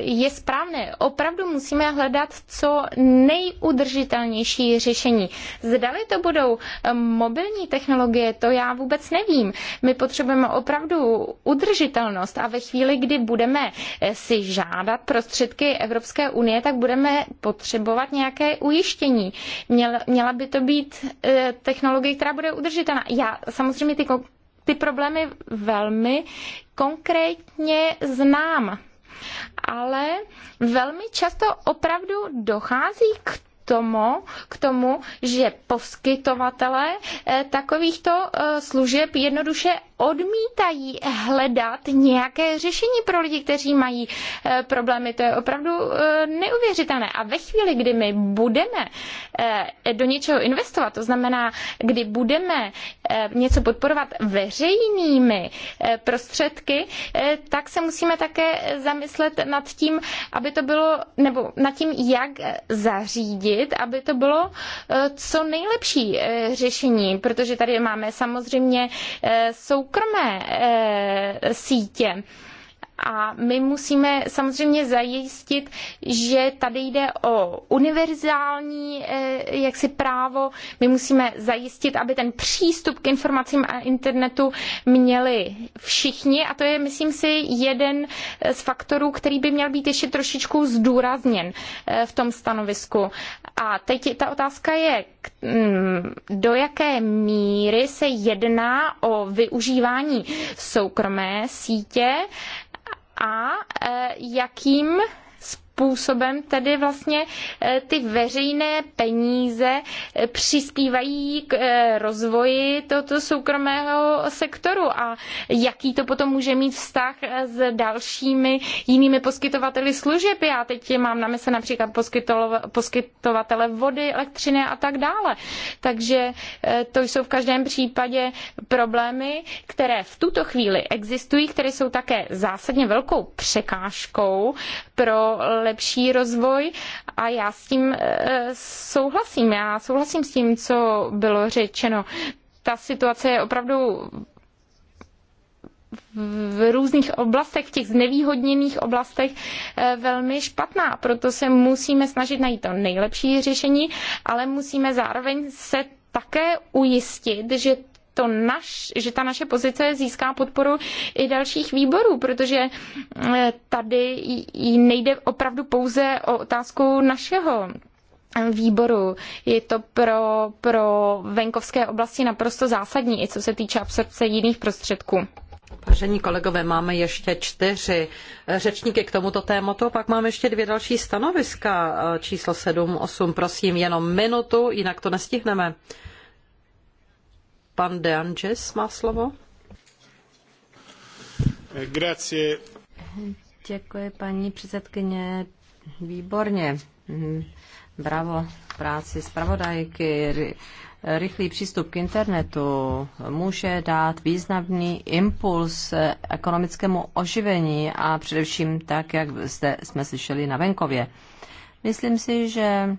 je správné. Opravdu musíme hledat co nejudržitelnější řešení. Zdali to budou eh, mobilní technologie, to já vůbec nevím. My potřebujeme opravdu udržitelnost a ve chvíli, kdy budeme si žádat prostředky Evropské unie, tak budeme potřebovat nějaké ujištění. Měla by to být technologie, která bude udržitelná. Já samozřejmě ty ty problémy velmi konkrétně znám. Ale velmi často opravdu dochází k tomu, k tomu, že poskytovatelé eh, takovýchto eh, služeb jednoduše odmítají hledat nějaké řešení pro lidi, kteří mají eh, problémy. To je opravdu eh, neuvěřitelné. A ve chvíli, kdy my budeme eh, do něčeho investovat, to znamená, kdy budeme něco podporovat veřejnými prostředky, tak se musíme také zamyslet nad tím, aby to bylo, nebo nad tím, jak zařídit, aby to bylo co nejlepší řešení, protože tady máme samozřejmě jsou soukromé eh, sítě a my musíme samozřejmě zajistit, že tady jde o univerzální eh, jaksi právo. My musíme zajistit, aby ten přístup k informacím a internetu měli všichni. A to je, myslím si, jeden z faktorů, který by měl být ještě trošičku zdůrazněn eh, v tom stanovisku. A teď ta otázka je, mm, do jaké míry se jedná o využívání soukromé sítě a eh, jakým způsobem tedy vlastně eh, ty veřejné peníze eh, přispívají k eh, rozvoji tohoto soukromého sektoru a jaký to potom může mít vztah s dalšími jinými poskytovateli služeb. Já teď mám na mysli například poskytovatele vody, elektřiny a tak dále. Takže to jsou v každém případě problémy, které v tuto chvíli existují, které jsou také zásadně velkou překážkou pro lepší rozvoj a já s tím eh, souhlasím. Já souhlasím s tím, co bylo řečeno. Ta situace je opravdu v různých oblastech, v těch znevýhodněných oblastech eh, velmi špatná. Proto se musíme snažit najít to nejlepší řešení, ale musíme zároveň se také ujistit, že to naš, že ta naše pozice získá podporu i dalších výborů, protože eh, tady nejde opravdu pouze o otázku našeho eh, výboru. Je to pro, pro venkovské oblasti naprosto zásadní, i co se týče absorpce jiných prostředků. Vážení kolegové, máme ještě čtyři eh, řečníky k tomuto tématu pak máme ještě dvě další stanoviska číslo 7, 8. Prosím, jenom minutu, jinak to nestihneme. Pan De Anges má slovo. Grazie. Děkuji, paní předsedkyně. Výborně. Mhm. Bravo práci zpravodajky. Rychlý přístup k internetu může dát významný impuls ekonomickému oživení a především tak, jak zde jsme slyšeli na venkově. Myslím si, že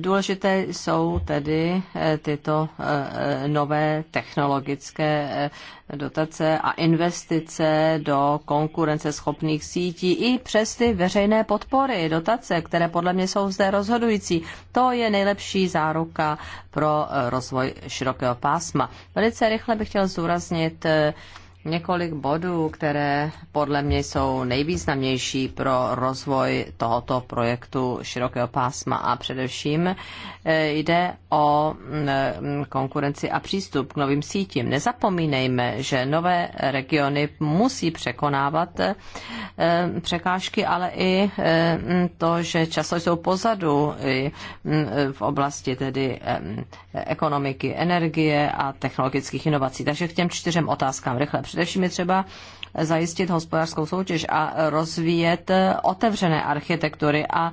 Důležité jsou tedy eh, tyto eh, nové technologické eh, dotace a investice do konkurenceschopných sítí i přes ty veřejné podpory, dotace, které podle mě jsou zde rozhodující. To je nejlepší záruka pro rozvoj širokého pásma. Velice rychle bych chtěl zúraznit několik bodů, které podle mě jsou nejvýznamnější pro rozvoj tohoto projektu širokého pásma a především eh, jde o mm, eh, konkurenci a přístup k novým sítím. Nezapomínejme, že nové regiony musí překonávat eh, překážky, ale i mm, to, že často jsou pozadu i mm, v oblasti tedy ekonomiky, energie a technologických inovací. Takže k těm čtyřem otázkám rychle Především je třeba zajistit hospodářskou soutěž a rozvíjet otevřené architektury a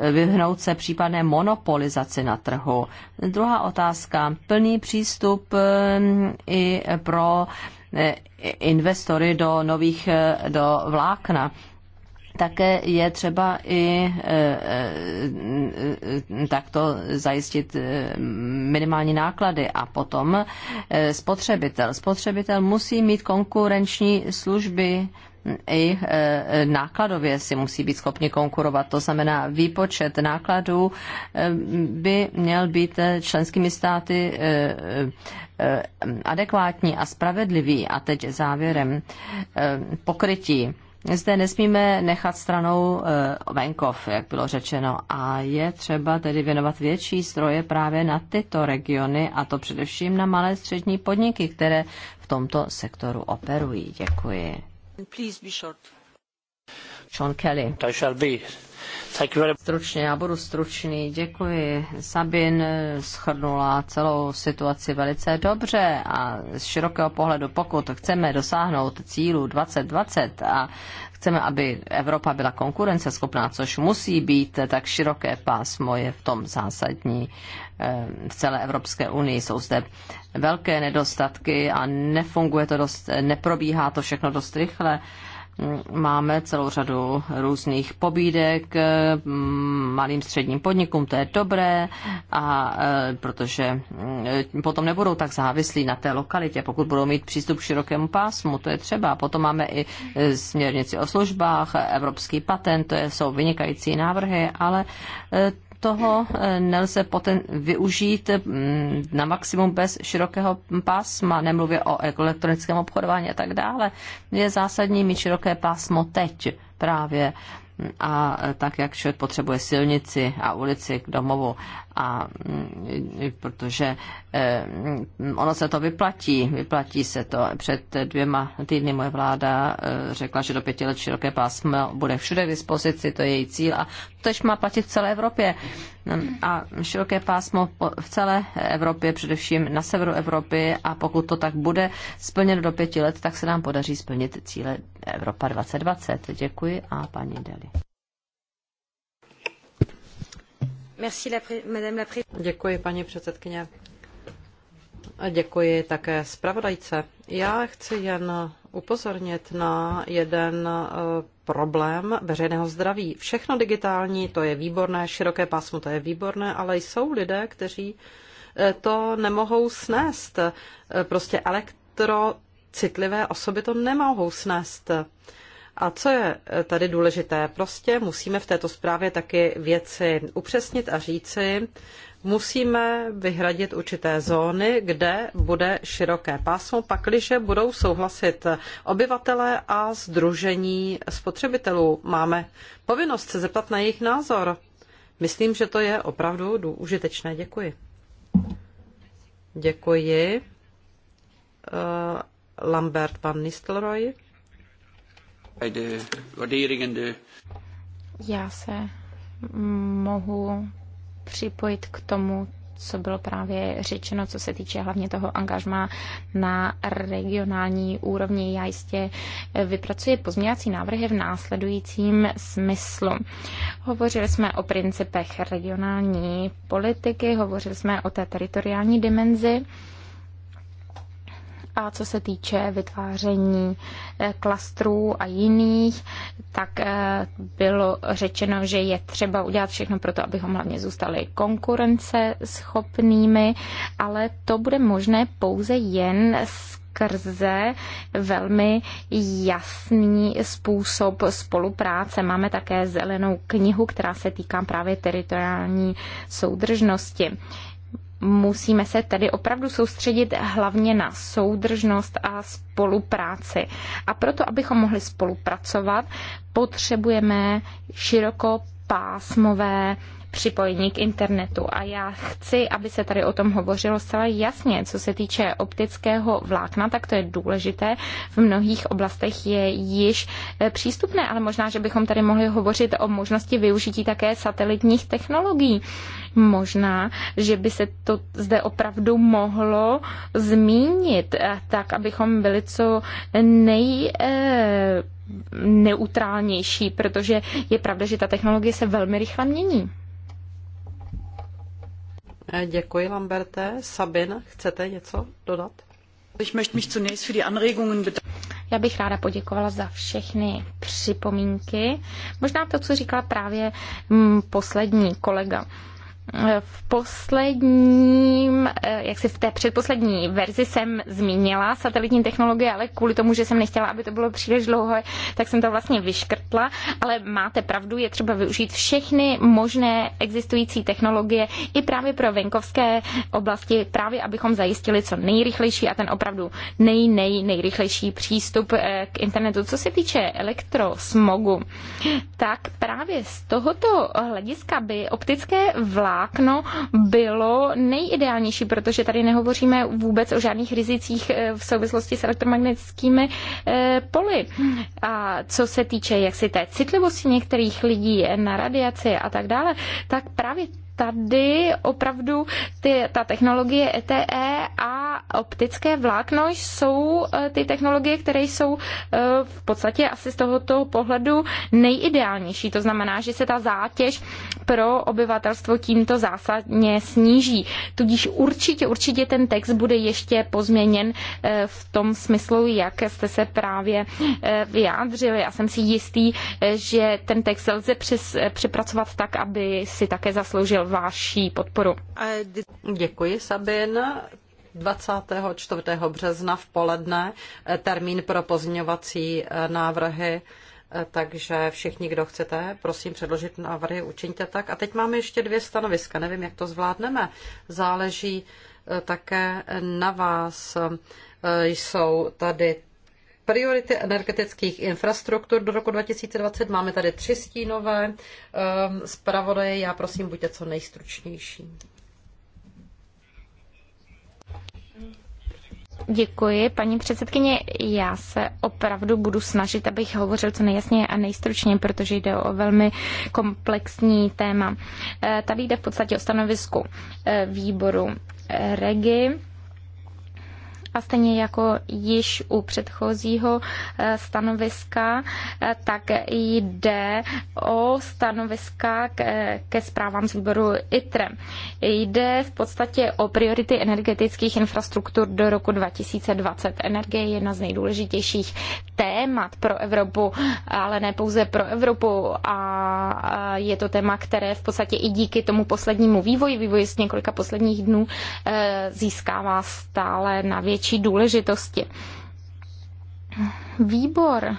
e, vyhnout se případné monopolizaci na trhu. Druhá otázka. Plný přístup e, i pro e, investory do nových do vlákna také je třeba i eh, eh, takto zajistit eh, minimální náklady a potom spotřebitel. Spotřebitel musí mít konkurenční služby, i nákladově si musí být schopni konkurovat. To znamená, výpočet nákladů by měl být členskými státy adekvátní a spravedlivý. A teď závěrem pokrytí zde nesmíme nechat stranou eh, venkov, jak bylo řečeno, a je třeba tedy věnovat větší stroje právě na tyto regiony, a to především na malé střední podniky, které v tomto sektoru operují. Děkuji. Please be short. John Kelly. Stručně, já budu stručný. Děkuji. Sabin eh, schrnula celou situaci velice dobře a z širokého pohledu, pokud chceme dosáhnout cílu 2020 a chceme, aby Evropa byla konkurenceschopná, což musí být, eh, tak široké pásmo je v tom zásadní eh, v celé Evropské unii. Jsou zde velké nedostatky a nefunguje to dost, neprobíhá to všechno dost rychle máme celou řadu různých pobídek mm, malým středním podnikům, to je dobré, a e, protože mm, potom nebudou tak závislí na té lokalitě, pokud budou mít přístup k širokému pásmu, to je třeba. Potom máme i e, směrnici o službách, evropský patent, to jsou vynikající návrhy, ale e, toho eh, nelze poten využít mm, na maximum bez širokého pásma, nemluvě o elektronickém obchodování a tak dále. Je zásadní mít široké pásmo teď právě a tak, jak člověk potřebuje silnici a ulici k domovu. A mm, protože eh, ono se to vyplatí, vyplatí se to. Před dvěma týdny moje vláda eh, řekla, že do pěti let široké pásmo bude všude k dispozici, to je její cíl a to tež má platit v celé Evropě. A široké pásmo v celé Evropě, především na severu Evropy a pokud to tak bude splněno do pěti let, tak se nám podaří splnit cíle Evropa 2020. Děkuji a paní Deli. Děkuji, paní předsedkyně. Děkuji také zpravodajce. Já chci jen upozornit na jeden eh, problém veřejného zdraví. Všechno digitální, to je výborné, široké pásmo, to je výborné, ale jsou lidé, kteří eh, to nemohou snést. Eh, prostě elektro citlivé osoby to nemohou snést. A co je eh, tady důležité? Prostě musíme v této zprávě taky věci upřesnit a říci, musíme vyhradit určité zóny, kde bude široké pásmo, pakliže budou souhlasit obyvatelé a združení spotřebitelů. Máme povinnost se zeptat na jejich názor. Myslím, že to je opravdu užitečné. Děkuji. Děkuji. Eh, Lambert van Nistelrooy. Já se mohu připojit k tomu, co bylo právě řečeno, co se týče hlavně toho angažma na regionální úrovni. Já jistě vypracuji pozměňovací návrhy v následujícím smyslu. Hovořili jsme o principech regionální politiky, hovořili jsme o té teritoriální dimenzi. A co se týče vytváření eh, klastrů a jiných, tak eh, bylo řečeno, že je třeba udělat všechno pro to, abychom hlavně zůstali schopnými, ale to bude možné pouze jen s skrze velmi jasný způsob spolupráce. Máme také zelenou knihu, která se týká právě teritoriální soudržnosti. Musíme se tedy opravdu soustředit hlavně na soudržnost a spolupráci. A proto, abychom mohli spolupracovat, potřebujeme široko pásmové připojení k internetu. A já chci, aby se tady o tom hovořilo zcela jasně. Co se týče optického vlákna, tak to je důležité. V mnohých oblastech je již eh, přístupné, ale možná, že bychom tady mohli hovořit o možnosti využití také satelitních technologií. Možná, že by se to zde opravdu mohlo zmínit, eh, tak abychom byli co nej eh, neutrálnější, protože je pravda, že ta technologie se velmi rychle mění. Eh, děkuji, Lamberte. Sabin, chcete něco dodat? Já bych ráda poděkovala za všechny připomínky. Možná to, co říkala právě mm, poslední kolega v posledním, eh, jak si v té předposlední verzi jsem zmínila satelitní technologie, ale kvůli tomu, že jsem nechtěla, aby to bylo příliš dlouho, tak jsem to vlastně vyškrtla, ale máte pravdu, je třeba využít všechny možné existující technologie i právě pro venkovské oblasti, právě abychom zajistili co nejrychlejší a ten opravdu nej, nej, nejrychlejší přístup eh, k internetu. Co se týče elektrosmogu, tak právě z tohoto hlediska by optické vlády vlákno bylo nejideálnější, protože tady nehovoříme vůbec o žádných rizicích eh, v souvislosti s elektromagnetickými eh, poli. A co se týče jaksi té citlivosti některých lidí na radiaci a tak dále, tak právě tady opravdu ty, ta technologie ETE e a optické vlákno jsou e, ty technologie, které jsou e, v podstatě asi z tohoto pohledu nejideálnější. To znamená, že se ta zátěž pro obyvatelstvo tímto zásadně sníží. Tudíž určitě, určitě ten text bude ještě pozměněn v tom smyslu, jak jste se právě vyjádřili. Já jsem si jistý, že ten text lze přes, přepracovat tak, aby si také zasloužil vaší podporu. Děkuji, Sabin. 24. března v poledne eh, termín pro pozměňovací eh, návrhy. Eh, takže všichni, kdo chcete, prosím předložit návrhy, učiňte tak. A teď máme ještě dvě stanoviska. Nevím, jak to zvládneme. Záleží také na vás. Jsou tady Priority energetických infrastruktur do roku 2020. Máme tady tři stínové ehm, zpravodaje. Já prosím, buďte co nejstručnější. Děkuji, paní předsedkyně. Já se opravdu budu snažit, abych hovořil co nejjasněji a nejstručněji, protože jde o velmi komplexní téma. Eh, tady jde v podstatě o stanovisku eh, výboru eh, REGI a stejně jako již u předchozího eh, stanoviska, eh, tak jde o stanoviska eh, ke zprávám z výboru ITRE. Jde v podstatě o priority energetických infrastruktur do roku 2020. Energie je jedna z nejdůležitějších témat pro Evropu, ale ne pouze pro Evropu. A je to téma, které v podstatě i díky tomu poslednímu vývoji, vývoji z několika posledních dnů, e, získává stále na větší důležitosti. Výbor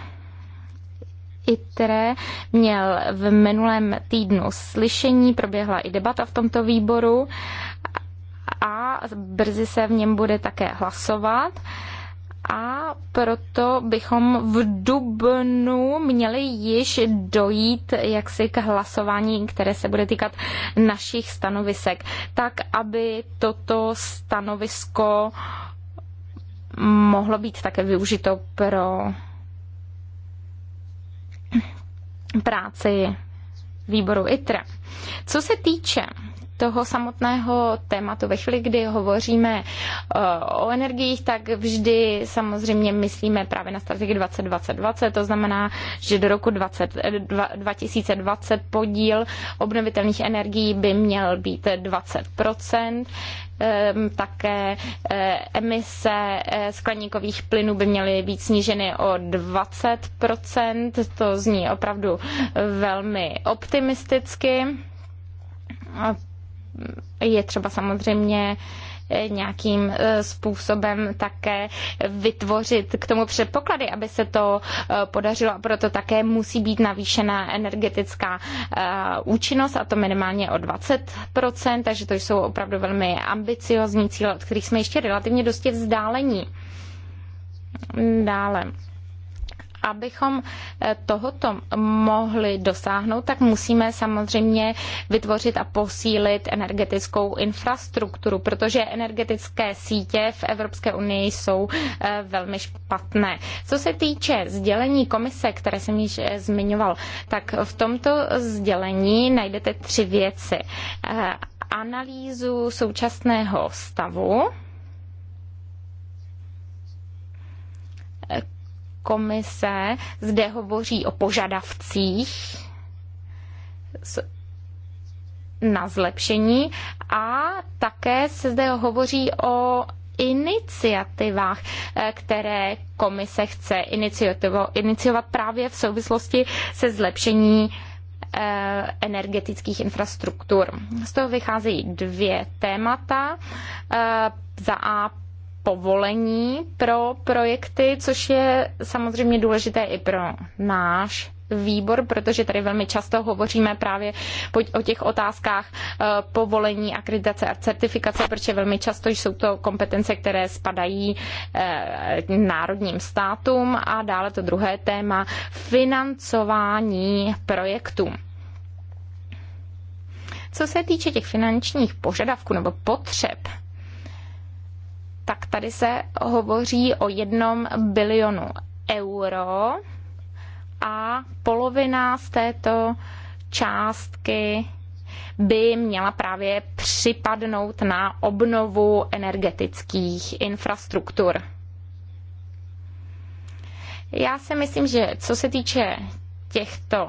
ITRE měl v minulém týdnu slyšení, proběhla i debata v tomto výboru a brzy se v něm bude také hlasovat. Uh, a proto bychom v dubnu měli již dojít jaksi k hlasování, které se bude týkat našich stanovisek, tak aby toto stanovisko mohlo být také využito pro práci výboru ITRE. Co se týče toho samotného tématu. Ve chvíli, kdy hovoříme eh, o energiích, tak vždy samozřejmě myslíme právě na strategii 2020, to znamená, že do roku 20, 2020 eh, podíl obnovitelných energií by měl být 20 ehm, také eh, emise skleníkových plynů by měly být sníženy o 20 To zní opravdu velmi optimisticky je třeba samozřejmě eh, nějakým eh, způsobem také vytvořit k tomu předpoklady, aby se to eh, podařilo a proto také musí být navýšena energetická účinnost a to minimálně o 20%, takže to jsou opravdu velmi ambiciozní cíle, od kterých jsme ještě relativně dosti vzdálení. Dále abychom eh, tohoto mohli dosáhnout, tak musíme samozřejmě vytvořit a posílit energetickou infrastrukturu, protože energetické sítě v Evropské unii jsou eh, velmi špatné. Co se týče sdělení komise, které jsem již eh, zmiňoval, tak v tomto sdělení najdete tři věci. Analýzu současného stavu, komise zde hovoří o požadavcích na zlepšení a také se zde hovoří o iniciativách, eh, které komise chce iniciovat právě v souvislosti se zlepšení eh, energetických infrastruktur. Z toho vycházejí dvě témata. Eh, za A povolení pro projekty, což je samozřejmě důležité i pro náš výbor, protože tady velmi často hovoříme právě o těch otázkách eh, povolení, akreditace a certifikace, protože velmi často jsou to kompetence, které spadají eh, národním státům a dále to druhé téma financování projektů. Co se týče těch finančních požadavků nebo potřeb tak tady se hovoří o jednom bilionu euro a polovina z této částky by měla právě připadnout na obnovu energetických infrastruktur. Já si myslím, že co se týče těchto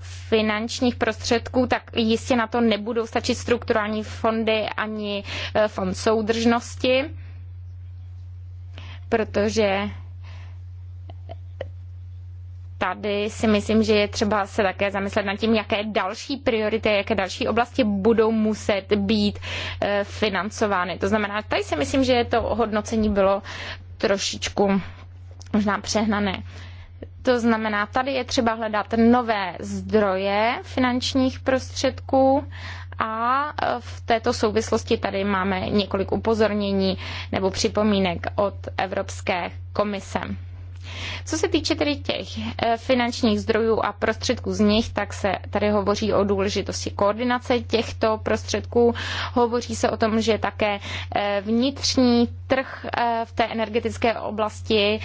finančních prostředků, tak jistě na to nebudou stačit strukturální fondy ani eh, fond soudržnosti protože tady si myslím, že je třeba se také zamyslet nad tím, jaké další priority, jaké další oblasti budou muset být eh, financovány. To znamená, tady si myslím, že to hodnocení bylo trošičku možná přehnané. To znamená, tady je třeba hledat nové zdroje finančních prostředků a v této souvislosti tady máme několik upozornění nebo připomínek od Evropské komise. Co se týče tedy těch eh, finančních zdrojů a prostředků z nich, tak se tady hovoří o důležitosti koordinace těchto prostředků. Hovoří se o tom, že také eh, vnitřní trh eh, v té energetické oblasti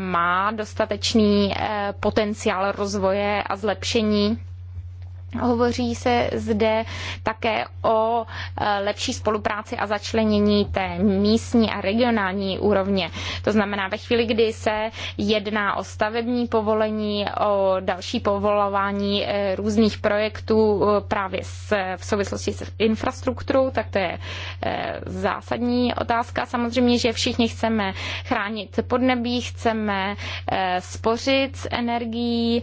má dostatečný potenciál rozvoje a zlepšení Hovoří se zde také o e, lepší spolupráci a začlenění té místní a regionální úrovně. To znamená, ve chvíli, kdy se jedná o stavební povolení, o další povolování e, různých projektů e, právě s, v souvislosti s infrastrukturou, tak to je zásadní otázka. Samozřejmě, že všichni chceme chránit podnebí, chceme spořit s energií,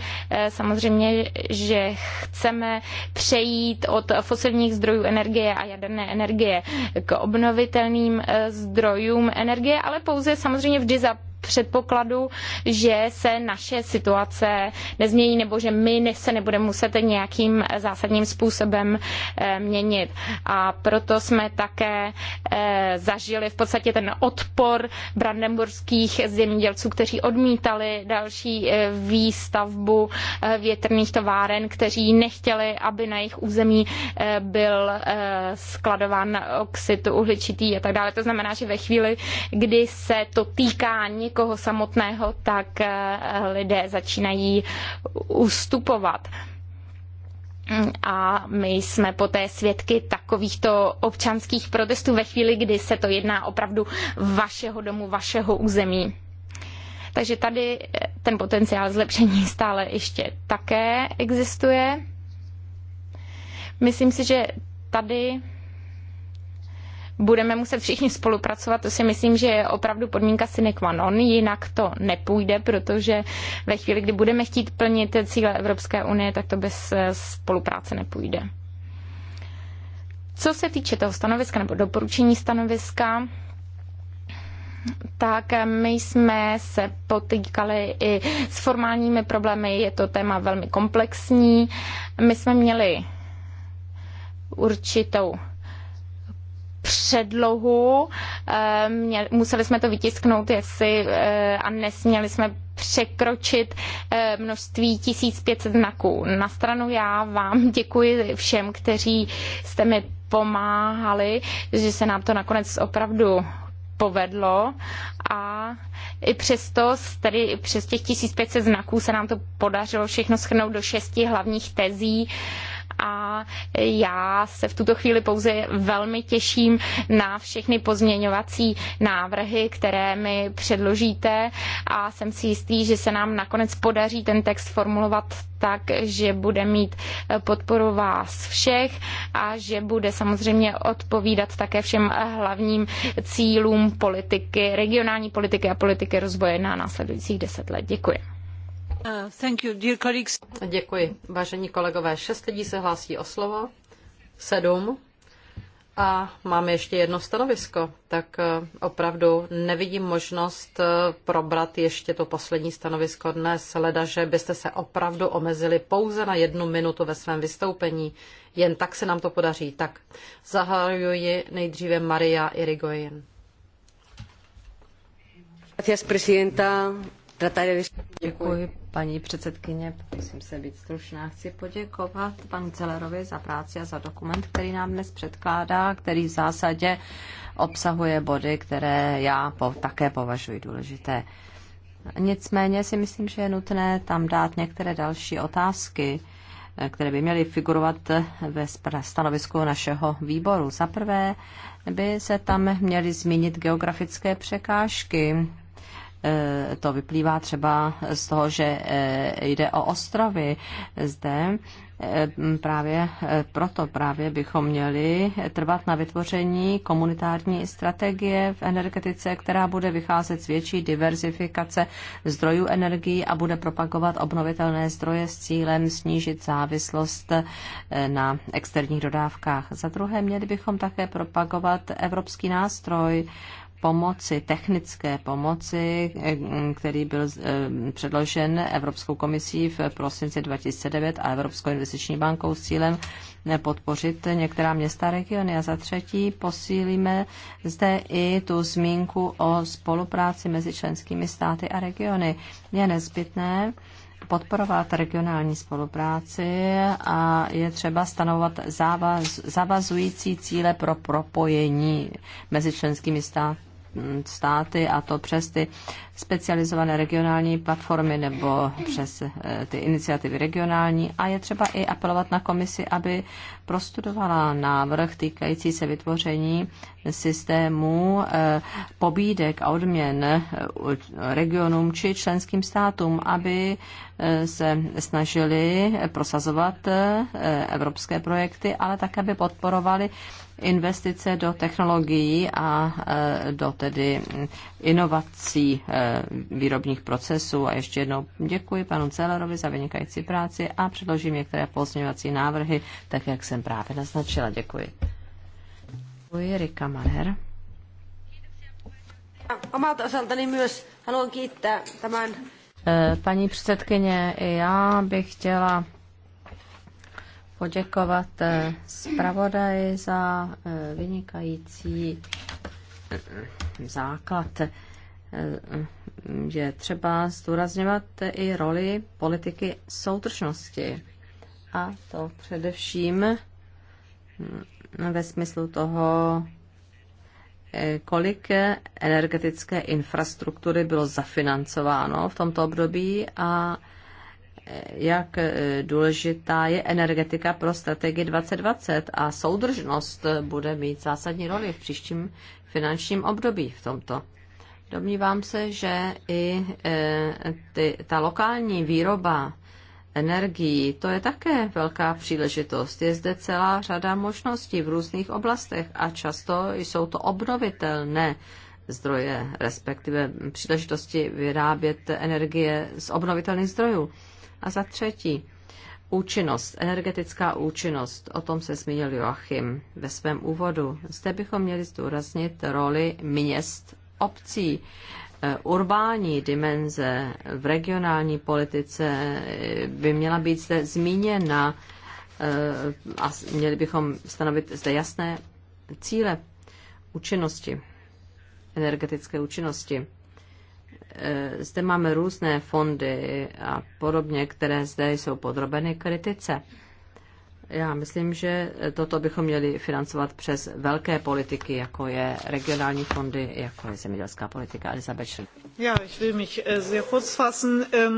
samozřejmě, že chceme chceme přejít od fosilních zdrojů energie a jaderné energie k obnovitelným eh, zdrojům energie, ale pouze samozřejmě vždy za předpokladu, že se naše situace nezmění nebo že my se nebudeme muset nějakým zásadním způsobem eh, měnit. A proto jsme také eh, zažili v podstatě ten odpor brandenburských zemědělců, kteří odmítali další eh, výstavbu větrných továren, kteří nechtěli, aby na jejich území byl skladován oxid uhličitý a tak dále. To znamená, že ve chvíli, kdy se to týká nikoho samotného, tak eh, lidé začínají ustupovat. A my jsme poté svědky takovýchto občanských protestů ve chvíli, kdy se to jedná opravdu vašeho domu, vašeho území. Takže tady eh, ten potenciál zlepšení stále ještě také existuje. Myslím si, že tady budeme muset všichni spolupracovat, to si myslím, že je opravdu podmínka sine qua non, jinak to nepůjde, protože ve chvíli, kdy budeme chtít plnit cíle Evropské unie, tak to bez eh, spolupráce nepůjde. Co se týče toho stanoviska nebo doporučení stanoviska, tak eh, my jsme se potýkali i s formálními problémy, je to téma velmi komplexní. My jsme měli určitou předlohu, eh, museli jsme to vytisknout jestli, eh, a nesměli jsme překročit eh, množství 1500 znaků. Na stranu já vám děkuji všem, kteří jste mi pomáhali, že se nám to nakonec opravdu povedlo a i přesto, tedy přes těch 1500 znaků se nám to podařilo všechno schrnout do šesti hlavních tezí. Uh, a já se v tuto chvíli pouze velmi těším na všechny pozměňovací návrhy, které mi předložíte a jsem si jistý, že se nám nakonec podaří ten text formulovat tak, že bude mít podporu vás všech a že bude samozřejmě odpovídat také všem hlavním cílům politiky, regionální politiky a politiky rozvoje na následujících deset let. Děkuji. Děkuji, vážení kolegové. Šest lidí se hlásí o slovo, sedm. A máme ještě jedno stanovisko, tak eh, opravdu nevidím možnost eh, probrat ještě to poslední stanovisko dnes, leda, že byste se opravdu omezili pouze na jednu minutu ve svém vystoupení. Jen tak se nám to podaří. Tak zahajuji nejdříve Maria Irigoyen. Gracias, presidenta. Děkuji, paní předsedkyně. Musím se být stručná. Chci poděkovat panu Celerovi za práci a za dokument, který nám dnes předkládá, který v zásadě obsahuje body, které já po, také považuji důležité. Nicméně si myslím, že je nutné tam dát některé další otázky, které by měly figurovat ve stanovisku našeho výboru. Za prvé by se tam měly zmínit geografické překážky, Eh, to vyplývá třeba z toho, že eh, jde o ostrovy zde. Eh, právě proto právě bychom měli trvat na vytvoření komunitární strategie v energetice, která bude vycházet z větší diverzifikace zdrojů energií a bude propagovat obnovitelné zdroje s cílem snížit závislost na externích dodávkách. Za druhé, měli bychom také propagovat evropský nástroj pomoci, technické pomoci, který byl eh, předložen Evropskou komisí v prosinci 2009 a Evropskou investiční bankou s cílem eh, podpořit některá města regiony. A za třetí posílíme zde i tu zmínku o spolupráci mezi členskými státy a regiony. Je nezbytné, podporovat regionální spolupráci a je třeba stanovat závaz zavazující cíle pro propojení mezi členskými státy státy a to přes ty specializované regionální platformy nebo přes eh, ty iniciativy regionální a je třeba i apelovat na komisi, aby prostudovala návrh týkající se vytvoření systému eh, pobídek a odměn eh, regionům či členským státům, aby se snažili prosazovat evropské projekty, ale tak, aby podporovali investice do technologií a e, do tedy inovací e, výrobních procesů. A ještě jednou děkuji panu Celerovi za vynikající práci a předložím některé pozměňovací návrhy, tak jak jsem právě naznačila. Děkuji. Děkuji, Rika Maher. Omalta osaltani myös haluan kiittää tämän e, Paní předsedkyně, já bych chtěla poděkovat eh, zpravodaji za eh, vynikající eh, základ. Je třeba zdůrazňovat i roli politiky soudržnosti. A to především mm, ve smyslu toho, kolik energetické infrastruktury bylo zafinancováno v tomto období a jak eh, důležitá je energetika pro strategii 2020 a soudržnost bude mít zásadní roli v příštím finančním období v tomto. Domnívám se, že i eh, ty, ta lokální výroba energií, to je také velká příležitost. Je zde celá řada možností v různých oblastech a často jsou to obnovitelné zdroje, respektive příležitosti vyrábět energie z obnovitelných zdrojů. A za třetí, Účinnost, energetická účinnost, o tom se zmínil Joachim ve svém úvodu. Zde bychom měli zdůraznit roli měst, obcí, eh, urbání dimenze v regionální politice eh, by měla být zde zmíněna eh, a měli bychom stanovit zde jasné cíle účinnosti, energetické účinnosti. Eh, zde máme různé fondy a podobně, které zde jsou podrobeny kritice. Já myslím, že toto bychom měli financovat přes velké politiky, jako je regionální fondy, jako je zemědělská politika. Elizabeth Já, ich will mich eh, sehr kurz fassen. Ähm,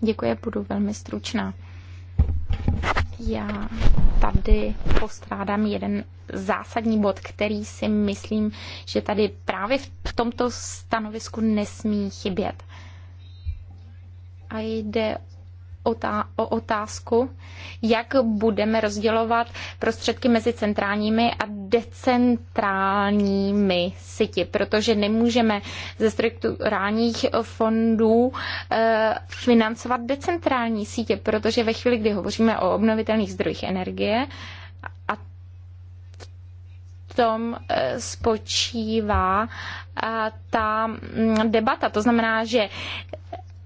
Děkuji, budu velmi stručná. Já tady postrádám jeden zásadní bod, který si myslím, že tady právě v tomto stanovisku nesmí chybět. A jde o otázku, jak budeme rozdělovat prostředky mezi centrálními a decentrálními sítě, protože nemůžeme ze strukturálních fondů eh, financovat decentrální sítě, protože ve chvíli, kdy hovoříme o obnovitelných zdrojích energie, a tom eh, spočívá eh, ta mm, debata. To znamená, že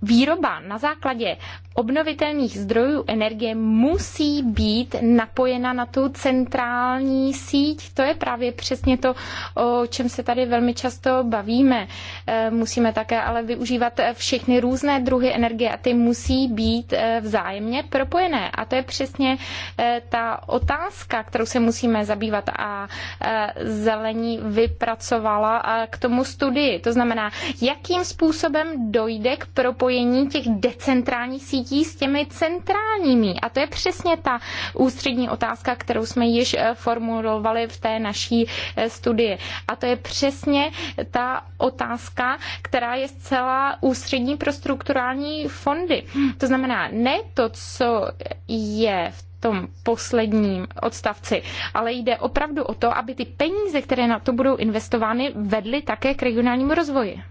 výroba na základě obnovitelných zdrojů energie musí být napojena na tu centrální síť. To je právě přesně to, o čem se tady velmi často bavíme. E, musíme také ale využívat všechny různé druhy energie a ty musí být e, vzájemně propojené. A to je přesně e, ta otázka, kterou se musíme zabývat. A Zelení vypracovala k tomu studii. To znamená, jakým způsobem dojde k propojení propojení těch decentrálních sítí s těmi centrálními. A to je přesně ta ústřední otázka, kterou jsme již eh, formulovali v té naší eh, studii. A to je přesně ta otázka, která je zcela ústřední pro strukturální fondy. To znamená, ne to, co je v tom posledním odstavci, ale jde opravdu o to, aby ty peníze, které na to budou investovány, vedly také k regionálnímu rozvoji.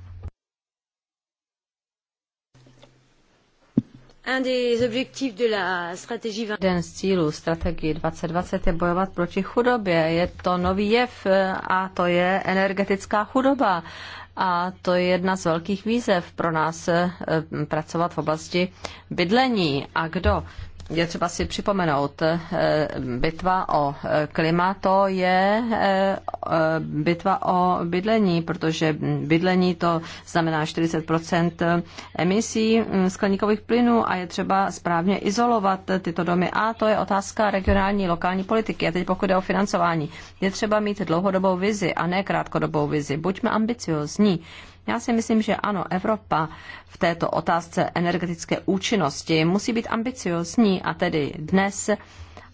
Jeden z cílů strategie 2020 je bojovat proti chudobě. Je to nový jev a to je energetická chudoba. A to je jedna z velkých výzev pro nás eh, pracovat v oblasti bydlení. A kdo je třeba si připomenout, eh, bitva o eh, klima to je eh, bitva o bydlení, protože bydlení to znamená 40 emisí mm, skleníkových plynů a je třeba správně izolovat tyto domy. A to je otázka regionální, lokální politiky. A teď pokud jde o financování, je třeba mít dlouhodobou vizi a ne krátkodobou vizi. Buďme ambiciozní já si myslím, že ano, Evropa v této otázce energetické účinnosti musí být ambiciozní a tedy dnes,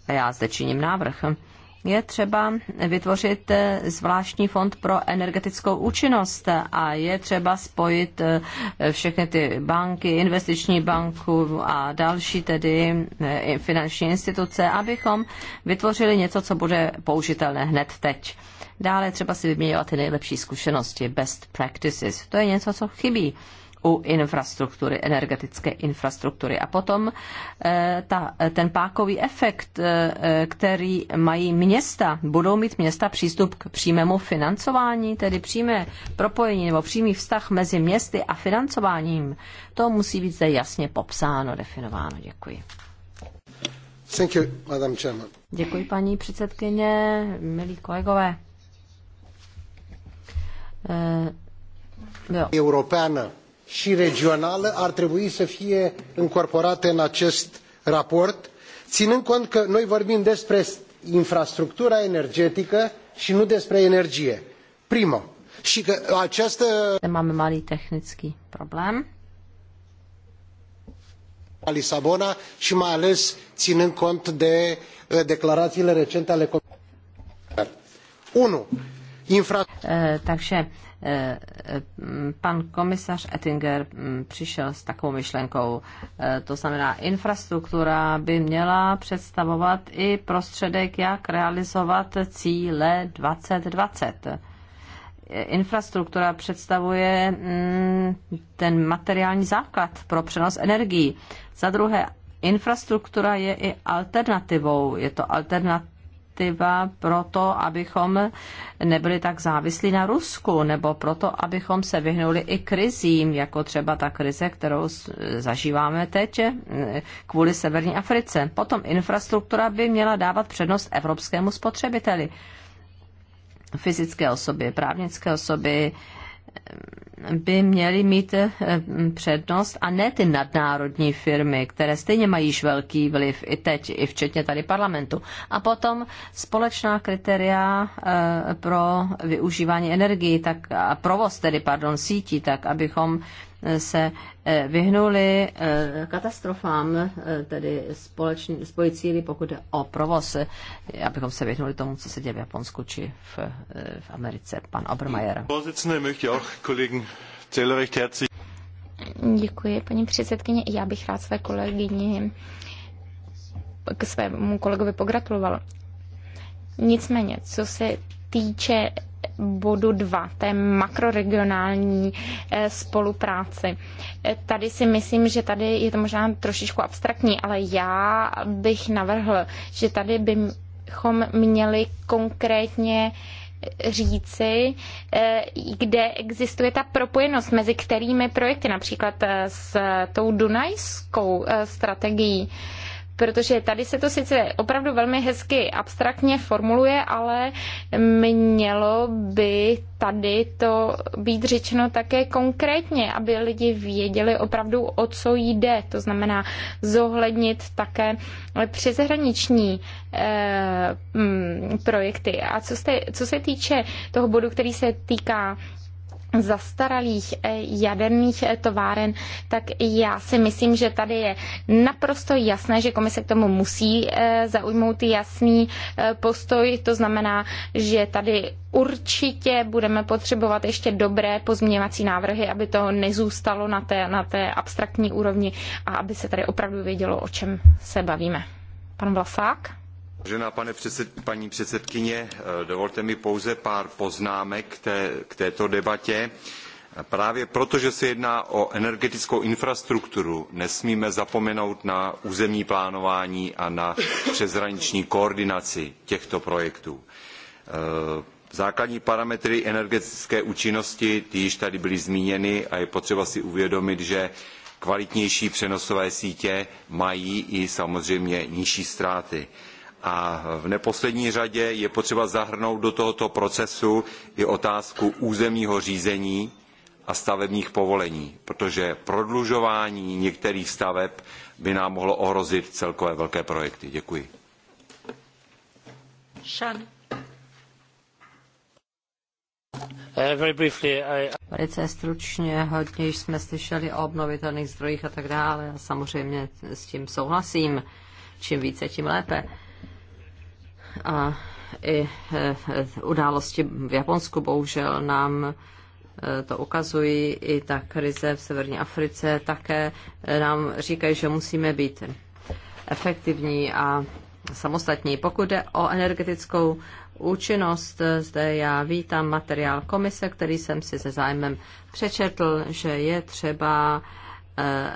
a já zde činím návrh, je třeba vytvořit eh, zvláštní fond pro energetickou účinnost a je třeba spojit eh, všechny ty banky, investiční banku a další tedy eh, finanční instituce, abychom vytvořili něco, co bude použitelné hned teď. Dále třeba si vyměňovat ty nejlepší zkušenosti, best practices. To je něco, co chybí u infrastruktury, energetické infrastruktury. A potom eh, ta, ten pákový efekt, eh, který mají města, budou mít města přístup k přímému financování, tedy přímé propojení nebo přímý vztah mezi městy a financováním. To musí být zde jasně popsáno, definováno. Děkuji. Thank you, Madam Chairman. Děkuji, paní předsedkyně, milí kolegové. Uh, jo i regională ar trebui să fie încorporate în acest raport inând cont că noi vorbim despre infrastructura energetică i nu despre energie primă i că această Máme malý technický problém. Lisabona și mai ales ținând cont de uh, declarațiile recente ale Comisiei. 1 Infra... Eh, takže eh, pan komisař Ettinger hm, přišel s takovou myšlenkou. Eh, to znamená, infrastruktura by měla představovat i prostředek, jak realizovat cíle 2020. Infrastruktura představuje hm, ten materiální základ pro přenos energií. Za druhé, infrastruktura je i alternativou. Je to alternativa iniciativa pro to, abychom nebyli tak závislí na Rusku, nebo proto, abychom se vyhnuli i krizím, jako třeba ta krize, kterou zažíváme teď eh, kvůli Severní Africe. Potom infrastruktura by měla dávat přednost evropskému spotřebiteli fyzické osoby, právnické osoby, by měly mít eh, přednost a ne ty nadnárodní firmy, které stejně mají již velký vliv i teď, i včetně tady parlamentu. A potom společná kritéria eh, pro využívání energii tak, a provoz tedy, pardon, sítí, tak abychom se eh, vyhnuli eh, katastrofám, eh, tedy spojící pokud jde o provoz, abychom se vyhnuli tomu, co se děje v Japonsku či v, v Americe. Pan Obermajer. Děkuji, paní předsedkyně. Já bych rád své kolegyni k svému kolegovi pogratuloval. Nicméně, co se týče bodu 2, té makroregionální eh, spolupráci. Eh, tady si myslím, že tady je to možná trošičku abstraktní, ale já bych navrhl, že tady bychom měli konkrétně eh, říci, kde existuje ta propojenost mezi kterými projekty, například s tou dunajskou strategií protože tady se to sice opravdu velmi hezky abstraktně formuluje, ale mělo by tady to být řečeno také konkrétně, aby lidi věděli opravdu, o co jde. To znamená zohlednit také přeshraniční eh, mm, projekty. A co, jste, co se týče toho bodu, který se týká zastaralých eh, jaderných eh, továren, tak já si myslím, že tady je naprosto jasné, že komise k tomu musí eh, zaujmout jasný postoj. To znamená, že tady určitě budeme potřebovat ještě dobré pozměňovací návrhy, aby to nezůstalo na té, na té abstraktní úrovni a aby se tady opravdu vědělo, o čem se bavíme. Pan Vlasák? paní předsedkyně, eh, dovolte mi pouze pár poznámek k, k této debatě. Právě proto, že se jedná o energetickou infrastrukturu, nesmíme zapomenout na územní plánování a na přeshraniční koordinaci těchto projektů. Eh, základní parametry energetické účinnosti, ty již tady byly zmíněny a je potřeba si uvědomit, že kvalitnější přenosové sítě mají i samozřejmě nižší ztráty. A v neposlední řadě je potřeba zahrnout do tohoto procesu i otázku územního řízení a stavebních povolení, protože prodlužování některých staveb by nám mohlo ohrozit celkové velké projekty. Děkuji. Sean. Uh, Velice stručně, hodně jsme slyšeli o obnovitelných zdrojích a tak dále. A samozřejmě s tím souhlasím. Čím více, tím lépe. A i e, události v Japonsku bohužel nám e, to ukazují, i ta krize v severní Africe také e, nám říkají, že musíme být efektivní a samostatní. Pokud jde o energetickou účinnost, zde já vítám materiál komise, který jsem si se zájmem přečetl, že je třeba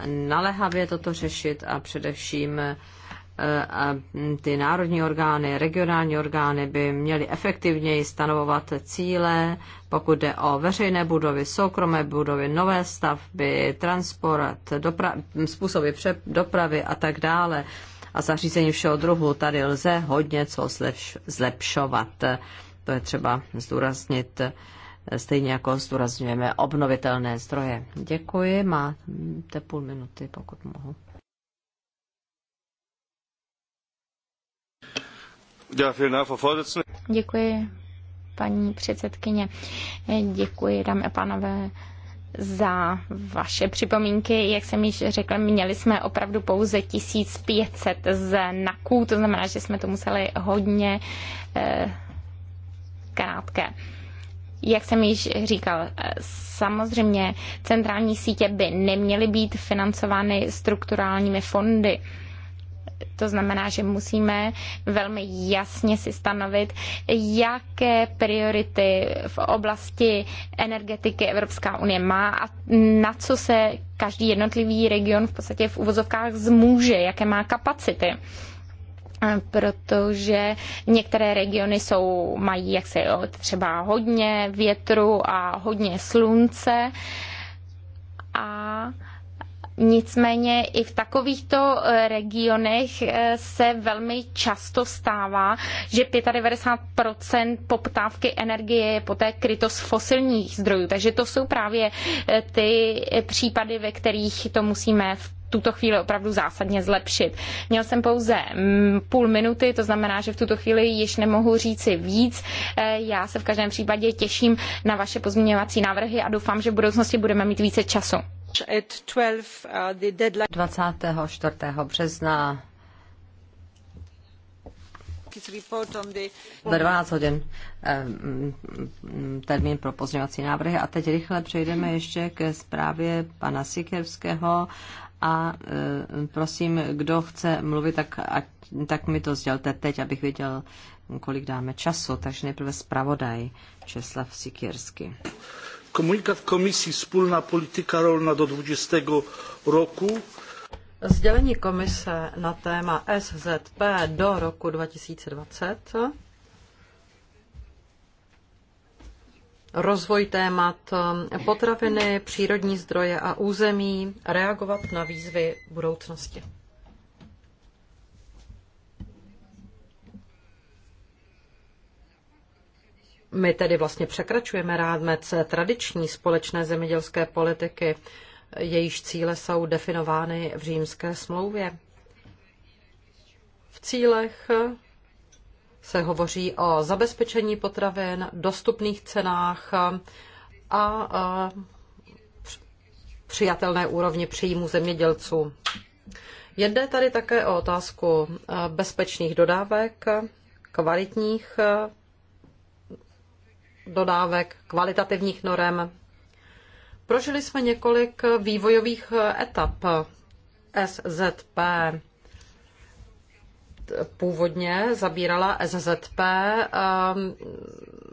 naléhavě toto řešit a především a ty národní orgány, regionální orgány by měly efektivněji stanovovat cíle, pokud jde o veřejné budovy, soukromé budovy, nové stavby, transport, dopra- způsoby pře- dopravy a tak dále a zařízení všeho druhu. Tady lze hodně co zlepš- zlepšovat. To je třeba zdůraznit, stejně jako zdůrazňujeme obnovitelné zdroje. Děkuji, máte půl minuty, pokud mohu. Děkuji, paní předsedkyně. Děkuji, dámy a pánové za vaše připomínky. Jak jsem již řekla, měli jsme opravdu pouze 1500 znaků, to znamená, že jsme to museli hodně eh, krátké. Jak jsem již říkal, eh, samozřejmě centrální sítě by neměly být financovány strukturálními fondy. Eh, to znamená, že musíme velmi jasně si stanovit, jaké priority v oblasti energetiky Evropská unie má a na co se každý jednotlivý region v podstatě v uvozovkách zmůže, jaké má kapacity protože některé regiony jsou, mají jak jo, třeba hodně větru a hodně slunce a Nicméně i v takovýchto eh, regionech eh, se velmi často stává, že 95% poptávky energie je poté kryto z fosilních zdrojů. Takže to jsou právě eh, ty případy, ve kterých to musíme v tuto chvíli opravdu zásadně zlepšit. Měl jsem pouze mm, půl minuty, to znamená, že v tuto chvíli již nemohu říci víc. Já se v každém případě těším na vaše pozměňovací návrhy a doufám, že v budoucnosti budeme mít více času. 24. Uh, března ve 12 hodin eh, termín pro pozměňovací návrhy. A teď rychle přejdeme ještě ke zprávě pana Sikerského a eh, prosím, kdo chce mluvit, tak, ať, tak mi to sdělte teď, abych věděl, kolik dáme času. Takže nejprve zpravodaj Česlav Sikierský. Komunikat Komisji Wspólna Polityka Rolna do 20 roku. Sdělení komise na téma SZP do roku 2020. Rozvoj témat potraviny, přírodní zdroje a území reagovat na výzvy budoucnosti. My tedy vlastně překračujeme rámec tradiční společné zemědělské politiky, jejíž cíle jsou definovány v římské smlouvě. V cílech se hovoří o zabezpečení potravin, dostupných cenách a přijatelné úrovni příjmu zemědělců. Jedné tady také o otázku bezpečných dodávek, kvalitních dodávek, kvalitativních norem. Prožili jsme několik vývojových etap SZP. Původně zabírala SZP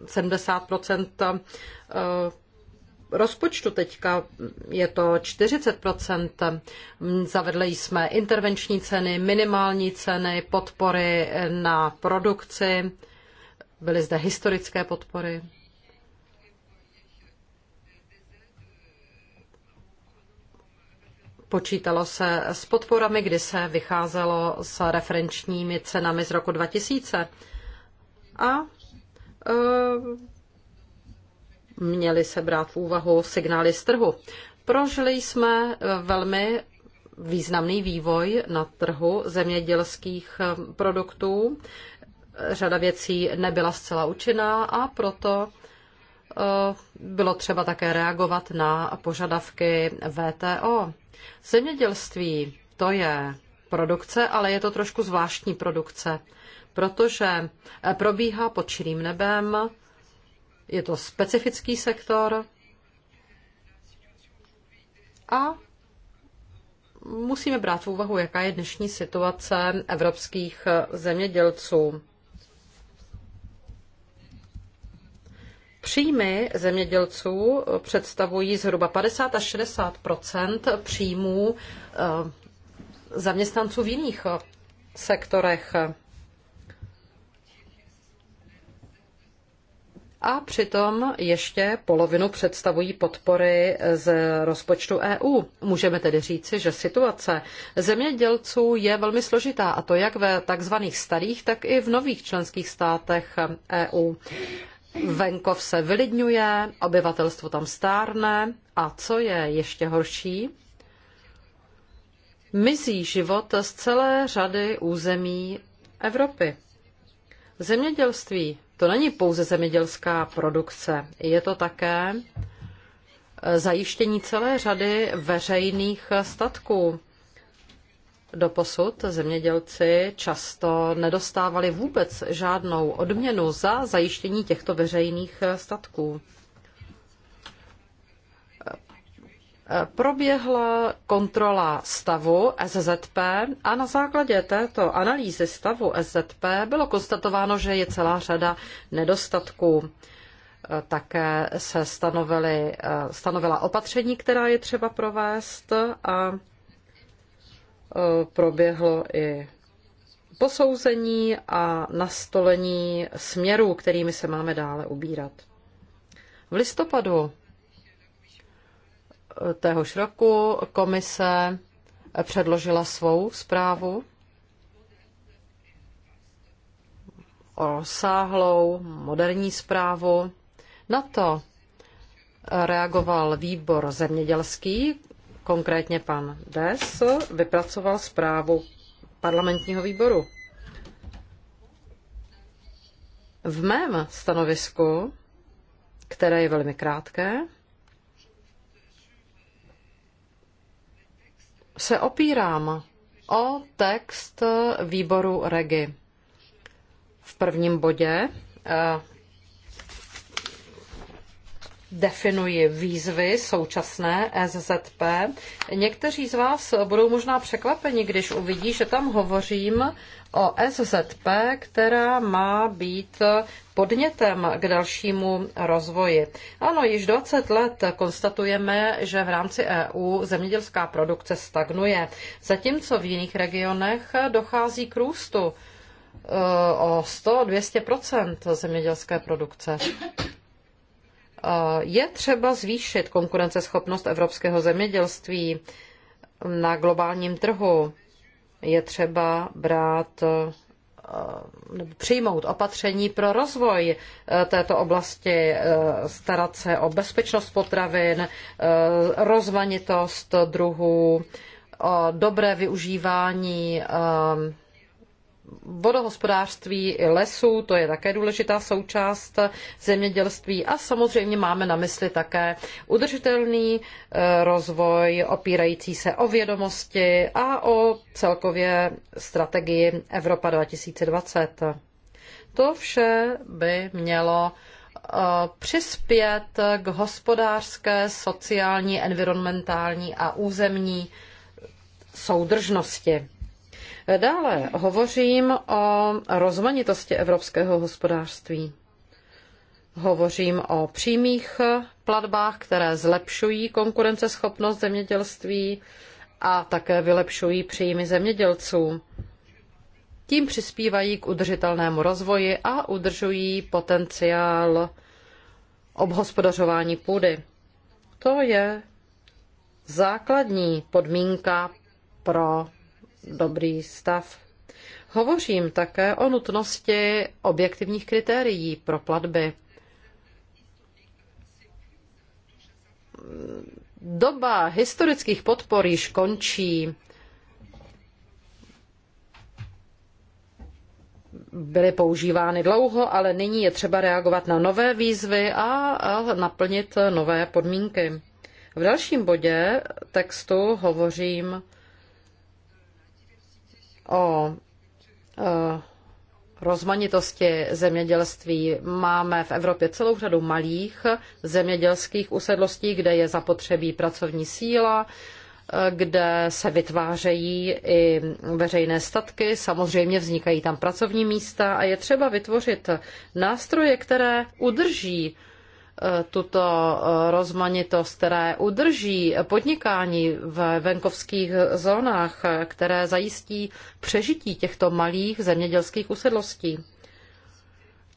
70 ehm, ehm, rozpočtu teďka je to 40%. Zavedli jsme intervenční ceny, minimální ceny, podpory na produkci, byly zde historické podpory. Počítalo se s podporami, kdy se vycházelo s referenčními cenami z roku 2000. A e, měly se brát v úvahu signály z trhu. Prožili jsme eh, velmi významný vývoj na trhu zemědělských eh, produktů. Řada věcí nebyla zcela účinná a proto bylo třeba také reagovat na požadavky VTO. Zemědělství to je produkce, ale je to trošku zvláštní produkce, protože eh, probíhá pod čirým nebem, je to specifický sektor a musíme brát v úvahu, jaká je dnešní situace evropských eh, zemědělců. Příjmy zemědělců představují zhruba 50 až 60 příjmů eh, zaměstnanců v jiných eh, sektorech. A přitom ještě polovinu představují podpory z rozpočtu EU. Můžeme tedy říci, že situace zemědělců je velmi složitá, a to jak ve takzvaných starých, tak i v nových členských státech EU venkov se vylidňuje, obyvatelstvo tam stárne a co je ještě horší, mizí život z celé řady území Evropy. Zemědělství to není pouze zemědělská produkce, je to také eh, zajištění celé řady veřejných statků Doposud zemědělci často nedostávali vůbec žádnou odměnu za zajištění těchto veřejných eh, statků. Proběhla kontrola stavu SZP a na základě této analýzy stavu SZP bylo konstatováno, že je celá řada nedostatků. Eh, také se eh, stanovila opatření, která je třeba provést a proběhlo i posouzení a nastolení směrů, kterými se máme dále ubírat. V listopadu téhož roku komise předložila svou zprávu o rozsáhlou moderní zprávu. Na to reagoval výbor zemědělský, konkrétně pan Des, vypracoval zprávu parlamentního výboru. V mém stanovisku, které je velmi krátké, se opírám o text výboru REGI. V prvním bodě eh, definuji výzvy současné SZP. Někteří z vás budou možná překvapeni, když uvidí, že tam hovořím o SZP, která má být podnětem k dalšímu rozvoji. Ano, již 20 let konstatujeme, že v rámci EU zemědělská produkce stagnuje, zatímco v jiných regionech dochází k růstu e, o 100-200 zemědělské produkce. Je třeba zvýšit konkurenceschopnost evropského zemědělství na globálním trhu. Je třeba brát e, nebo přijmout opatření pro rozvoj e, této oblasti, e, starat se o bezpečnost potravin, rozmanitost druhů, o dobré využívání vodohospodářství i lesů, to je také důležitá součást zemědělství a samozřejmě máme na mysli také udržitelný e, rozvoj opírající se o vědomosti a o celkově strategii Evropa 2020. To vše by mělo e, přispět k hospodářské, sociální, environmentální a územní soudržnosti. Dále hovořím o rozmanitosti evropského hospodářství. Hovořím o přímých platbách, které zlepšují konkurenceschopnost zemědělství a také vylepšují příjmy zemědělců. Tím přispívají k udržitelnému rozvoji a udržují potenciál obhospodařování půdy. To je základní podmínka pro dobrý stav. Hovořím také o nutnosti objektivních kritérií pro platby. Doba historických podpor již končí. byly používány dlouho, ale nyní je třeba reagovat na nové výzvy a, a naplnit nové podmínky. V dalším bodě textu hovořím o rozmanitosti zemědělství. Máme v Evropě celou řadu malých zemědělských usedlostí, kde je zapotřebí pracovní síla, kde se vytvářejí i veřejné statky, samozřejmě vznikají tam pracovní místa a je třeba vytvořit nástroje, které udrží E, tuto e, rozmanitost, které udrží podnikání v venkovských zónách, e, které zajistí přežití těchto malých zemědělských usedlostí.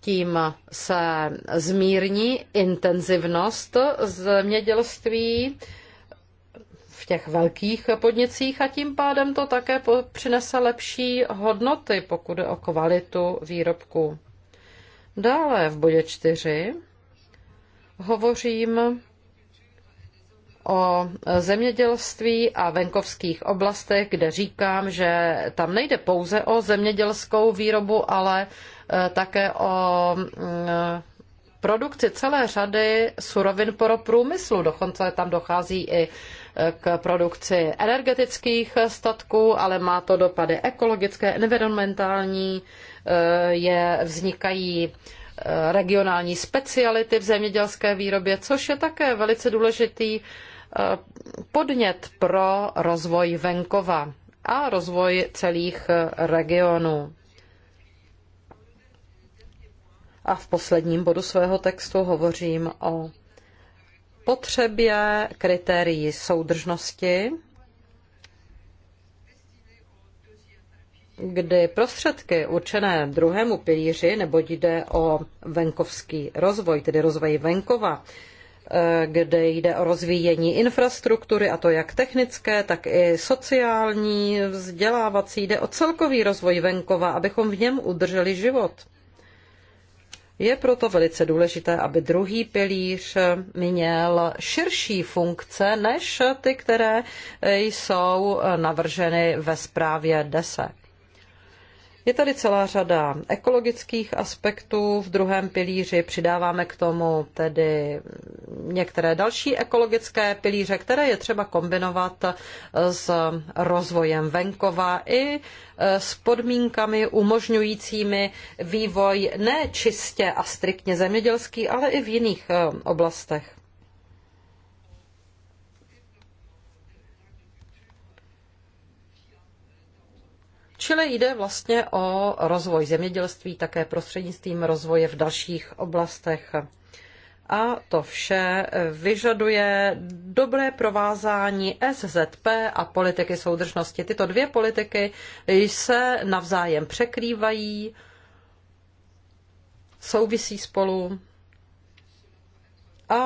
Tím se zmírní intenzivnost zemědělství v těch velkých podnicích a tím pádem to také přinese lepší hodnoty, pokud je o kvalitu výrobku. Dále v bodě 4 hovořím o zemědělství a venkovských oblastech, kde říkám, že tam nejde pouze o zemědělskou výrobu, ale e, také o e, produkci celé řady surovin pro průmyslu. Dokonce tam dochází i e, k produkci energetických statků, ale má to dopady ekologické, environmentální, je, vznikají regionální speciality v zemědělské výrobě, což je také velice důležitý eh, podnět pro rozvoj venkova a rozvoj celých eh, regionů. A v posledním bodu svého textu hovořím o potřebě kritérií soudržnosti kdy prostředky určené druhému pilíři, nebo jde o venkovský rozvoj, tedy rozvoj venkova, eh, kde jde o rozvíjení infrastruktury, a to jak technické, tak i sociální, vzdělávací, jde o celkový rozvoj venkova, abychom v něm udrželi život. Je proto velice důležité, aby druhý pilíř měl širší funkce než ty, které jsou navrženy ve zprávě 10. Je tady celá řada ekologických aspektů v druhém pilíři, přidáváme k tomu tedy některé další ekologické pilíře, které je třeba kombinovat s rozvojem venkova i s podmínkami umožňujícími vývoj ne čistě a striktně zemědělský, ale i v jiných eh, oblastech. Čili jde vlastně o rozvoj zemědělství také prostřednictvím rozvoje v dalších oblastech. A to vše vyžaduje dobré provázání SZP a politiky soudržnosti. Tyto dvě politiky se navzájem překrývají, souvisí spolu a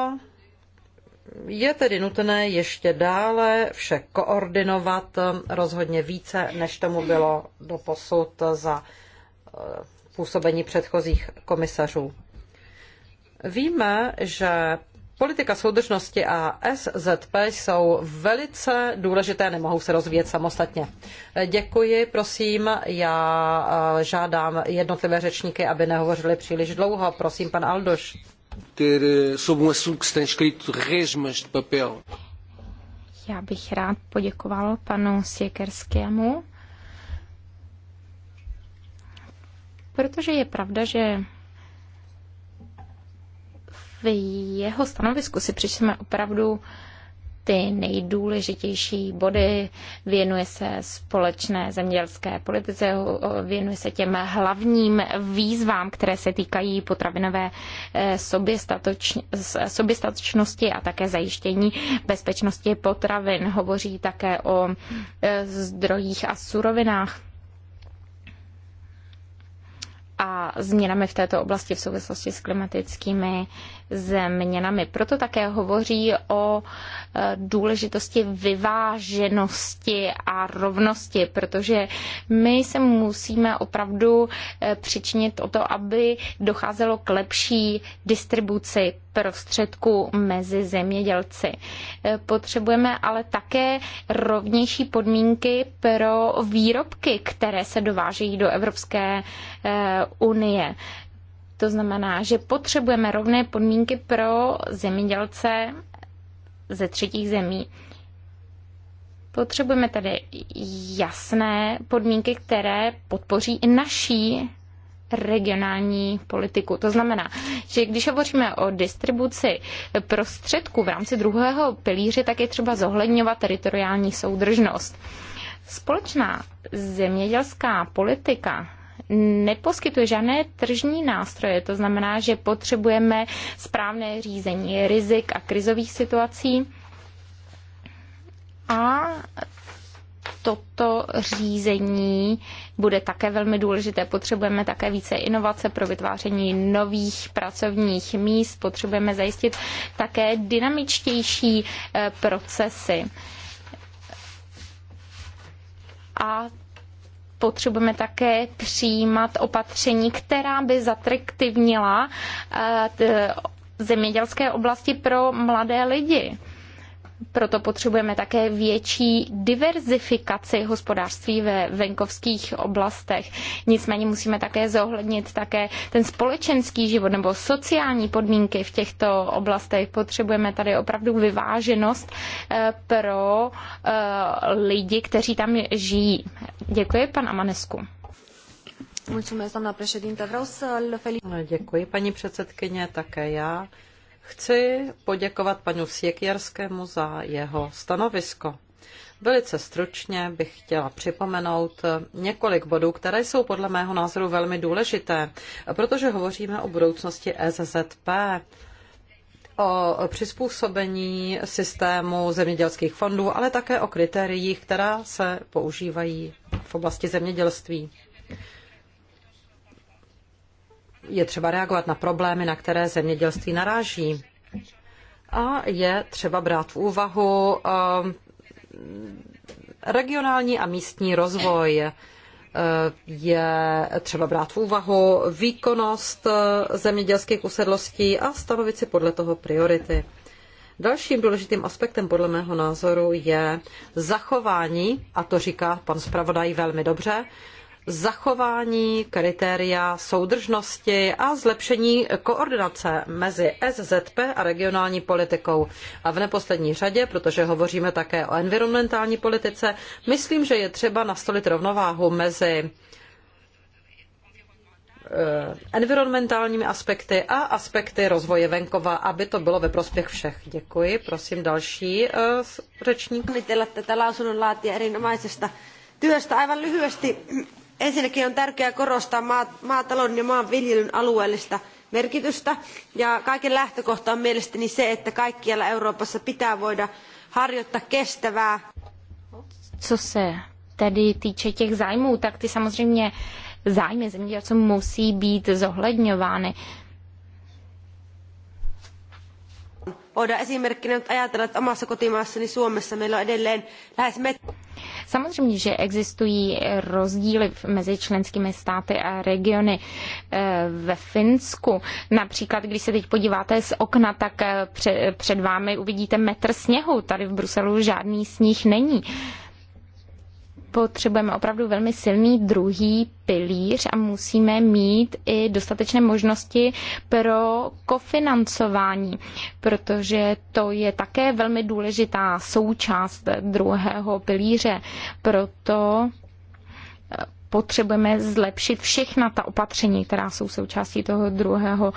je tedy nutné ještě dále vše koordinovat rozhodně více, než tomu bylo do posud za eh, působení předchozích komisařů. Víme, že politika soudržnosti a SZP jsou velice důležité, nemohou se rozvíjet samostatně. Děkuji, prosím, já eh, žádám jednotlivé řečníky, aby nehovořili příliš dlouho. Prosím, pan Aldoš ter, eh, sobre um assunto que se tem escrito resmas de papel. Já bych rád poděkoval panu Siekerskému, protože je pravda, že v jeho stanovisku si přečteme opravdu ty nejdůležitější body, věnuje se společné zemědělské politice, věnuje se těm hlavním výzvám, které se týkají potravinové eh, soběstačnosti eh, a také zajištění bezpečnosti potravin. Hovoří také o eh, zdrojích a surovinách a změnami v této oblasti v souvislosti s klimatickými změnami. Proto také hovoří o e, důležitosti vyváženosti a rovnosti, protože my se musíme opravdu e, přičinit o to, aby docházelo k lepší distribuci prostředků mezi zemědělci. E, potřebujeme ale také rovnější podmínky pro výrobky, které se dovážejí do Evropské unie. To znamená, že potřebujeme rovné podmínky pro zemědělce ze třetích zemí. Potřebujeme tedy jasné podmínky, které podpoří i naší regionální politiku. To znamená, že když hovoříme o distribuci prostředků v rámci druhého pilíře, tak je třeba zohledňovat teritoriální soudržnost. Společná zemědělská politika neposkytuje žádné tržní nástroje. To znamená, že potřebujeme správné řízení rizik a krizových situací. A toto řízení bude také velmi důležité. Potřebujeme také více inovace pro vytváření nových pracovních míst. Potřebujeme zajistit také dynamičtější eh, procesy. A potřebujeme také přijímat opatření, která by zatraktivnila eh, zemědělské oblasti pro mladé lidi proto potřebujeme také větší diverzifikaci hospodářství ve venkovských oblastech. Nicméně musíme také zohlednit také ten společenský život nebo sociální podmínky v těchto oblastech. Potřebujeme tady opravdu vyváženost eh, pro eh, lidi, kteří tam žijí. Děkuji, pan Amanesku. Děkuji, paní předsedkyně, také já Chci poděkovat panu Sjekjarskému za jeho stanovisko. Velice stručně bych chtěla připomenout několik bodů, které jsou podle mého názoru velmi důležité, protože hovoříme o budoucnosti EZZP, o přizpůsobení systému zemědělských fondů, ale také o kritériích, která se používají v oblasti zemědělství je třeba reagovat na problémy, na které zemědělství naráží. A je třeba brát v úvahu eh, regionální a místní rozvoj. Eh, je třeba brát v úvahu výkonnost eh, zemědělských usedlostí a stanovit si podle toho priority. Dalším důležitým aspektem podle mého názoru je zachování, a to říká pan zpravodaj velmi dobře, zachování kritéria soudržnosti a zlepšení koordinace mezi SZP a regionální politikou. A v neposlední řadě, protože hovoříme také o environmentální politice, myslím, že je třeba nastolit rovnováhu mezi eh, environmentálními aspekty a aspekty rozvoje venkova, aby to bylo ve prospěch všech. Děkuji. Prosím další eh, řečník. Onnitella tätä lausunnonlaatia ensinnäkin on tärkeää korostaa maatalouden ja maanviljelyn alueellista merkitystä ja kaiken lähtökohta on mielestäni se että kaikkialla euroopassa pitää voida harjoittaa kestävää. co se tedy týče těch zájmů tak ty samozřejmě zájmy zemědělců musí být zohledňovány. Voidaan esimerkkinä nyt ajatella, että omassa kotimaassani Suomessa meillä on edelleen lähes met- Samozřejmě, že existují rozdíly mezi členskými státy a regiony eh, ve Finsku. Například, když se teď podíváte z okna, tak eh, před vámi uvidíte metr sněhu. Tady v Bruselu žádný sníh není potřebujeme opravdu velmi silný druhý pilíř a musíme mít i dostatečné možnosti pro kofinancování, protože to je také velmi důležitá součást druhého pilíře. Proto eh, potřebujeme zlepšit všechna ta opatření, která jsou součástí toho druhého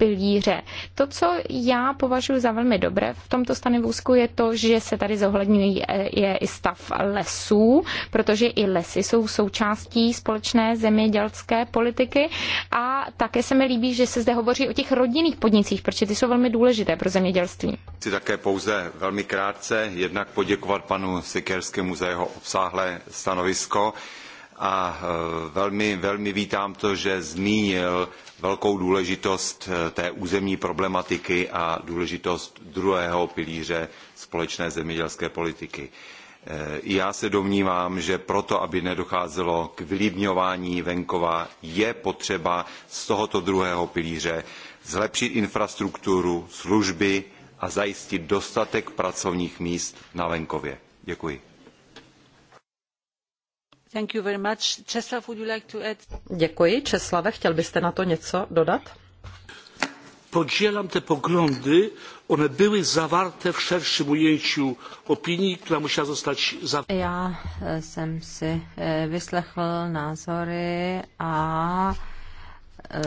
pilíře. To, co já považuji za velmi dobré v tomto stanovisku je to, že se tady zohledňují e, je i stav lesů, protože i lesy jsou součástí společné zemědělské politiky a také se mi líbí, že se zde hovoří o těch rodinných podnicích, protože ty jsou velmi důležité pro zemědělství. Chci také pouze velmi krátce jednak poděkovat panu Sikerskému za jeho obsáhlé stanovisko a e, velmi, velmi vítám to, že zmínil velkou důležitost eh, té územní problematiky a důležitost druhého pilíře společné zemědělské politiky. I eh, já se domnívám, že proto, aby nedocházelo k vylidňování venkova, je potřeba z tohoto druhého pilíře zlepšit infrastrukturu, služby a zajistit dostatek pracovních míst na venkově. Děkuji. Thank Děkuji. Česlave, chtěl byste na to něco dodat? Podzielam te poglądy. One były zawarte w szerszym ujęciu opinii, która musiała zostać zawarta. Já e, jsem si e, vyslechl názory a e,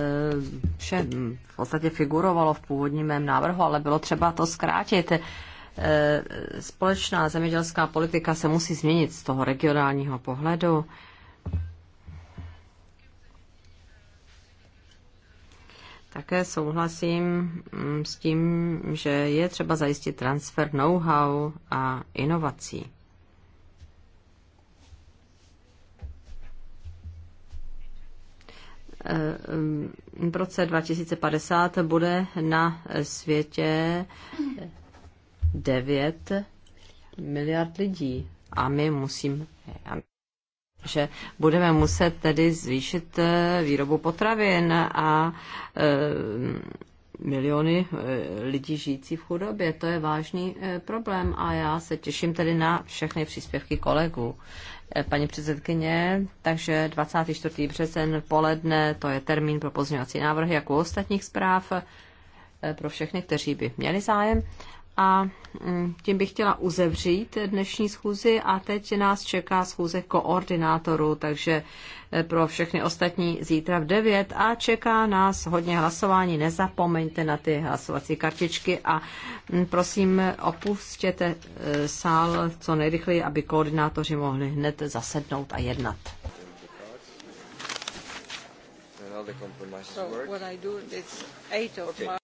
vše v podstatě figurovalo v původním mém návrhu, ale bylo třeba to zkrátit. Eh, společná zemědělská politika se musí změnit z toho regionálního pohledu. Také souhlasím mm, s tím, že je třeba zajistit transfer know-how a inovací. Eh, mm, v roce 2050 bude na světě 9 miliard lidí. A my musím, že budeme muset tedy zvýšit eh, výrobu potravin a eh, miliony eh, lidí žijící v chudobě. To je vážný problém a já se těším tedy na všechny příspěvky kolegů. Paní předsedkyně, takže 24. březen poledne, to je termín pro pozměňovací návrhy, jako u ostatních zpráv pro všechny, kteří by měli zájem. A mm, tím bych chtěla uzevřít dnešní schůzi a teď nás čeká schůze koordinátorů, takže eh, pro všechny ostatní zítra v 9 a čeká nás hodně hlasování. Nezapomeňte na ty hlasovací kartičky a mm, prosím opustěte eh, sál co nejrychleji, aby koordinátoři mohli hned zasednout a jednat. So what I do, it's of okay.